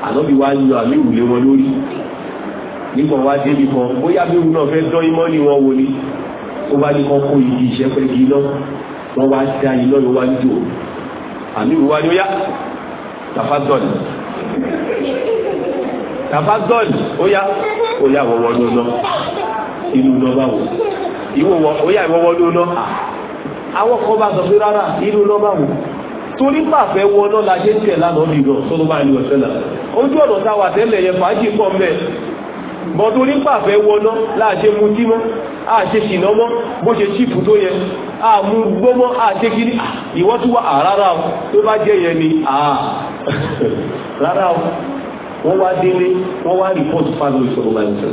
ànábì wá ń àmì ìwúlé wọn lórí nígbà wá débi kan bóyá bí òun náà fẹ́ dán imọ́ ni wọ́n wo ni ó wá ní kán kó igi ìṣẹ́pẹ́ igi iná wọ́n wá da iná ló wá ń jò àmì ìwà ni ó yá tafazọ́ọ̀lì tafazọ́ọ̀lì ó yá ó yá wọ́wọ́ ló ná inú iná bá wò ìwọ ó yá ìwọ́wọ́ ló ná àwọn kan bá sọ pé rárá inú iná bá wò torí pàfẹ́ wọn náà la ṣe ń tẹ̀ lánàá nìyàn sọ́dọ́ bá ń lọ sẹ́là ojú ọ̀nà táwa tẹ́lẹ̀ yẹn fàájì pọ̀ mẹ́ẹ̀. bọ́n torí ń pàfẹ́ wọná láàṣẹ mu tí mọ́ àṣẹ ṣìnà mọ́ bó ṣe ṣìpù tó yẹ àmú gbó mọ́ àṣẹ kiri ìwọ́n tún àrárá o tó bá jẹ́ yẹn ni rárá o wọ́n wá délé wọ́n wá rìpọ́t fáwọn ìṣòro máa ń sọ.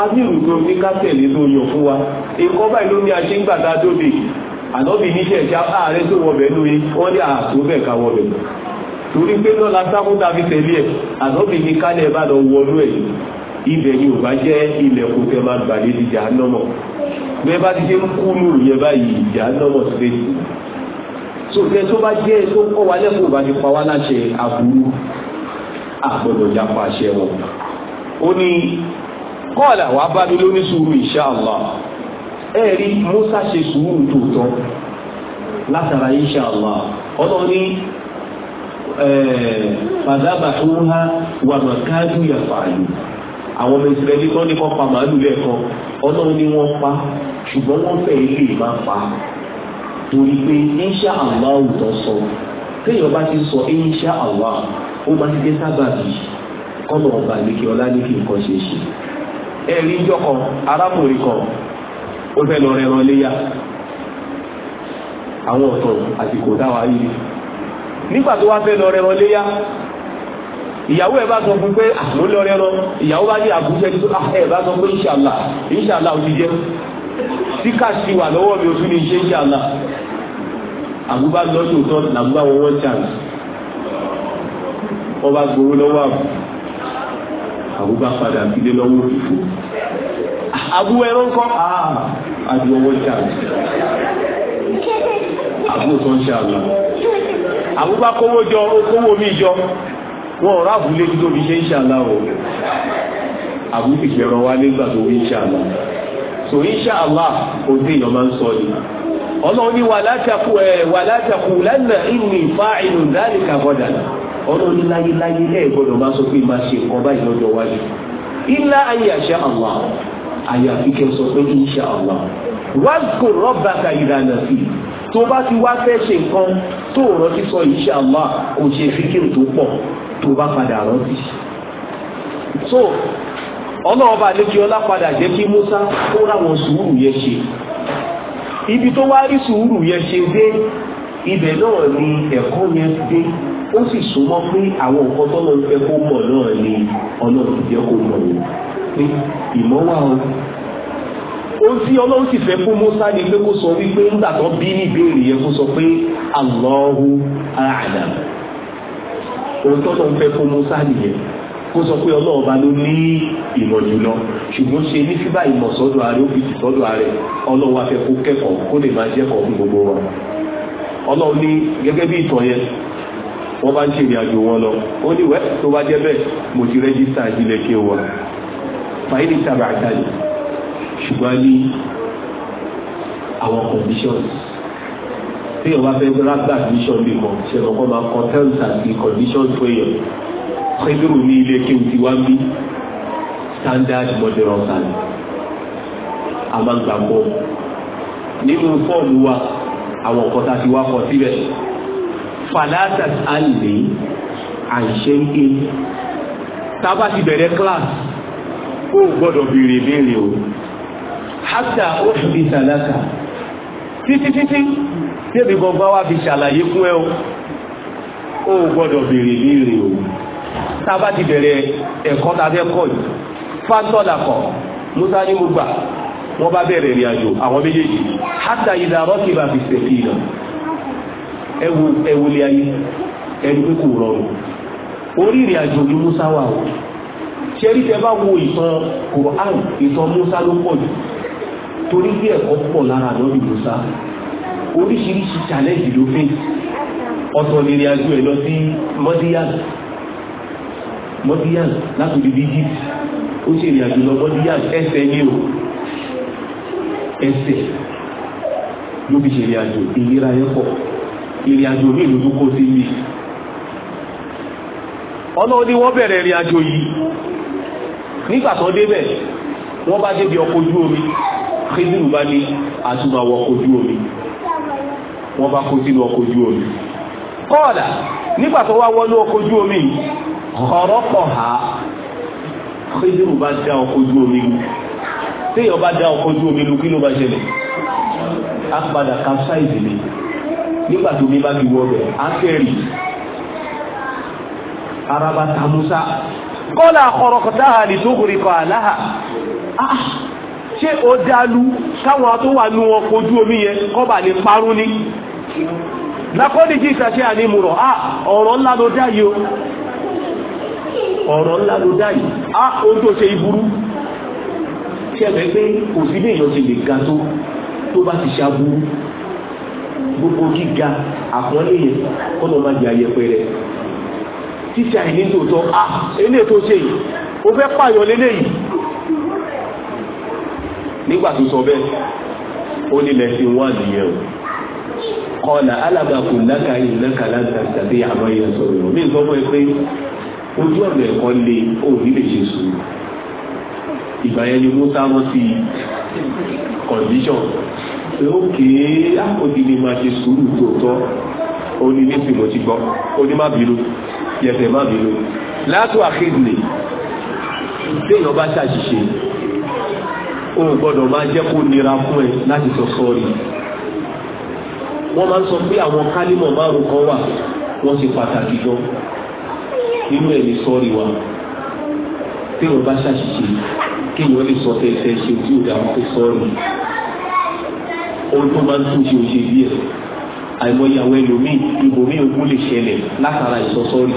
a ní ní kásẹ̀lì yàn fún wa báyìí ló ní ń gbàdá dóde ànábì ààrẹ tó wọ̀ bẹ́ẹ̀ lóye wọ́n ní torí pé ibẹ̀ ni ò bá jẹ́ ilẹ̀kùn ma máa gbàdé di jahannama bẹ́ẹ̀ bá ti dé kúrú yẹn báyìí jahannama sílẹ̀ sọ̀tẹ́ tó bá jẹ́ tó kọ́ wa lẹ́kùn bá ti pa wá láṣẹ àbúrú àgbọ̀dọ̀ jápa àṣẹ wọn. ó ní suru wà bá mi lóní sùúrù ẹ rí Musa ṣe sùúrù tòótọ́ látara ìṣáàlá ọlọ́run ní fàdábà tó ń ha wà màkàdù yàfààyè. àwọn ọmọ ìsirẹ́lì tó ní kọ́ pa màálù lẹ́ẹ̀kan ọlọ́run ni wọ́n pa ṣùgbọ́n wọ́n fẹ́ ilé máa pa torí pé insha allah ò sọ téèyàn bá ti sọ insha allah ó máa ti dé kọ́nà ọlá ní kí nǹkan ṣe ṣe ẹ̀rí arákùnrin kan ó fẹ́ lọ rẹran léyà àwọn ọ̀tọ̀ ìyàwó ẹ bá sọ fún pé àló ah, lọrẹ lọ ìyàwó bá ní àbújá ah, ní ah, ẹ bá sọ pé ìṣàlà ìṣàlà ò ti jẹ tí káàsì wà lọ́wọ́ mi ò tún ní ṣe ìṣàlà àbúbá lọ́jọ́ òótọ́ làbúbá wọn chance wọ́n bá gbowó lọ́wọ́ àbú àbúbá padà sílé lọ́wọ́ òfìfo àbú ẹ̀rọ ńkọ́ àbú ọwọ́ chance àbú tó ń ṣe àlọ́ àbúbá kówó jọ kówó mi jọ wọn ọ̀rọ̀ àbúlé tí tó fi ṣe ìṣàlá o àbúlé ìṣẹ̀rọ wa nígbà tó fi ìṣàlá so ìṣàlá òde èèyàn máa ń sọ ni ọlọ́run ní wàlá takú ẹ̀ wàlá takú lánà ìrìn fa ìlú dáàlì kàbọ̀dà ọlọ́run ní láyéláyé ẹ̀ gbọ́dọ̀ máa sọ pé máa ṣe nǹkan báyìí lọ́jọ́ wájú ilá ayé àṣà àlá àyàfi kẹ́ sọ pé ìṣà àlá wàásù rọ́bàkà ìlànà sí tó bá ti wá fẹ́ ṣe nǹkan tó rántí sọ insha kò ṣe fíkìrì tó pọ̀ tó bá padà rántí. so ọlọ́ọ̀bá àlejò ọlá padà jẹ́ kí Musa kó ráwọn sùúrù yẹn ṣe ibi tó wá rí sùúrù yẹn ṣe dé ibẹ̀ náà ni ẹ̀kọ́ yẹn dé ó sì súnmọ́ pé àwọn nǹkan tọ́lọ́ ń fẹ́ kó mọ̀ náà ni ọlọ́run jẹ́ kó mọ̀ o pé ìmọ̀ wà o ohun tí ọlọ́run sì fẹ́ fún Musa ni pé kó sọ wípé nígbà tó bí ní ìbéèrè yẹn kó sọ pé Allahu a'lam òun tọ́lọ́ ń fẹ́ kó musa nìyẹn kó sọ pé ọlọ́run bá ló ní ìmọ̀ jùlọ ṣùgbọ́n ṣe ní fífà ìmọ̀ sọ́dọ̀ ààrẹ ó fi tì sọ́dọ̀ ààrẹ ọlọ́run wá fẹ́ kó kẹ́kọ̀ọ́ kó lè máa jẹ́kọ̀ọ́ fún gbogbo wa ọlọ́run ní gẹ́gẹ́ bí ìtàn yẹn wọ́n bá ń ṣe ìrìn àjò wọn lọ ó ní wẹ́ tó bá jẹ́ bẹ́ẹ̀ mo ti rẹ́jísítà ìjìnlẹ̀ kí wa fàyín ní sábà àtàlẹ̀ ṣùgbọ́n ní àwọn conditions tí o bá fẹ́ rágbà admission bí kan ṣe lọ́kọ́ máa kọ terms àti conditions fún èèyàn pédúrù ní ilé kéwù tí wá ń bí standard model of time a máa ń gbà pọ̀ nínú fọ́ọ̀mù wa àwọn nǹkan tá a ti wá kọ síbẹ̀ falatas alè àìṣeńké tá ti bẹ̀rẹ̀ class ó gbọ́dọ̀ béèrè béèrè o hata ó fi bí títí títí tèmi gbọ̀ngbọ̀n wa fi ṣàlàyé fún ẹ o ó gbọ́dọ̀ béèrè léèrè o tá a bá ti bẹ̀rẹ̀ ẹ̀kọ́ tá a fẹ́ kọ́ yìí fáńtọ́là kọ̀ musa ní mo gbà wọ́n bá bẹ̀rẹ̀ ìrìn àjò àwọn méjèèjì hátà ìlà rọ́ọ̀kì bá fi ṣèkì ìlà ẹwu ẹwu lé ayé ẹni pé kò rọrùn orí ìrìn àjò ni musa wà o ṣe é rí tẹ bá wo ìtàn kòrò àrùn ìtàn musa ló pọ̀ jù torí bí ẹ̀kọ́ pọ̀ lára lọ́dún musa oríṣiríṣi challenge ló fẹ́ ọ̀tọ̀ ní ìrìnàjò ẹ̀ lọ sí mọ́díyàn mọ́díyàn látòdì Egypt ó sì ìrìnàjò lọ mọ́díyàn ẹsẹ̀ ní o ẹsẹ̀ ló fi ṣe ìrìnàjò ìlera ẹ̀ pọ̀ ìrìnàjò ní ìlú tó kó sí mi ọlọ́run ni wọ́n bẹ̀rẹ̀ ìrìnàjò yìí nígbà tó débẹ̀ wọ́n bá débi ọkọ̀ ojú omi Khidru bá ní àtúmọ̀ àwọn ọkọ̀ ojú omi wọ́n bá kó sínú ọkọ̀ ojú omi kọ́ọ̀dà nígbà tó wá wọnú ọkọ̀ ojú omi ọ̀rọ̀ pọ̀ ha Khidru bá dá ọkọ̀ ojú omi lu téèyàn bá dá ọkọ̀ omi lu kí ló bá ṣẹlẹ̀ á padà capsize ni nígbà tó mi bá fi wọ bẹ̀ á kẹ́rì araba tamusa kọ́ọ̀dà ọ̀rọ̀ kọ̀tà àlìtókòrè kọ́ àláhà áà ṣé ó dálu káwọn tó wà nú wọn kojú omi yẹn kọ́ba lè parun ni lakọ́ni jí ìtàṣẹ́ ànímùrọ̀ à ah, ọ̀rọ̀ ńlá ló dá yìí o ọ̀rọ̀ ńlá ló dá yìí à ó tó ṣe ìburú ṣẹlẹ̀ pé kò sí lè yọ̀ọ́ ṣe lè ga tó tó bá ti ṣàbùrú gbogbo gíga àpọ́nlé yẹn kọ́nà máa di àyẹ̀pẹ̀ rẹ̀ tíṣà ìní tòótọ́ à ah, eléyìí tó ṣe yìí ó fẹ́ pààyàn léléyìí nígbà tó sọ bẹ́ẹ̀ ó ní lẹ́sìn wá nìyẹn o kọ́ọ̀là alábàkù náka yìí náka láta tàbí àmọ́ yẹn sọ̀rọ̀ yọ̀ mí nǹkan mọ́ ẹ pé ojú ọ̀nà ẹ̀kọ́ lé òní lè ṣe sùn ìgbà yẹn ni musa wọ́n sí condition lókè àkọ́dí ni máa ṣe sùúrù tòótọ́ ó ní nísìn mo ti gbọ́ ó ní má bínú yẹ̀tẹ̀ má bínú látò àkéèdè téèyàn bá ṣàṣìṣe o gbọ́dọ̀ máa jẹ́ kó nira fún ẹ láti sọ sọ́ọ̀rì wọ́n máa ń sọ pé àwọn kálímọ̀ márùn kan wà wọ́n ṣe pàtàkì gan nínú ẹ̀ ní sọ́ọ̀rì wa téèyàn bá ṣàṣìṣe kéèyàn lè sọ tẹ́tẹ́ ṣe tí ò dáa kó sọ́ọ̀rì ohun tó máa ń tún ṣe òṣè díẹ̀ àìmọye àwọn ẹlòmíì ibòmíì ogún lè ṣẹlẹ̀ látara ìsọsọ́ọ̀rì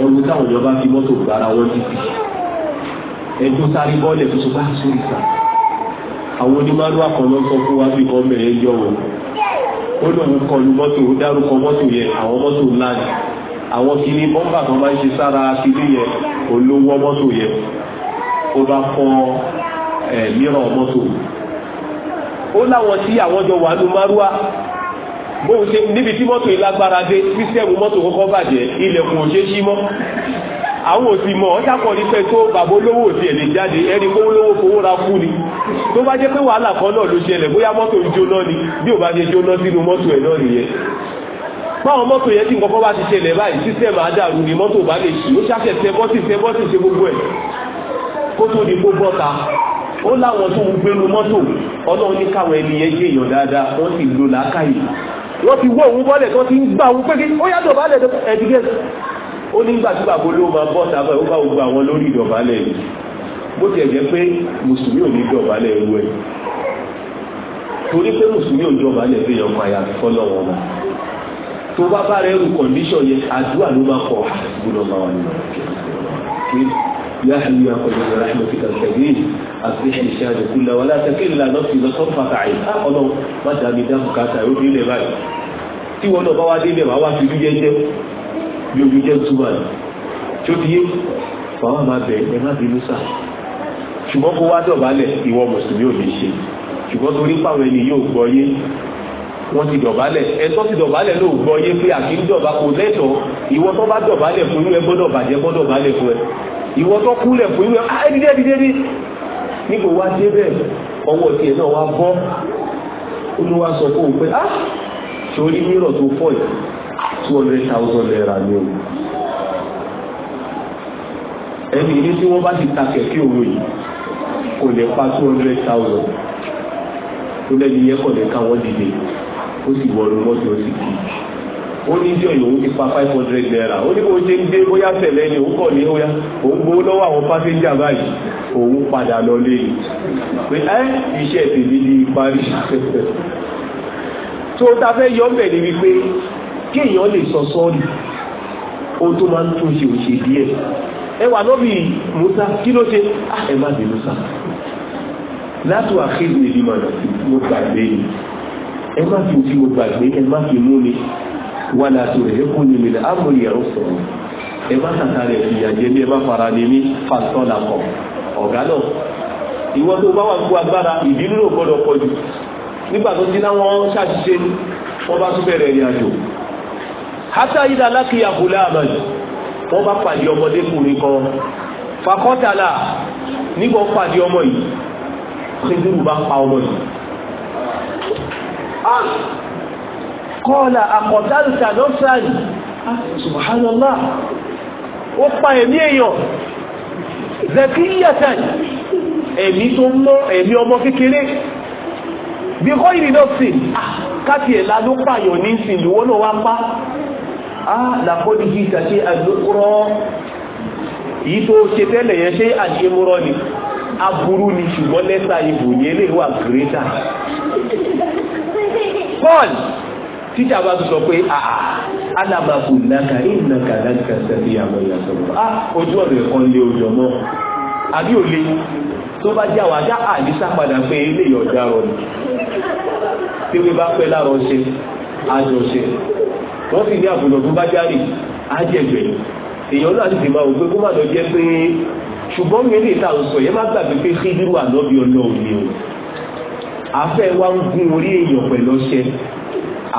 ẹrù táwọn ìjọba fi mọ́tò gbára wọn títì ẹ̀dùn sáré bọ́ọ̀lẹ̀ tuntun bá sórí sá àwọn onímọ̀lúwà kan lọ sọ fún wa bí kan bẹ̀rẹ̀ jọ wọn ó lóun kọlu mọ́tò ó dárúkọ mọ́tò yẹn àwọn mọ́tò ńlá ni àwọn kìíní bọ́mbà kan máa ń ṣe sára kìíní yẹn olówó mọ́tò yẹn ó bá fọ́ ẹ̀ mìíràn mọ́tò ó láwọn tí àwọn jọ wà ní márúwá bóun ṣe níbi tí mọ́tò yìí lágbára dé sísẹ́mù mọ́tò kọ́kọ́ bàjẹ́ ilẹ̀kùn òṣèṣí mọ́ àwọn òsì mọ̀ ọ́ sàkọ́ ní fẹ́ tó bàbá olówó òsì ẹ̀ lè jáde ẹni kó olówó fowó ra kú ni tó bá jẹ́ pé wàhálà kan náà ló ṣẹlẹ̀ bóyá mọ́tò ń jóná ni bí ò bá ṣe jóná sínú mọ́tò ẹ̀ náà nìyẹn báwọn mọ́tò yẹn tí nǹkan kan bá ti ṣẹlẹ̀ báyìí sísẹ́ẹ̀mù àdàrú ni mọ́tò bá lè ṣì ó ṣàṣẹ̀ tẹ bọ́sì tẹ bọ́sì ṣe gbogbo ẹ̀ kó tó di gbogbo ọ̀ta ó láwọn tó ń gbénu mọ́tò ọlọ́run ní káwọn ẹni yẹn jẹ́ èèyàn dáadáa wọ́n sì lò láákàyè wọ́n ti wọ́ òun bọ́lẹ̀ tó ti ń gbà òun pé kí ó yàtọ̀ bá lẹ̀ ẹ̀dígẹ́ ó nígbà tí bàbá olówó máa bọ́ sábà ó bá gbogbo àwọn lórí ìdọ̀bálẹ̀ yìí bó tiẹ̀ jẹ́ pé mùsùlùmí ò ní dọ̀bálẹ̀ ewu ẹ̀ torí pé mùsùlùmí ò ń dọ̀bálẹ̀ pé yọkàn àyàfi fọ́lọ́ wọn mọ́ tó bá bá rẹ rú kọ̀ndíṣọ̀ yẹn àdúrà ló máa kọ̀ gbọ́dọ̀ máa wà nínú يا حي يا قيوم برحمتك الكريم اصلح لي شاني كله ولا تكل نفسي لطرفة عين اه Ọlọ́run má dàbí dáàbò káàtà ó délé báyìí tí wọn náà bá wá délé wàá wá fi dúdú jẹjẹ lórí gentleman tí ó ti yé bàbá máa bẹ̀ ẹ má bínú sà ṣùgbọ́n kó wá dọ̀bálẹ̀ ìwọ mùsùlùmí ò lè ṣe ṣùgbọ́n torí pàwọn ẹni yóò gbọ́ yé wọ́n ti dọ̀bálẹ̀ ẹ̀tọ́ ti dọ̀bálẹ̀ ló gbọ́ yé pé àkíní dọ̀bá kò lẹ́tọ̀ọ́ ìwọ tó bá dọ̀bálẹ̀ fún irú ẹ gbọ́dọ̀ bàjẹ́ gbọ́dọ̀ bálẹ̀ fún ẹ ìwọ tó kúlẹ̀ fún irú ẹ á dídé dídé dí nígbò wá débẹ̀ ọwọ́ tiẹ̀ náà wá bọ́ olúwa sọ fún òun pé á ah, ṣorí mírọ̀ tó fọ́ yìí two hundred thousand naira ni o ẹni ní tí wọ́n bá ti ta kẹ̀kẹ́ òun yìí kò lè pa two hundred thousand tó lẹ́ni yẹ kọ̀ lè ká wọ́n dìde ó sì wọ ọdún mọ́tò ó sì kì í ó ní jọ ìlú ti pa five hundred naira ó ní kó ṣe ń dé bóyá tẹ̀lé ni òun kọ̀ ní óyá òun gbowó lọ́wọ́ àwọn pásẹ́njà báyìí òun padà lọ lé yìí e. pé ẹ́ iṣẹ́ tèmi ní parí tó ta fẹ́ yọ ọ́ bẹ̀ wípé kí èèyàn lè sọ sọ́ọ̀rì ohun tó máa ń tún ṣe òṣè díẹ̀ ẹ wà lọ́bì Musa kí ló ṣe ah, ẹ má bẹ Musa látò àkéwì ìlú mọ̀nà mo gbàgbé ni ẹ má fi òfin mo gbàgbé ẹ má fi mú mi wà látò rẹ̀ kó ní mi lẹ́ àmọ̀lì ẹ̀rọ sọ̀rọ̀ ẹ má tàtà rẹ̀ fìyà jẹ mí ẹ má fara ní mí fàtọ́ làkọ̀ ọ̀gá náà ìwọ tó bá wà gbó agbára ìbínú ló gbọdọ̀ pọ̀ jù nígbà tó ti náwọn ṣàṣìṣe wọn bá tún bẹ̀rẹ̀ ìrìn àjò hata ìdá lákìyà gulaman wọ́n bá pàdé ọmọdékùnrin kan fakọ́tàlà nígbà wọ́n pàdé ọmọ yìí Khidru bá pa ọmọ yìí. kọ́ọ̀là àkọ́tàlùtà lọ́sàn-án subhanallah ó pa ẹ̀mí èèyàn zakiyatan ẹ̀mí tó mọ́ ẹ̀mí ọmọ kékeré bí kọ́ ìrìnà sí káàkiri ẹ̀la ló pààyàn ní ìsìn ìlú wọn náà wá pa Ah, á làkọ́díjì tàṣe àlòkúrọ́ yìí tó ṣe tẹ́lẹ̀ yẹn ṣe àṣemúrọ́ ni aburú ni ṣùgbọ́n lẹ́tà ibò yẹn lè wà gírẹ́tà Paul tíṣà bá sọ pé àà alábàbò nàkà ìnàkà láti sẹ́bi àwọn ìyàtọ̀ ah ojú ọ̀rọ̀ ẹ̀kan lé ojọ́ mọ́ àbí òle tó bá jẹ́ àwọn ajá àdísá padà pé eléyìí ọ̀daràn ni tí wọ́n bá pẹ́ lára ọṣẹ àjọṣe wọ́n sì ní àbùdọ̀ tó bá járì á jẹ̀gbẹ̀ èèyàn náà sì máa wò pé kó má lọ jẹ́ pé ṣùgbọ́n mi lè ta òsò yẹn má gbàgbé pé kíndírù ànábì ọ̀nà òní o afẹ́ wa ń gún orí èèyàn pẹ̀lú ọṣẹ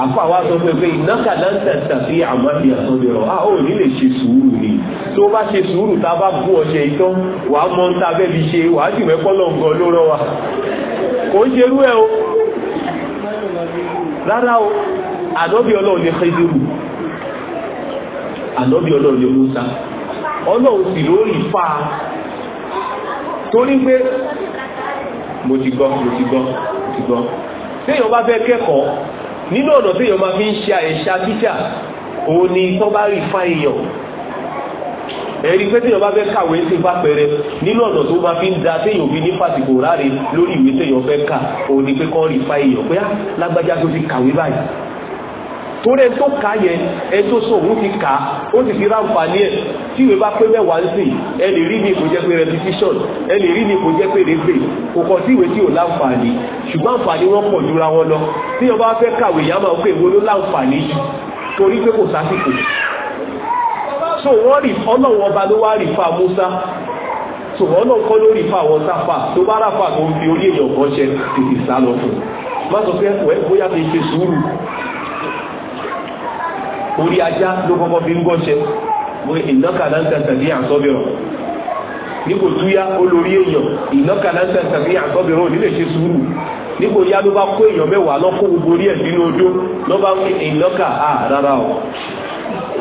àfa wa sọ pé pé ìnáka láǹtà tàbí àmàlì àtọ́jọ́rọ̀ a ò ní lè ṣe sùúrù ni tó bá ṣe sùúrù tá a bá gún ọṣẹ ìtọ́ wàá mọ ń ta bẹ́ẹ̀ fi ṣe wàá sì mẹ́kọ́ lọ́ngàn ló rán wa kò ń ṣerú ẹ o rárá o ànọ́bì ọlọ́run ní xeziru ànọ́bì ọlọ́run ní musa ọlọ́run sì lórí fa torí pé mo ti gbọ́ mo ti gbọ́ mo ti gbọ́ téèyàn bá fẹ́ kẹ́kọ̀ọ́ nínú ọ̀nà téèyàn máa fi ń ṣe àyẹ̀ṣà tíṣà òun ni tó bá rí fa èèyàn ẹ̀rí pé téèyàn bá fẹ́ kàwé sí bá pẹrẹ nínú ọ̀nà tó máa fi ń da téèyàn fi ní fàsìkò ráre lórí ìwé téèyàn fẹ́ kà òun ni pé kọ́ rí fa èèyàn pé á lágbájá tó ti kàwé báyìí torí ẹni tó kà yẹn ẹni tó sọ òun ti kà ó sì fi ráǹfààní ẹ tí ìwé bá pé mẹ́wàá ń sìn ẹ lè rí ní kò jẹ́ pé repetition ẹ lè rí ní kò jẹ́ pé rẹ́gbẹ̀ kò kàn sí ìwé tí ò láǹfààní ṣùgbọ́n àǹfààní wọn pọ̀ jura wọn lọ tí wọn bá fẹ́ kàwé yàrá máa ń pè wọn ló láǹfààní jù torí pé kò sásìkò so wọ́n rí ọlọ́run ọba ló wá rí fa Musa so ọlọ́run kọ́ ló rí fa àwọn sáfà tó bá ráfà tó ń fi orí èèyàn kan ṣe tètè sá lọ fún un má sọ pé ẹ bóyá fi ṣe sùúrù orí ajá ló kọ́kọ́ fi ń gọ́ṣẹ́ wọ́n ìnákàlá ń tẹ̀sẹ̀ ní àsọ́bìrọ̀ níbo túyá olórí èèyàn ìnákàlá ń tẹ̀sẹ̀ ní àsọ́bìrọ̀ ò ní lè ṣe sùúrù níbo yá ló bá kó èèyàn mẹ́wàá lọ́kọ́ gbogbo orí ẹ̀ nínú odó ló bá wí ìnákà á rárá o.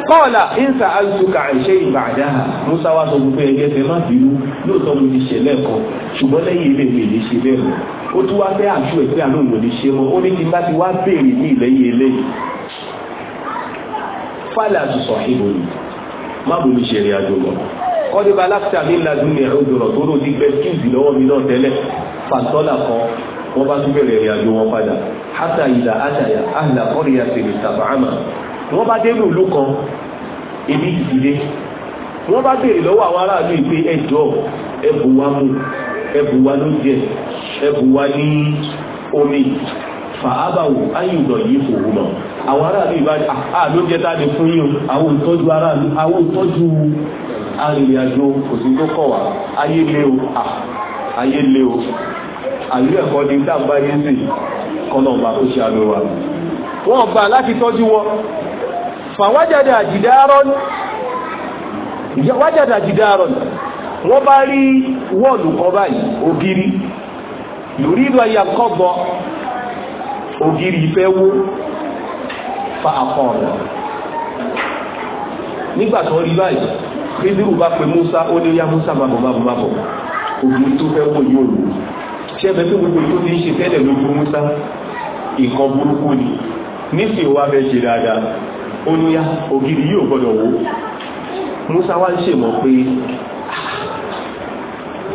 kọ́ọ̀là ìnsà àzùkà àìṣe ìbàdà musa wa sọ gbogbo ẹgbẹ́ fẹ́ má bínú lóòótọ́ mo ti ṣẹlẹ̀ kan ṣùgbọ́n lẹ́yìn ilé mi lè ṣe bẹ́ẹ̀ ó tún wá fẹ́ àṣù ẹ̀ pé àlóhùn ò ní ṣe mọ́ ó ní kí n ti wá béèrè ní ìlẹ́yìn eléyìí fàlà sọ̀ ìbò ni má bolo ṣe ìrìn àjò lọ. kọ́ni balakita mi ladun ní ẹ̀rọ ìdọ̀rọ̀ tó lòdì gbẹ kíìsì lọ́wọ́ mi náà tẹ́lẹ̀ fàtọ́là kan wọ́n bá tún bẹ̀rẹ̀ ìrìn àjò wọn padà hata ìlà àtàyà àhìlà kọ́rìyà tèlè sàbàámà wọ́n bá dé lùlù kan ibi ìdílé wọ́n bá béèrè lọ́wọ́ àwọn aráàlú ìpè ẹ̀jọ́ ẹ̀bùwá mú ẹ̀bùwá ló jẹ ní omi fàábàwò ayùdọ̀ yìí fò wù àwọn aráàlú ìbájá àló ah, ah, jẹta lè fún yín àwọn ìtọ́jú aráàlú àwọn ìtọ́jú arìnrìnàjò kò sí tó kọ̀ wá ayé lé o ah, ayé lé o àlú ẹ̀kọ́ ni dáàbá yín sì kọ́nà ọba tó ṣe àlọ́ wa. wọ́n wọn wọ́n bá rí wọ́ọ̀lù ògiri ìfẹ́ wó fa àkọọ̀rọ̀ nígbà tó rí báyìí pédúrù bá pe Musa ó ní yá Musa bàbọ̀ bàbọ̀ bàbọ̀ ògiri tó fẹ́ wó yóò lò ṣé ẹbẹ tó gbogbo tó ti ń ṣe tẹ́lẹ̀ lójú Musa nǹkan burúkú ni nísìnyí wá fẹ́ ṣe dáadáa ó ní yá ògiri yóò gbọ́dọ̀ wó Musa wá ń ṣèmọ̀ pé ah,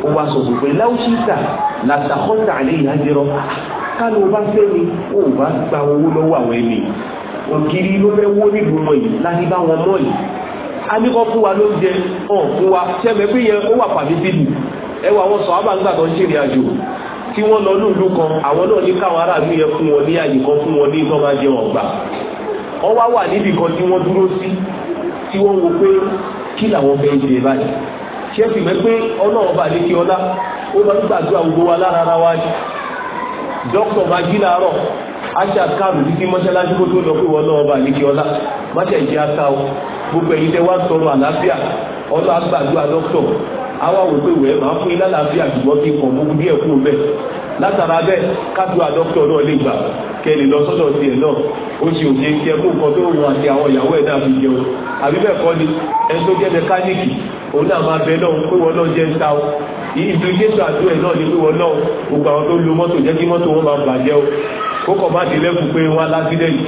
ó wá sọ pé láwùsíta làtàkọ́tà àléyìn àjẹrọ kálù bá fẹ́ ni ó bá gba owó lọ́wọ́ àwọn ẹni ògiri ló fẹ́ wó nílùú wọn yìí láti bá wọn mọ́ yìí amikọ́ fún wa ló ń jẹ ọ̀ fún wa tẹ́mẹ̀ pé yẹn ó wà pàmí bíbù ẹ wà wọn sọ àbáńgbà tó ń ṣèrìn àjò tí wọ́n lọ lóòlù kan àwọn náà ní káwọn aráàlú yẹn fún wọn ní àyè kan fún wọn ní ìtọ́ máa jẹ wọn gbà wọ́n wá wà níbì kan tí wọ́n dúró sí tí wọ́n wo pé kí làwọn fẹ́ jẹ báyìí ṣé fi mẹ́ pé ọlọ́run bá lékè ọlá ó máa ń gbàdúrà gbogbo wa lára ara wa ni dókítà máa jí láàárọ̀ aṣa káàrù títí mọ́ṣáláṣí kó tó lọ pé wọ́n bá lékè ọlá má ìjẹ́ o gbogbo ẹ̀yin tẹ́ wá ń tọrọ àlàáfíà ọlọ́ àgbàdúrà dókítà àwa wò pé wẹ́ẹ́ máa fún yín lálàáfíà látara bẹ́ẹ̀ kádùá dókítà náà lè gbà kẹ́ni lọ sọ́dọ̀ tiẹ̀ náà ó sì òye kí ẹ kó nǹkan tó wọn àti àwọn ìyàwó ẹ̀ náà fi jẹun àbí bẹ́ẹ̀ kọ́ ni ẹni tó jẹ́ mẹkáníìkì òun náà máa bẹ náà pé wọn náà jẹ́ ń ta o implication àti ẹ̀ náà ni pé wọn náà gbogbo àwọn tó lo mọ́tò jẹ́ kí mọ́tò wọn máa bàjẹ́ o ó kọ̀ má délẹ́kùn pé wọn alásídẹ̀ẹ̀tì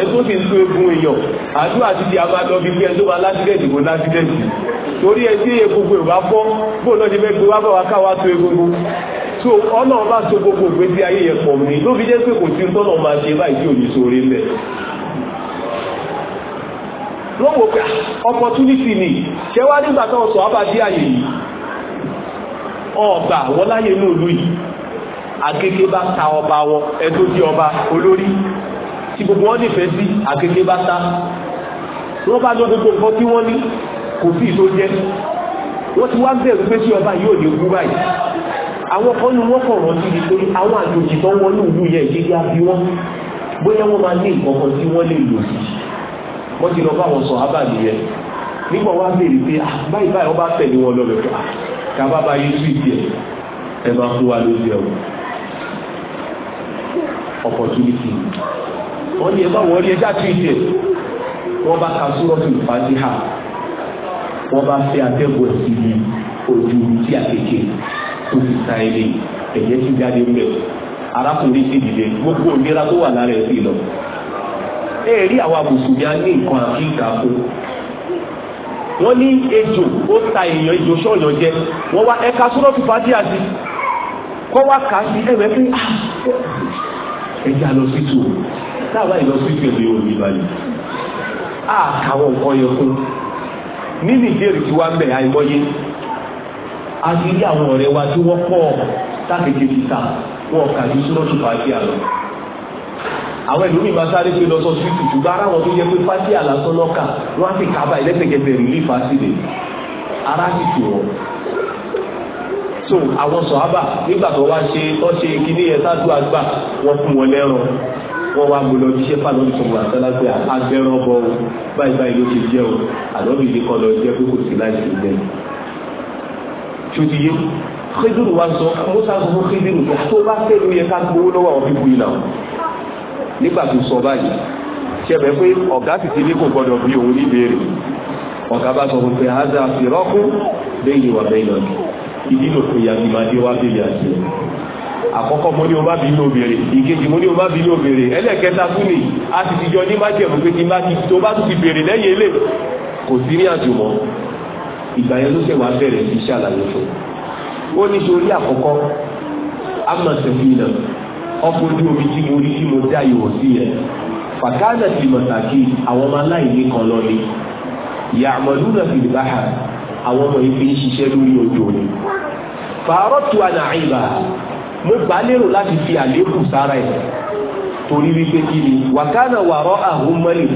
ẹ̀sùn ti ń lo egun èèyàn àdúrà ti abájọ bíi ẹni tó máa lásídẹ̀ẹ̀tì kò lásídẹ̀ẹ̀tì torí ẹ tí egungun ìwà fọ́ bóun náà ti fẹ́ gbé wá bá wa káwa tó egungun so ọlọ́run bá so gbogbo ìgbésí ayé yẹn pọ̀ mí ló fi jẹ́ pé kò sí tọ́nà máa ṣe báyìí tí ò ní sóore ńlẹ̀ wọ́n wò pé ah, opportunity ni ṣé wá nígbà tó ń sọ abàdí àyè yìí ọgbà wọn láyé ní òlu yìí àkekè bá ta ọba wọn ẹ tó di ọba olórí tí gbogbo wọn nífẹ̀ẹ́ sí àkekè bá ta wọ́n bá lọ gbogbo nǹkan tí wọ́n ní kò sí ìtó jẹ́ wọ́n ti wá bẹ̀rù pé tí ọba yóò ní kú báyìí àwọn kan ní wọ́n kàn rántí ni pé àwọn àjòjì tó wọ́n ní ìlú yẹn ìdíje àbí wọ́n bóyá wọ́n máa ní nǹkan kan tí wọ́n lè lò sí wọ́n ti lọ bá wọn sọ abàmì yẹn nígbà wọ́n á béèrè pé ah, báyìí báyìí wọ́n bá tẹ̀lé wọn lọ́lọ́ pé ah, kàbá bá yé sí ìdí ẹ̀ ẹ máa fún wa lójú ẹ̀ opportunity wọ́n ní ẹ bá wọ́n ní ẹjá sí ìdí ẹ̀ wọ́n bá ka súrọ́ọ̀tì fàdíhà wọ́n bá fẹ́ atẹ́gùn ẹ̀ sí ojú ti àkekèé tó ti ta ilé ẹ̀jẹ̀ ti jáde ń bẹ̀ arákùnrin ti dìde gbogbo ìlera tó wà lára ẹ̀ sí lọ. ẹ rí àwa mùsùlùmí á ní nǹkan àkíkà fún wọ́n ní ejò ó ta èèyàn ejò sọ̀yàn jẹ wọ́n wá ẹ̀ka sọ́dọ̀ fífa díà sí kọ́ wá kà á sí ẹ̀rẹ́ pé ah, ẹja lọ sí tù táwa ìlọ sí tù èmi ò balẹ̀ àkàwọn nǹkan yẹn fún ní nìjẹ́rì tí wàá bẹ̀ àìmọye a ti rí àwọn ọ̀rẹ́ wa tí wọ́n pọ̀ tákété títà wọn kà ní sọ́ọ̀tù fàájìá lọ. àwọn ẹlòmíì máa sáré pé lọ sọ síìtì ṣùgbọ́n ara wọn tó yẹ pé fàájìá lásán lọ́kà wọ́n á sì kábà ẹlẹ́sẹ̀kẹsẹ̀ rìlí fàásìlè ara sì tù wọ́n. so àwọn sọ̀hábà nígbà tó wá ṣe tó ṣe kíní yẹn sáájú àgbà wọ́n fún wọn lẹ́rọ wọ́n wá mú lọ jíṣẹ́ fàlọ́bì tó wà sọ́lá pé agbẹ́rán báyìí báyìí ló ṣe jẹ́ o àlọ́bì yìí kọ́ lọ jẹ́ pé kò sí láì sí lẹ́yìn tó ti yé Khidiru wa sọ Musa sọ fún Khidiru tó bá fẹ́ ló yẹ ká gbowó lọ́wọ́ àwọn fífi yìí náà nígbà tó sọ báyìí ṣẹbẹ̀ pé ọ̀gá sì ti ní kò gbọdọ̀ bí òun ní ìbéèrè ọ̀gá bá sọ fún pé haza fìrọ́kù bẹ́yìn wà bẹ́yìn náà ìdí ló pe yàtì máa dé wá bẹ́yìn àti ẹ̀ àkọ́kọ́ mo ní o bá bí ní obìnrin ìkejì mo ní o bá bí ní obìnrin ẹlẹ́kẹta fún ni a sì ti jọ ní májẹ̀mú pé tí bá ti tó bá tún ti béèrè lẹ́yìn ilé kò sí ní àjùmọ̀ ìgbà yẹn ló ṣe wàá bẹ̀rẹ̀ sí ṣàlàyé fún un ó ní torí àkọ́kọ́ amọ̀sẹ̀fìnà ọkọ̀ ojú omi tí mo rí tí mo dá ìwọ̀ sí yẹn fàkánà ti mọ̀tàkì àwọn ọmọ aláìní kan lọ ni yàmọ̀lú náà fi báhà àwọn ọmọ yìí fi lórí ojú omi fàárọ̀ tu àná àìbà mo gbà lérò láti fi àlékù sára ẹ̀ torí wípé kí ni wàkánà wàrọ̀ àhùn mọ́lì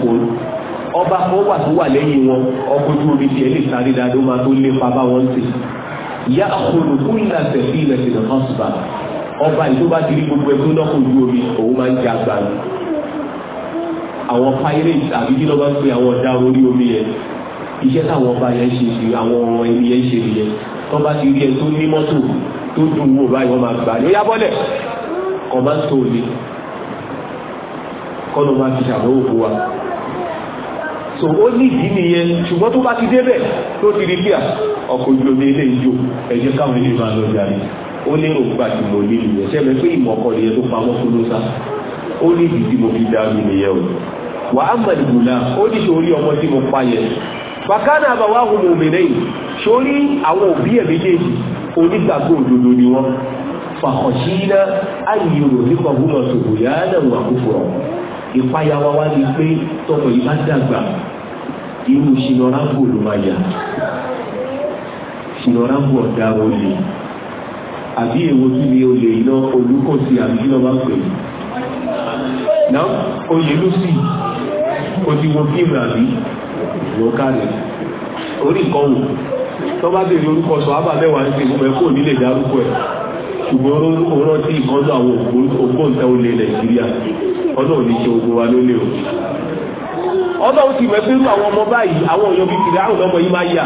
ọba kan wà tó wà lẹ́yìn wọn ọkọ̀ ojú omi tiẹ̀ lè sáré dáadọ́ máa tó lépa bá wọn sè yá àkọlù kúlà tẹ̀sí ilẹ̀ tẹ̀sí ọ̀sùpà ọba yìí tó bá ti rí gbogbo ẹgbẹ́ náà kò ju omi òun máa ń jẹ àgbà ni àwọn pirates àbí kí ló bá ń pè àwọn ọ̀dà orí omi yẹn iṣẹ́ táwọn ọba yẹn ṣe sí àwọn ọmọ ẹni yẹn ṣe nìyẹn tó bá ti rí ẹ tó ní mọ́tò tó dùn wò báyìí wọ́n máa gbà ní yábọ́lẹ̀ kọ́ máa ń tó o ní kọ́ ló máa fi ṣàbẹ̀wò fún wa so ó ní ìdí nìyẹn ṣùgbọ́n tó bá ti débẹ̀ tó ti rí bíà ah, ọkọ̀ ojú omi ilé ìjó ẹ̀jẹ̀ káwọn ilé máa lọ jáde ó ní òǹgbà ti mo ní nìyẹn sẹ́mi pé ìmọ̀ ọkọ nìyẹn tó pamọ́ fún ló sá ó ní ìdí tí mo fi dá mi nìyẹn o wà á mọ̀ ìgbòlá ó ní sọ orí ọmọ tí mo pa yẹn bàkánà àbáwá hùn mọ̀ mìíràn sórí àwọn òbí ẹ̀ méjèèjì onígbàgbọ́ òdodo ni wọ́n fàkọ̀síná ayòrò nípa búmọ̀ tòbòyá náà wà kó fọ̀ ìpayà wa wá ní pé tọmọ yìí bá dàgbà irú ṣìnàràbù ló máa yà ṣìnàràbù ọ̀dà olè àbí èwo tún ni olè iná olùkọ́sí àbí kí wọ́n máa pè é náà olè lùsì o ti wo fíìmù àbí wọ́n kárẹ̀ orí nǹkan wò tó bá bèrè orúkọ sọ ábà mẹ́wàá ń ṣe fún ẹ kó nílè dárúkọ ẹ̀ ṣùgbọ́n oró tí ìkọ́jú àwọn ògbóǹtẹ̀ olè Nàìjíríà ọlọ́run ní ṣe ogun wa lólè o. ọlọ́run ti mọ̀ pé àwọn ọmọ báyìí àwọn èèyàn bíi kiri àwọn ọmọ yìí máa yà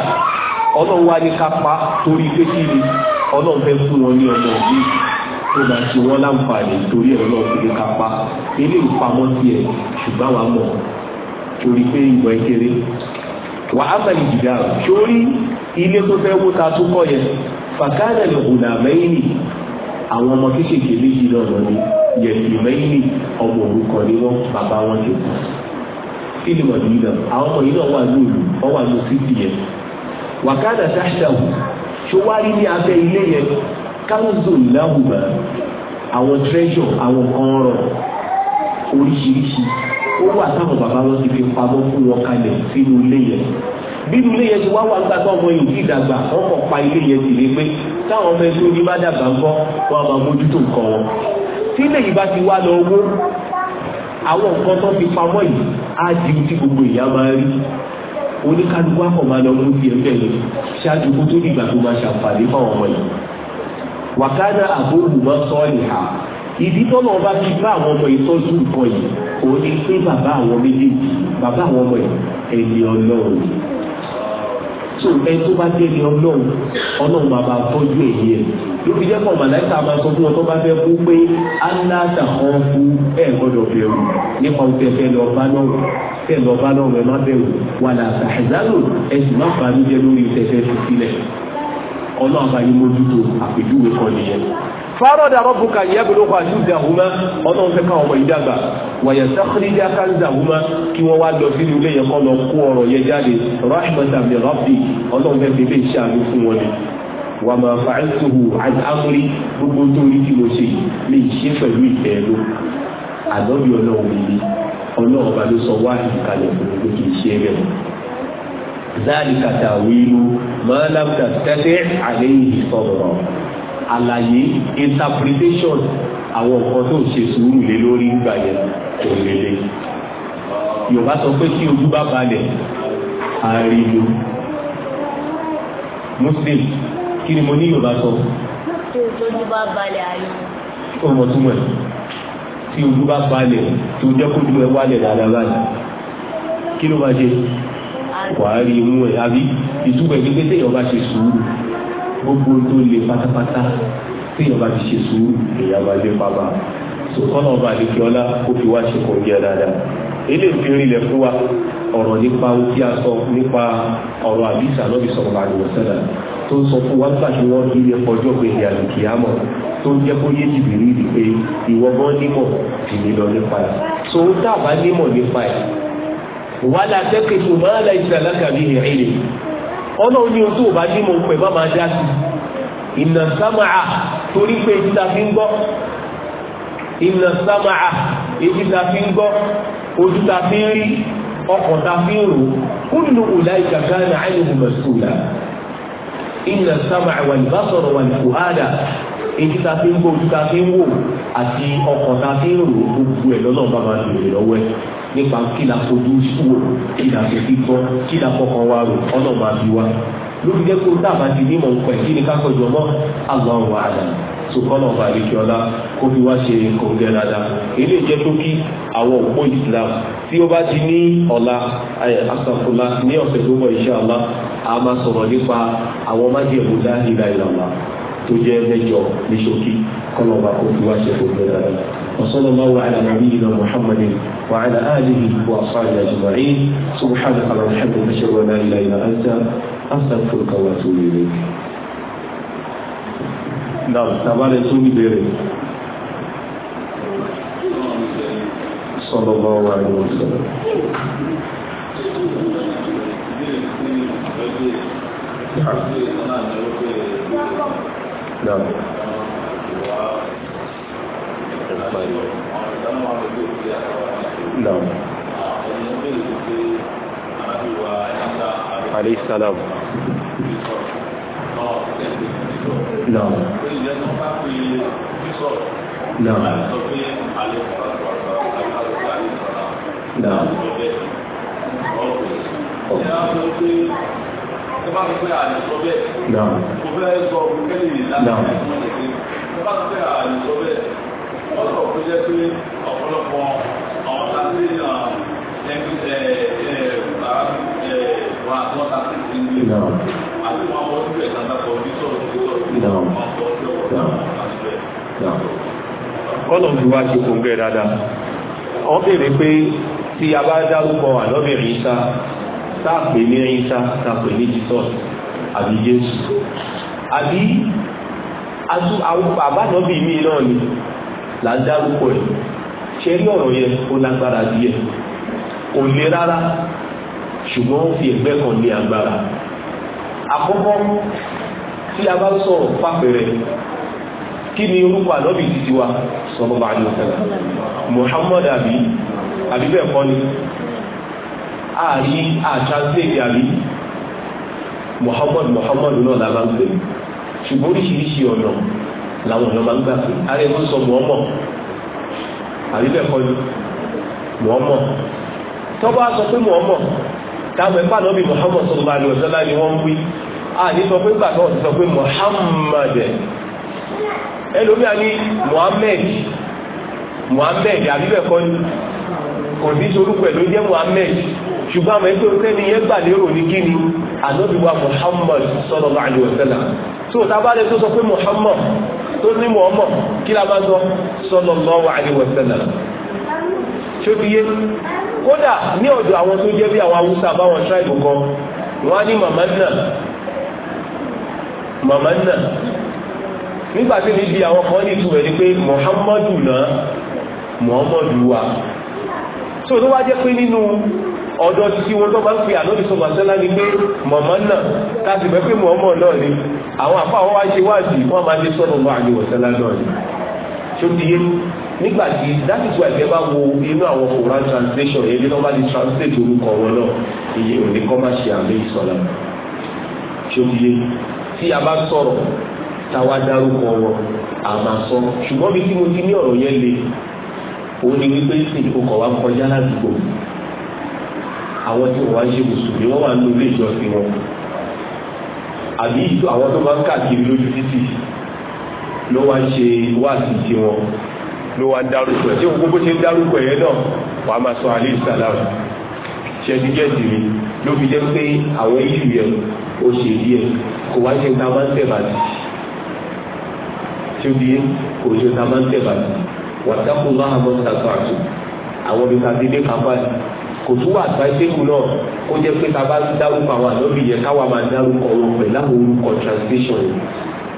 ọlọ́run wá ní kápá torí pé kí ni ọlọ́run fẹ́ fún wọn ní ọmọ òbí tó máa ṣe wọ́n láǹfààní torí ẹ̀rọ ta tó kọ́ yẹn fàkàdà lè àwọn ọmọ kéékèèké méjì náà lọ ní mẹ́yìnì ọmọ ni wọ́n bàbá wọn ti sílùú mọ̀dínà àwọn ọmọ yìí náà wà ní òòlù wọ́n wà ní síìtì yẹn wàkàdà táṣàwù ṣọwárí ní abẹ́ ilé yẹn káńzò láwùmá àwọn treasure àwọn kan rọ oríṣiríṣi ó wà táwọn bàbá wọn ti fi pamọ́ fún wọn kalẹ̀ sínú ilé yẹn bínú ilé yẹn ti wá wà gbàgbọ́ ọmọ yìí ti dàgbà wọ́n kàn pa ilé yẹn sì lé pé táwọn ọmọ ẹgbẹ́ oníbàdàgbà ń bọ́ wọn a máa mójútó nǹkan wọn tí ilé yìí bá ti wá lọ owó àwọn nǹkan tó fi pamọ́ yìí á di tí gbogbo èèyàn máa rí oníkálukú akọ̀mọ́lọ́ ló fi ẹgbẹ́ lọ ṣáájú kó tó dìgbà tó máa ṣàǹfààní fáwọn ọmọ yìí wàkánà àbóhùn mọ́ sọ́ọ̀lì ha ìdí tọ́nà ọba fi bá àwọn ọmọ ìtọ́jú nǹkan yìí òun ni pé bàbá àwọn méjèèjì bàbá àwọn ọmọ yìí ẹni ọlọ́run so ẹni tó bá dé ní ọlọ́run ọlọ́run máa bá tọ́jú èyí ẹ̀ lóbi jẹ́ pọ̀ màláìsà máa sọ fún ọ tó bá fẹ́ kú pé aláàtà kan kú ẹ̀ gbọ́dọ̀ bẹ̀rù nípa oṣù ẹ̀fẹ́ lọ bá lọ́rùn ẹ̀ lọ bá lọ́rùn ẹ̀ má bẹ̀rù wà láàtà ẹ̀dánù ẹ̀sìn má fà á níjẹ́ lórí ìṣẹ̀fẹ́ fi sílẹ̀ ọlọ́run àbáyé mójútó àpèjúwe kan nìyẹn fárọ̀dà rọ́bùkà yẹ́bùlókọ̀ àjúdàhùmá ọlọ́run fẹ́ káwọn ọmọ ìdàgbà wàyà sáfìrìjà kanzahùmá kí wọ́n wá lọ sínú ilé yẹn kọ́ lọ kó ọ̀rọ̀ yẹn jáde rahmatan min rabbi ọlọ́run fẹ́ fi lè ṣàánú fún wọn ni wà máa fa ẹ̀sùnwù àti amúrí gbogbo torí tí mo ṣe lè ṣe pẹ̀lú ìfẹ́ ló àdọ́bí ọlọ́run mi ọlọ́run bá ló sọ wáhì kalẹ̀ fún kì í ṣe rẹ̀ ذلك تأويل ما لم تستطع عليه صبرا àlàyé interpretation àwọn nǹkan tó ń ṣe sùúrù lé lórí nígbà yẹn kò lélẹ yorùbá sọ pé tí ojú bá balẹ̀ àrílù muslim kí ni mo ní yorùbá sọ. tí ojú bá balẹ̀ àrílù. ó mọ túmọ̀ ẹ̀ tí ojú bá balẹ̀ tó jẹ́ kójú ẹ wálẹ̀ dáadáa báyìí kí ló máa ṣe wàá rí imú ẹ̀ àbí ìtumọ̀ ẹ̀ gbígbé bá ṣe sùúrù gbogbo tó le pátápátá téèyàn bá ti ṣe sùúrù èèyàn bá dé pápá sòkòlò ọba àdìkíọ́lá ó fi wá ṣe kò jẹ́ dáadáa ilé ìfìrí lẹ̀ fún wa ọ̀rọ̀ nípa ohun tí a sọ nípa ọ̀rọ̀ àbísà lọ́bì sọ̀rọ̀ àdìwọ̀sẹ́dà tó ń sọ fún wa nígbà tí wọ́n ilé ọjọ́ pé ní àdìkíyàmọ̀ tó ń jẹ́ kó yé jìbìrì rí pé ìwọ gan nímọ̀ kì í lọ nípa ẹ̀ tó ń dábàá nímọ̀ nípa ẹ̀ wàhálà tẹ́kẹ̀tù máa ọlọ́run ní ojú òbá dí mo pẹ̀ má máa dá sí ìnà sámàá torí pé etí ta fi ń gbọ́ ìnà sámàá etí ta fi ń gbọ́ ojú ta fi ń rí ọkàn ta fi ń rò kúlù ọ̀la ìkàkà ní àìlèmọ̀ mẹ́sùlá ìnà sámàá wà ní bàtọ̀rọ̀ wà ní kùhádà etí ta fi ń gbọ́ ojú ta fi ń wò àti ọkàn ta fi ń rò gbogbo ẹ̀ lọ́nà bá máa lè lọ́wọ́ ẹ̀ nípa kí la fojú wò kí la fi fi gbọ́ kí la fọkàn wa rò ọ̀nà máa bí wa lórí jẹ́ kó dábàá ti ní mọ̀ ń pẹ̀ kí ni ká pẹ̀jọ mọ́ Allahu a'lam tó kọ́nà ọba àlejò ọlá kó fi wá ṣe kòǹgẹ́ dáadáa èlé jẹ́ tó kí àwọn òpó Islam tí ó bá ti ní ọ̀la asàfùlà ní ọ̀sẹ̀ tó bọ̀ insha Allah a máa sọ̀rọ̀ nípa àwọn májèlú la ilaha illallah tó jẹ́ mẹ́jọ ní ṣókí kọ́nà ọba kó fi wá ṣe kòǹgẹ́ dáadáa. وصلى الله على نبينا محمد وعلى آله وأصحابه أجمعين سبحانك اللهم وبحمدك أشهد أن لا إله إلا أنت أستغفرك وأتوب إليك نعم تعالى سومي بيري صلى الله عليه وسلم نعم نعم tó pariwo. Naam. Alayhi salam. Naam. Naam. Naam. Naam. Naam ọ̀rọ̀ tó jẹ́ pé ọ̀pọ̀lọpọ̀ àwọn sáfẹ́ wà tí wọ́n sáfẹ́ sí ilé àti wọn wọ́n síbẹ̀ sáfẹ́ ọ̀bí sọ̀rọ̀ tó sọ̀rọ̀ wọn sọ̀rọ̀ tó sọ̀rọ̀ kọ́nà ti wá ṣe kòǹgẹ́ dáadáa wọ́n béèrè pé tí a bá dárúkọ àlọ́bìnrin Ìsá táàpè ní Ìsá táàpè ní Jesus àbí Jésù àbí àbánọ́bì míì náà ni là ń dárúkọ ẹ̀ ṣe rí ọ̀rọ̀ yẹn ó lágbára díẹ̀ kò le rárá ṣùgbọ́n ó fi ẹgbẹ́ kan ní agbára àkọ́kọ́ tí a bá sọ̀rọ̀ fàpẹ̀rẹ̀ kí ni orúkọ ànábì títí wa sallallahu alaihi wasallam Muhammad àbí àbí bẹ́ẹ̀ kọ́ ni ààrí àtàzéèdè àbí Muhammad Muhammad náà la ń pè ṣùgbọ́n oríṣiríṣi ọ̀nà làwọn èèyàn máa ń gbà pé ààrẹ tó sọ mọ́ọ́mọ́ àbí bẹ́ẹ̀ kọ́ ni mọ́ọ́mọ́ tọ́ba sọ pé mọ́ọ́mọ́ táwọn ẹ̀fà náà bí Muhammad sallallahu alaihi wasallam ni wọ́n ń wí àní sọ pé gbàgbọ́ ọ̀sẹ̀ sọ pé Muhammad ẹlòmíà ní Muhammad Muhammad àbí bẹ́ẹ̀ kọ́ ni kò sí sorúkọ ẹ̀ jẹ́ Muhammad ṣùgbọ́n àwọn ẹgbẹ́ òṣèlú yẹn gbà lérò ní kí ni ànábìwá Muhammad sallallahu alaihi wasallam tó tábàlẹ̀ tó sọ pé Muhammad tó ní Muhammad kí la máa sọ sallallahu alaihi wasallam ṣókìyé kódà ní ọ̀dọ̀ àwọn tó jẹ́ bí àwọn haúsá báwọn tribe kan wọ́n á ní mamanna mamanna nígbà tí níbi àwọn kan ní ìtumọ̀ ni pé Muhammadu náà Muhammadu wa tó tó wá jẹ́ pé nínú ọ̀dọ̀ títí wọn tó bá ń fi àlóbi sọ̀rọ̀ àtẹ́lá ni pé mọ̀mọ́ náà láti mọ̀ pé mọ̀mọ́ náà ni àwọn àpá àwọn wáṣẹ wáṣẹ wọn máa ní sọ̀rọ̀ bá àlè wọ̀sẹ́lá náà ni tó ti nígbà tí that is why ẹ bá wo inú àwọn Quran translation èyí tó bá di translate orúkọ wọn náà iye òní kọ́ má ṣe àmì ìsọ̀lá tó ti yé tí a bá sọ̀rọ̀ táwa dárúkọ wọn a máa sọ ṣùgbọ́n bí tí mo ti ní ọ̀rọ̀ yẹn le òun ni wípé sì àwọn tí wọ́n wá ṣe mùsùlùmí wọ́n wà ń lo ilé ìjọsìn wọn àbí àwọn tó máa ń káàkiri lójú títì ló wá ṣe wáàsí tí wọn ló wá dárúkọ ẹ̀ tí wọ́n gbogbo ṣe ń dárúkọ ẹ̀ náà wàá máa sọ alẹ́ ìsàlámù ṣẹ́ni gẹ̀ẹ́sì mi ló fi jẹ́ pé àwọn ìṣù yẹn ó ṣe díẹ̀ kò wá ṣe ta máa ń tẹ̀ bàtì tí ó di kò ṣe ta máa ń tẹ̀ bàtì wàtákùn láhàmọ́ sàtọ̀ àtò àwọn ibi tàbí dé kápá yìí kò tún wà àgbájẹ́kù náà kó jẹ́ pé tábà dárúkọ àwọn ànábì yẹn káwa máa dárúkọ wọn pẹ̀lú àwọn orúkọ translation yìí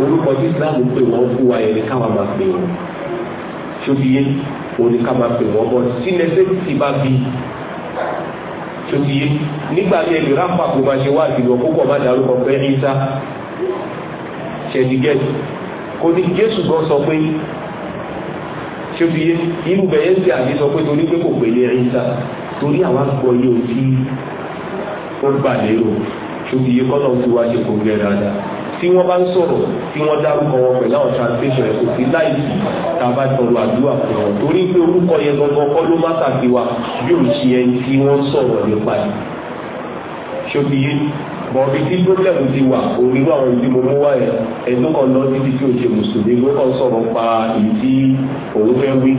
orúkọ tí Islam pè wọ́n fún wa yẹn ni káwa máa pè wọ́n ṣókìyé òun ni ká máa pè wọ́n bọ́ sí necessity bá bí ṣókìyé nígbà tí ẹlòmíràn rápà kó máa ṣe wá àtìlọ́ kókò má dárúkọ pé ẹ̀ńsá ṣẹ̀dígẹ́sì kò ní Jésù gan sọ pé ṣókìyé irú bẹ̀yẹ̀ sí àdé pé torí pé kò pè ní ẹ̀ńsá torí àwa gbọ́ yé o tí ó gbà lérò ṣòbí yé kọ́nà tí wàá ṣe kò gbẹ dáadáa tí wọ́n bá ń sọ̀rọ̀ tí wọ́n dárúkọ wọn pẹ̀lú àwọn translation kò sí láìsí tá a bá tọrọ àdúrà fún wọn torí pé orúkọ yẹn gangan kọ́ ló má tàbí wa yóò ṣe ẹni tí wọ́n sọ̀rọ̀ nípa ẹ̀ ṣòbí yé bọ̀bí tí problem ti wà onírú àwọn ibi mú wá ẹnu kan lọ títí tí o ṣe mùsùlùmí ló kàn sọ̀rọ̀ pa èyí tí òun fẹ́ wí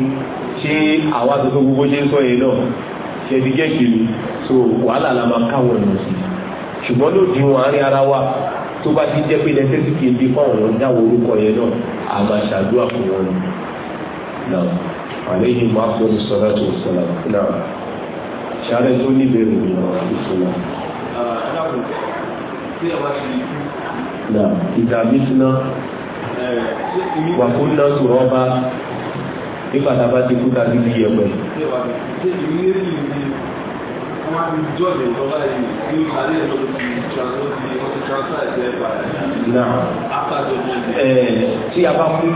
ṣé àwa tuntun gbogbo ṣe ń sọ yẹn náà ṣẹbi jẹ́ kiri so wàhálà la máa káwọn èèyàn sí ṣùgbọ́n lòdì wọn àárín ara wa tó bá ti jẹ́ pé lẹ́sẹ̀sì kì í di fún àwọn dáwọ̀ orúkọ yẹn náà a máa ṣàdúrà fún wọn ni. náà àléyìn ìmọ̀ àpòlù sọ̀rọ̀ tó sọ̀rọ̀ náà ṣáré tó níbẹ̀rù ni ọ̀rọ̀ ti sọ̀rọ̀. náà ìdààmú ti ná wàkúndà tó rọ́bà nígbà tá a bá ti kú tá a ti di yẹpẹ. tí a bá kú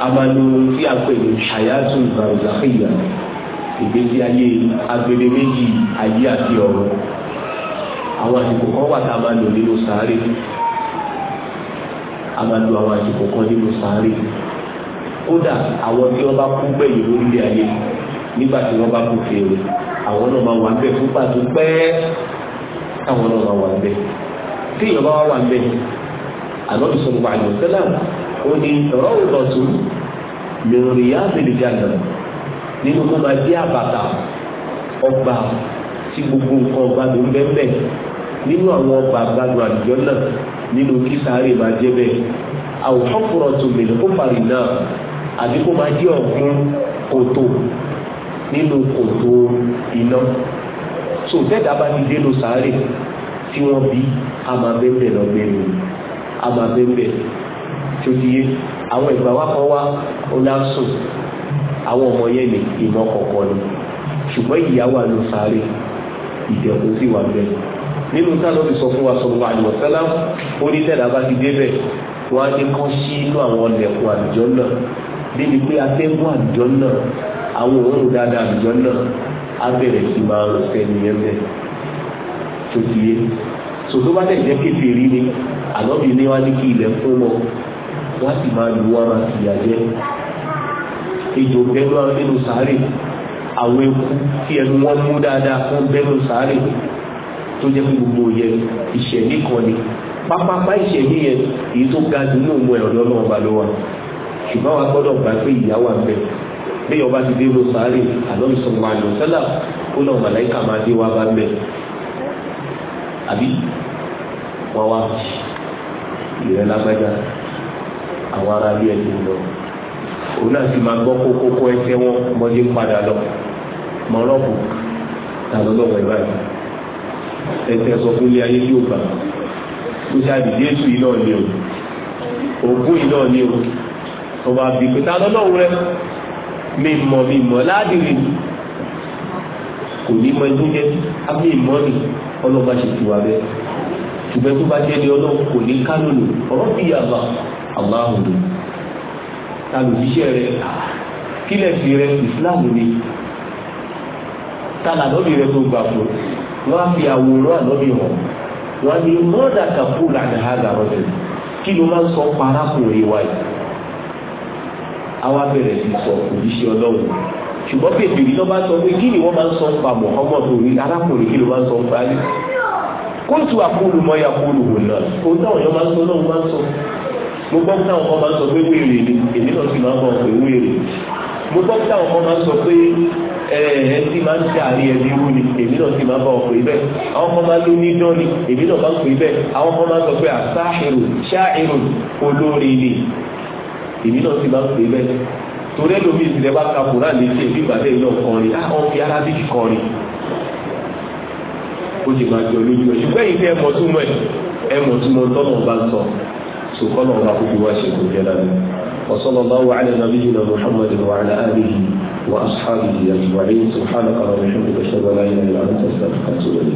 a máa lo tí a pè ní hayatu barzakhiya ìgbésí ayé agbede méjì ayé àti ọ̀rọ̀ àwọn àsìkò kan wà tá a máa lò nínú sàárè a máa lo àwọn àsìkò kan nínú sàárè kódà àwọn tí wọ́n bá kú gbẹ̀yìn lórílẹ̀ ayé nígbà tí wọ́n bá kú fèrè àwọn náà máa wà bẹ́ẹ̀ fún pàtó pẹ́ẹ́ táwọn náà máa wà bẹ́ẹ̀ tí èèyàn bá wà wà bẹ́ẹ̀ àlọ́bí sọ̀rọ̀ wà lọ sẹ́lẹ̀ ó ní rọ́ọ̀ lọ́tún lèrè yá bèrè jáde nínú kó máa dé àbàtà ọgbà tí gbogbo nǹkan ọgbà ló ń bẹ́ẹ̀ bẹ́ẹ̀ nínú àwọn ọgbà àgbàdo àdìjọ náà nínú kí sáré máa jẹ́ bẹ́ẹ̀ àwòfọ́kùrọ̀ tó lè kó parí náà àbí kó máa jẹ́ ọ̀gbun kòtò nínú kòtò iná so bẹ́ẹ̀dá bá ti dé lọ sáré tí wọ́n bí a máa bẹ́ẹ̀ lọ bẹ́ẹ̀ a máa bẹ́ẹ̀ tó ti yé àwọn ìgbà wa kan wá ó lásùn àwọn ọmọ yẹn ní ìmọ̀ kọ̀ọ̀kan ni ṣùgbọ́n ìyá wà ló ìdẹ̀kùn sì wà bẹ́ẹ̀ nínú sáàlọ́ ti sọ fún wa sọ̀rọ̀ àlùmọ̀sálá ó ní tẹ̀dá bá ti débẹ̀ wọ́n á ní kán sí inú àwọn ọ̀lẹ̀kùn àlùjọ náà níbi pé atẹ́gùn àjọ náà àwọn òórùn dáadáa àjọ náà á bẹ̀rẹ̀ sí máa ń sẹ́ni yẹn bẹ́ẹ̀ tó ti yé sòtó bá tẹ̀ jẹ́ kékeré ni àlọ́bí ni wá ní kí ilẹ̀ fún wọn wọ́n sì máa lu wọn máa fìyà jẹ́ ejò bẹ́ẹ̀ lọ́wọ́ nínú sáré àwọn eku tí ẹnu wọn mú dáadáa fún bẹ́ẹ̀ lọ́wọ́ sáré tó jẹ́ gbogbo yẹn ìṣẹ̀lẹ̀ kan ni pápápá ìṣẹ̀lẹ̀ yẹn èyí tó ga jù ní òun ẹ̀rọ lọ́wọ́ ọba ló ṣùgbọ́n wa gbọ́dọ̀ gbà pé ìyá wà ń bẹ bí ọba ti dé ló sáré àlọ́bí sọ̀rọ̀ àlọ́ sẹ́là ó lọ màláìka máa dé wá bá ń bẹ àbí wọn wá ìrẹ́ lágbájá àwọn ará ilé ẹ̀sìn lọ òun náà sì máa gbọ́ kókókó ẹsẹ̀ wọn ọmọdé padà lọ mọ̀rọ́kù tàbí ọlọ́wọ́ ẹ̀ báyìí ẹsẹ̀ sọ fún ilé ayé yóò bá tó ṣáà dìde èṣù yìí náà ni o ògùn yìí náà ni o tó bá bí pé ta lọ́lọ́run rẹ mi mọ̀ mi mọ̀ ládìrí kò ní mọ inú jẹ́ ábí ìmọ̀ ni ọlọ́ba ṣe ti wà bẹ́ẹ̀ ṣùgbọ́n tó bá jẹ́ ni ọlọ́run kò ní kánòlù ọ̀rọ̀ bí yàgbà aláhùndù talùbíṣẹ́ rẹ ah, kílẹ̀ fi rẹ Islam ni tala lọ́bì rẹ tó gbà fún wọ́n á fi àwòrán àlọ́bì hàn wọ́n á ní mọ́ọ̀dà kàfúrà àdáhà gàrọ́tì kí ló máa ń sọ parákùnrin wáyé àwa bẹ̀rẹ̀ sí sọ òjíṣẹ́ ọlọ́run ṣùgbọ́n bèbè yìí ló bá sọ pé kí ni wọ́n máa ń sọ pa Muhammad orí arákùnrin kí ló máa ń sọ ń pa á kóòtù àkúlù mọ́ ya kúlù wò náà òun táwọn èèyàn máa ń sọ náà máa ń sọ mo gbọ́ táwọn kan máa ń sọ pé wéèrè ni èmi náà sì máa ń bọ̀ pé wéèrè mo gbọ́ táwọn kan máa ń sọ pé ẹ ti máa ń ṣe àárín ẹbí wú ni èmi náà sì máa ń bọ̀ pé bẹ́ẹ̀ àwọn kan máa ń lò ní dán ni èmi náà máa ń pè bẹ́ẹ̀ àwọn kan máa ń sọ pé àṣà èrò ṣáà èrò olórin ni èmi náà sì máa ń pè bẹ́ẹ̀ torí ẹlòmíì ìsìlẹ̀ bá ka kùrán létí ẹbí ìgbàlẹ̀ náà kọrin á ah, wọn fi arábìkì kọrin ó sì máa jọ lójú ẹ ṣùgbọ́n èyí tẹ́ ẹ mọ̀ túmọ̀ ẹ mọ̀ túmọ̀ tọ́nà ọba ń sọ sùkọ́nà ọba kò fi wá ṣe kò jẹ́ lálẹ́ وصلى الله على نبينا محمد وعلى آله وأصحابه أجمعين سبحانك اللهم وبحمدك أشهد أن لا إله إلا أنت أستغفرك وأتوب إليك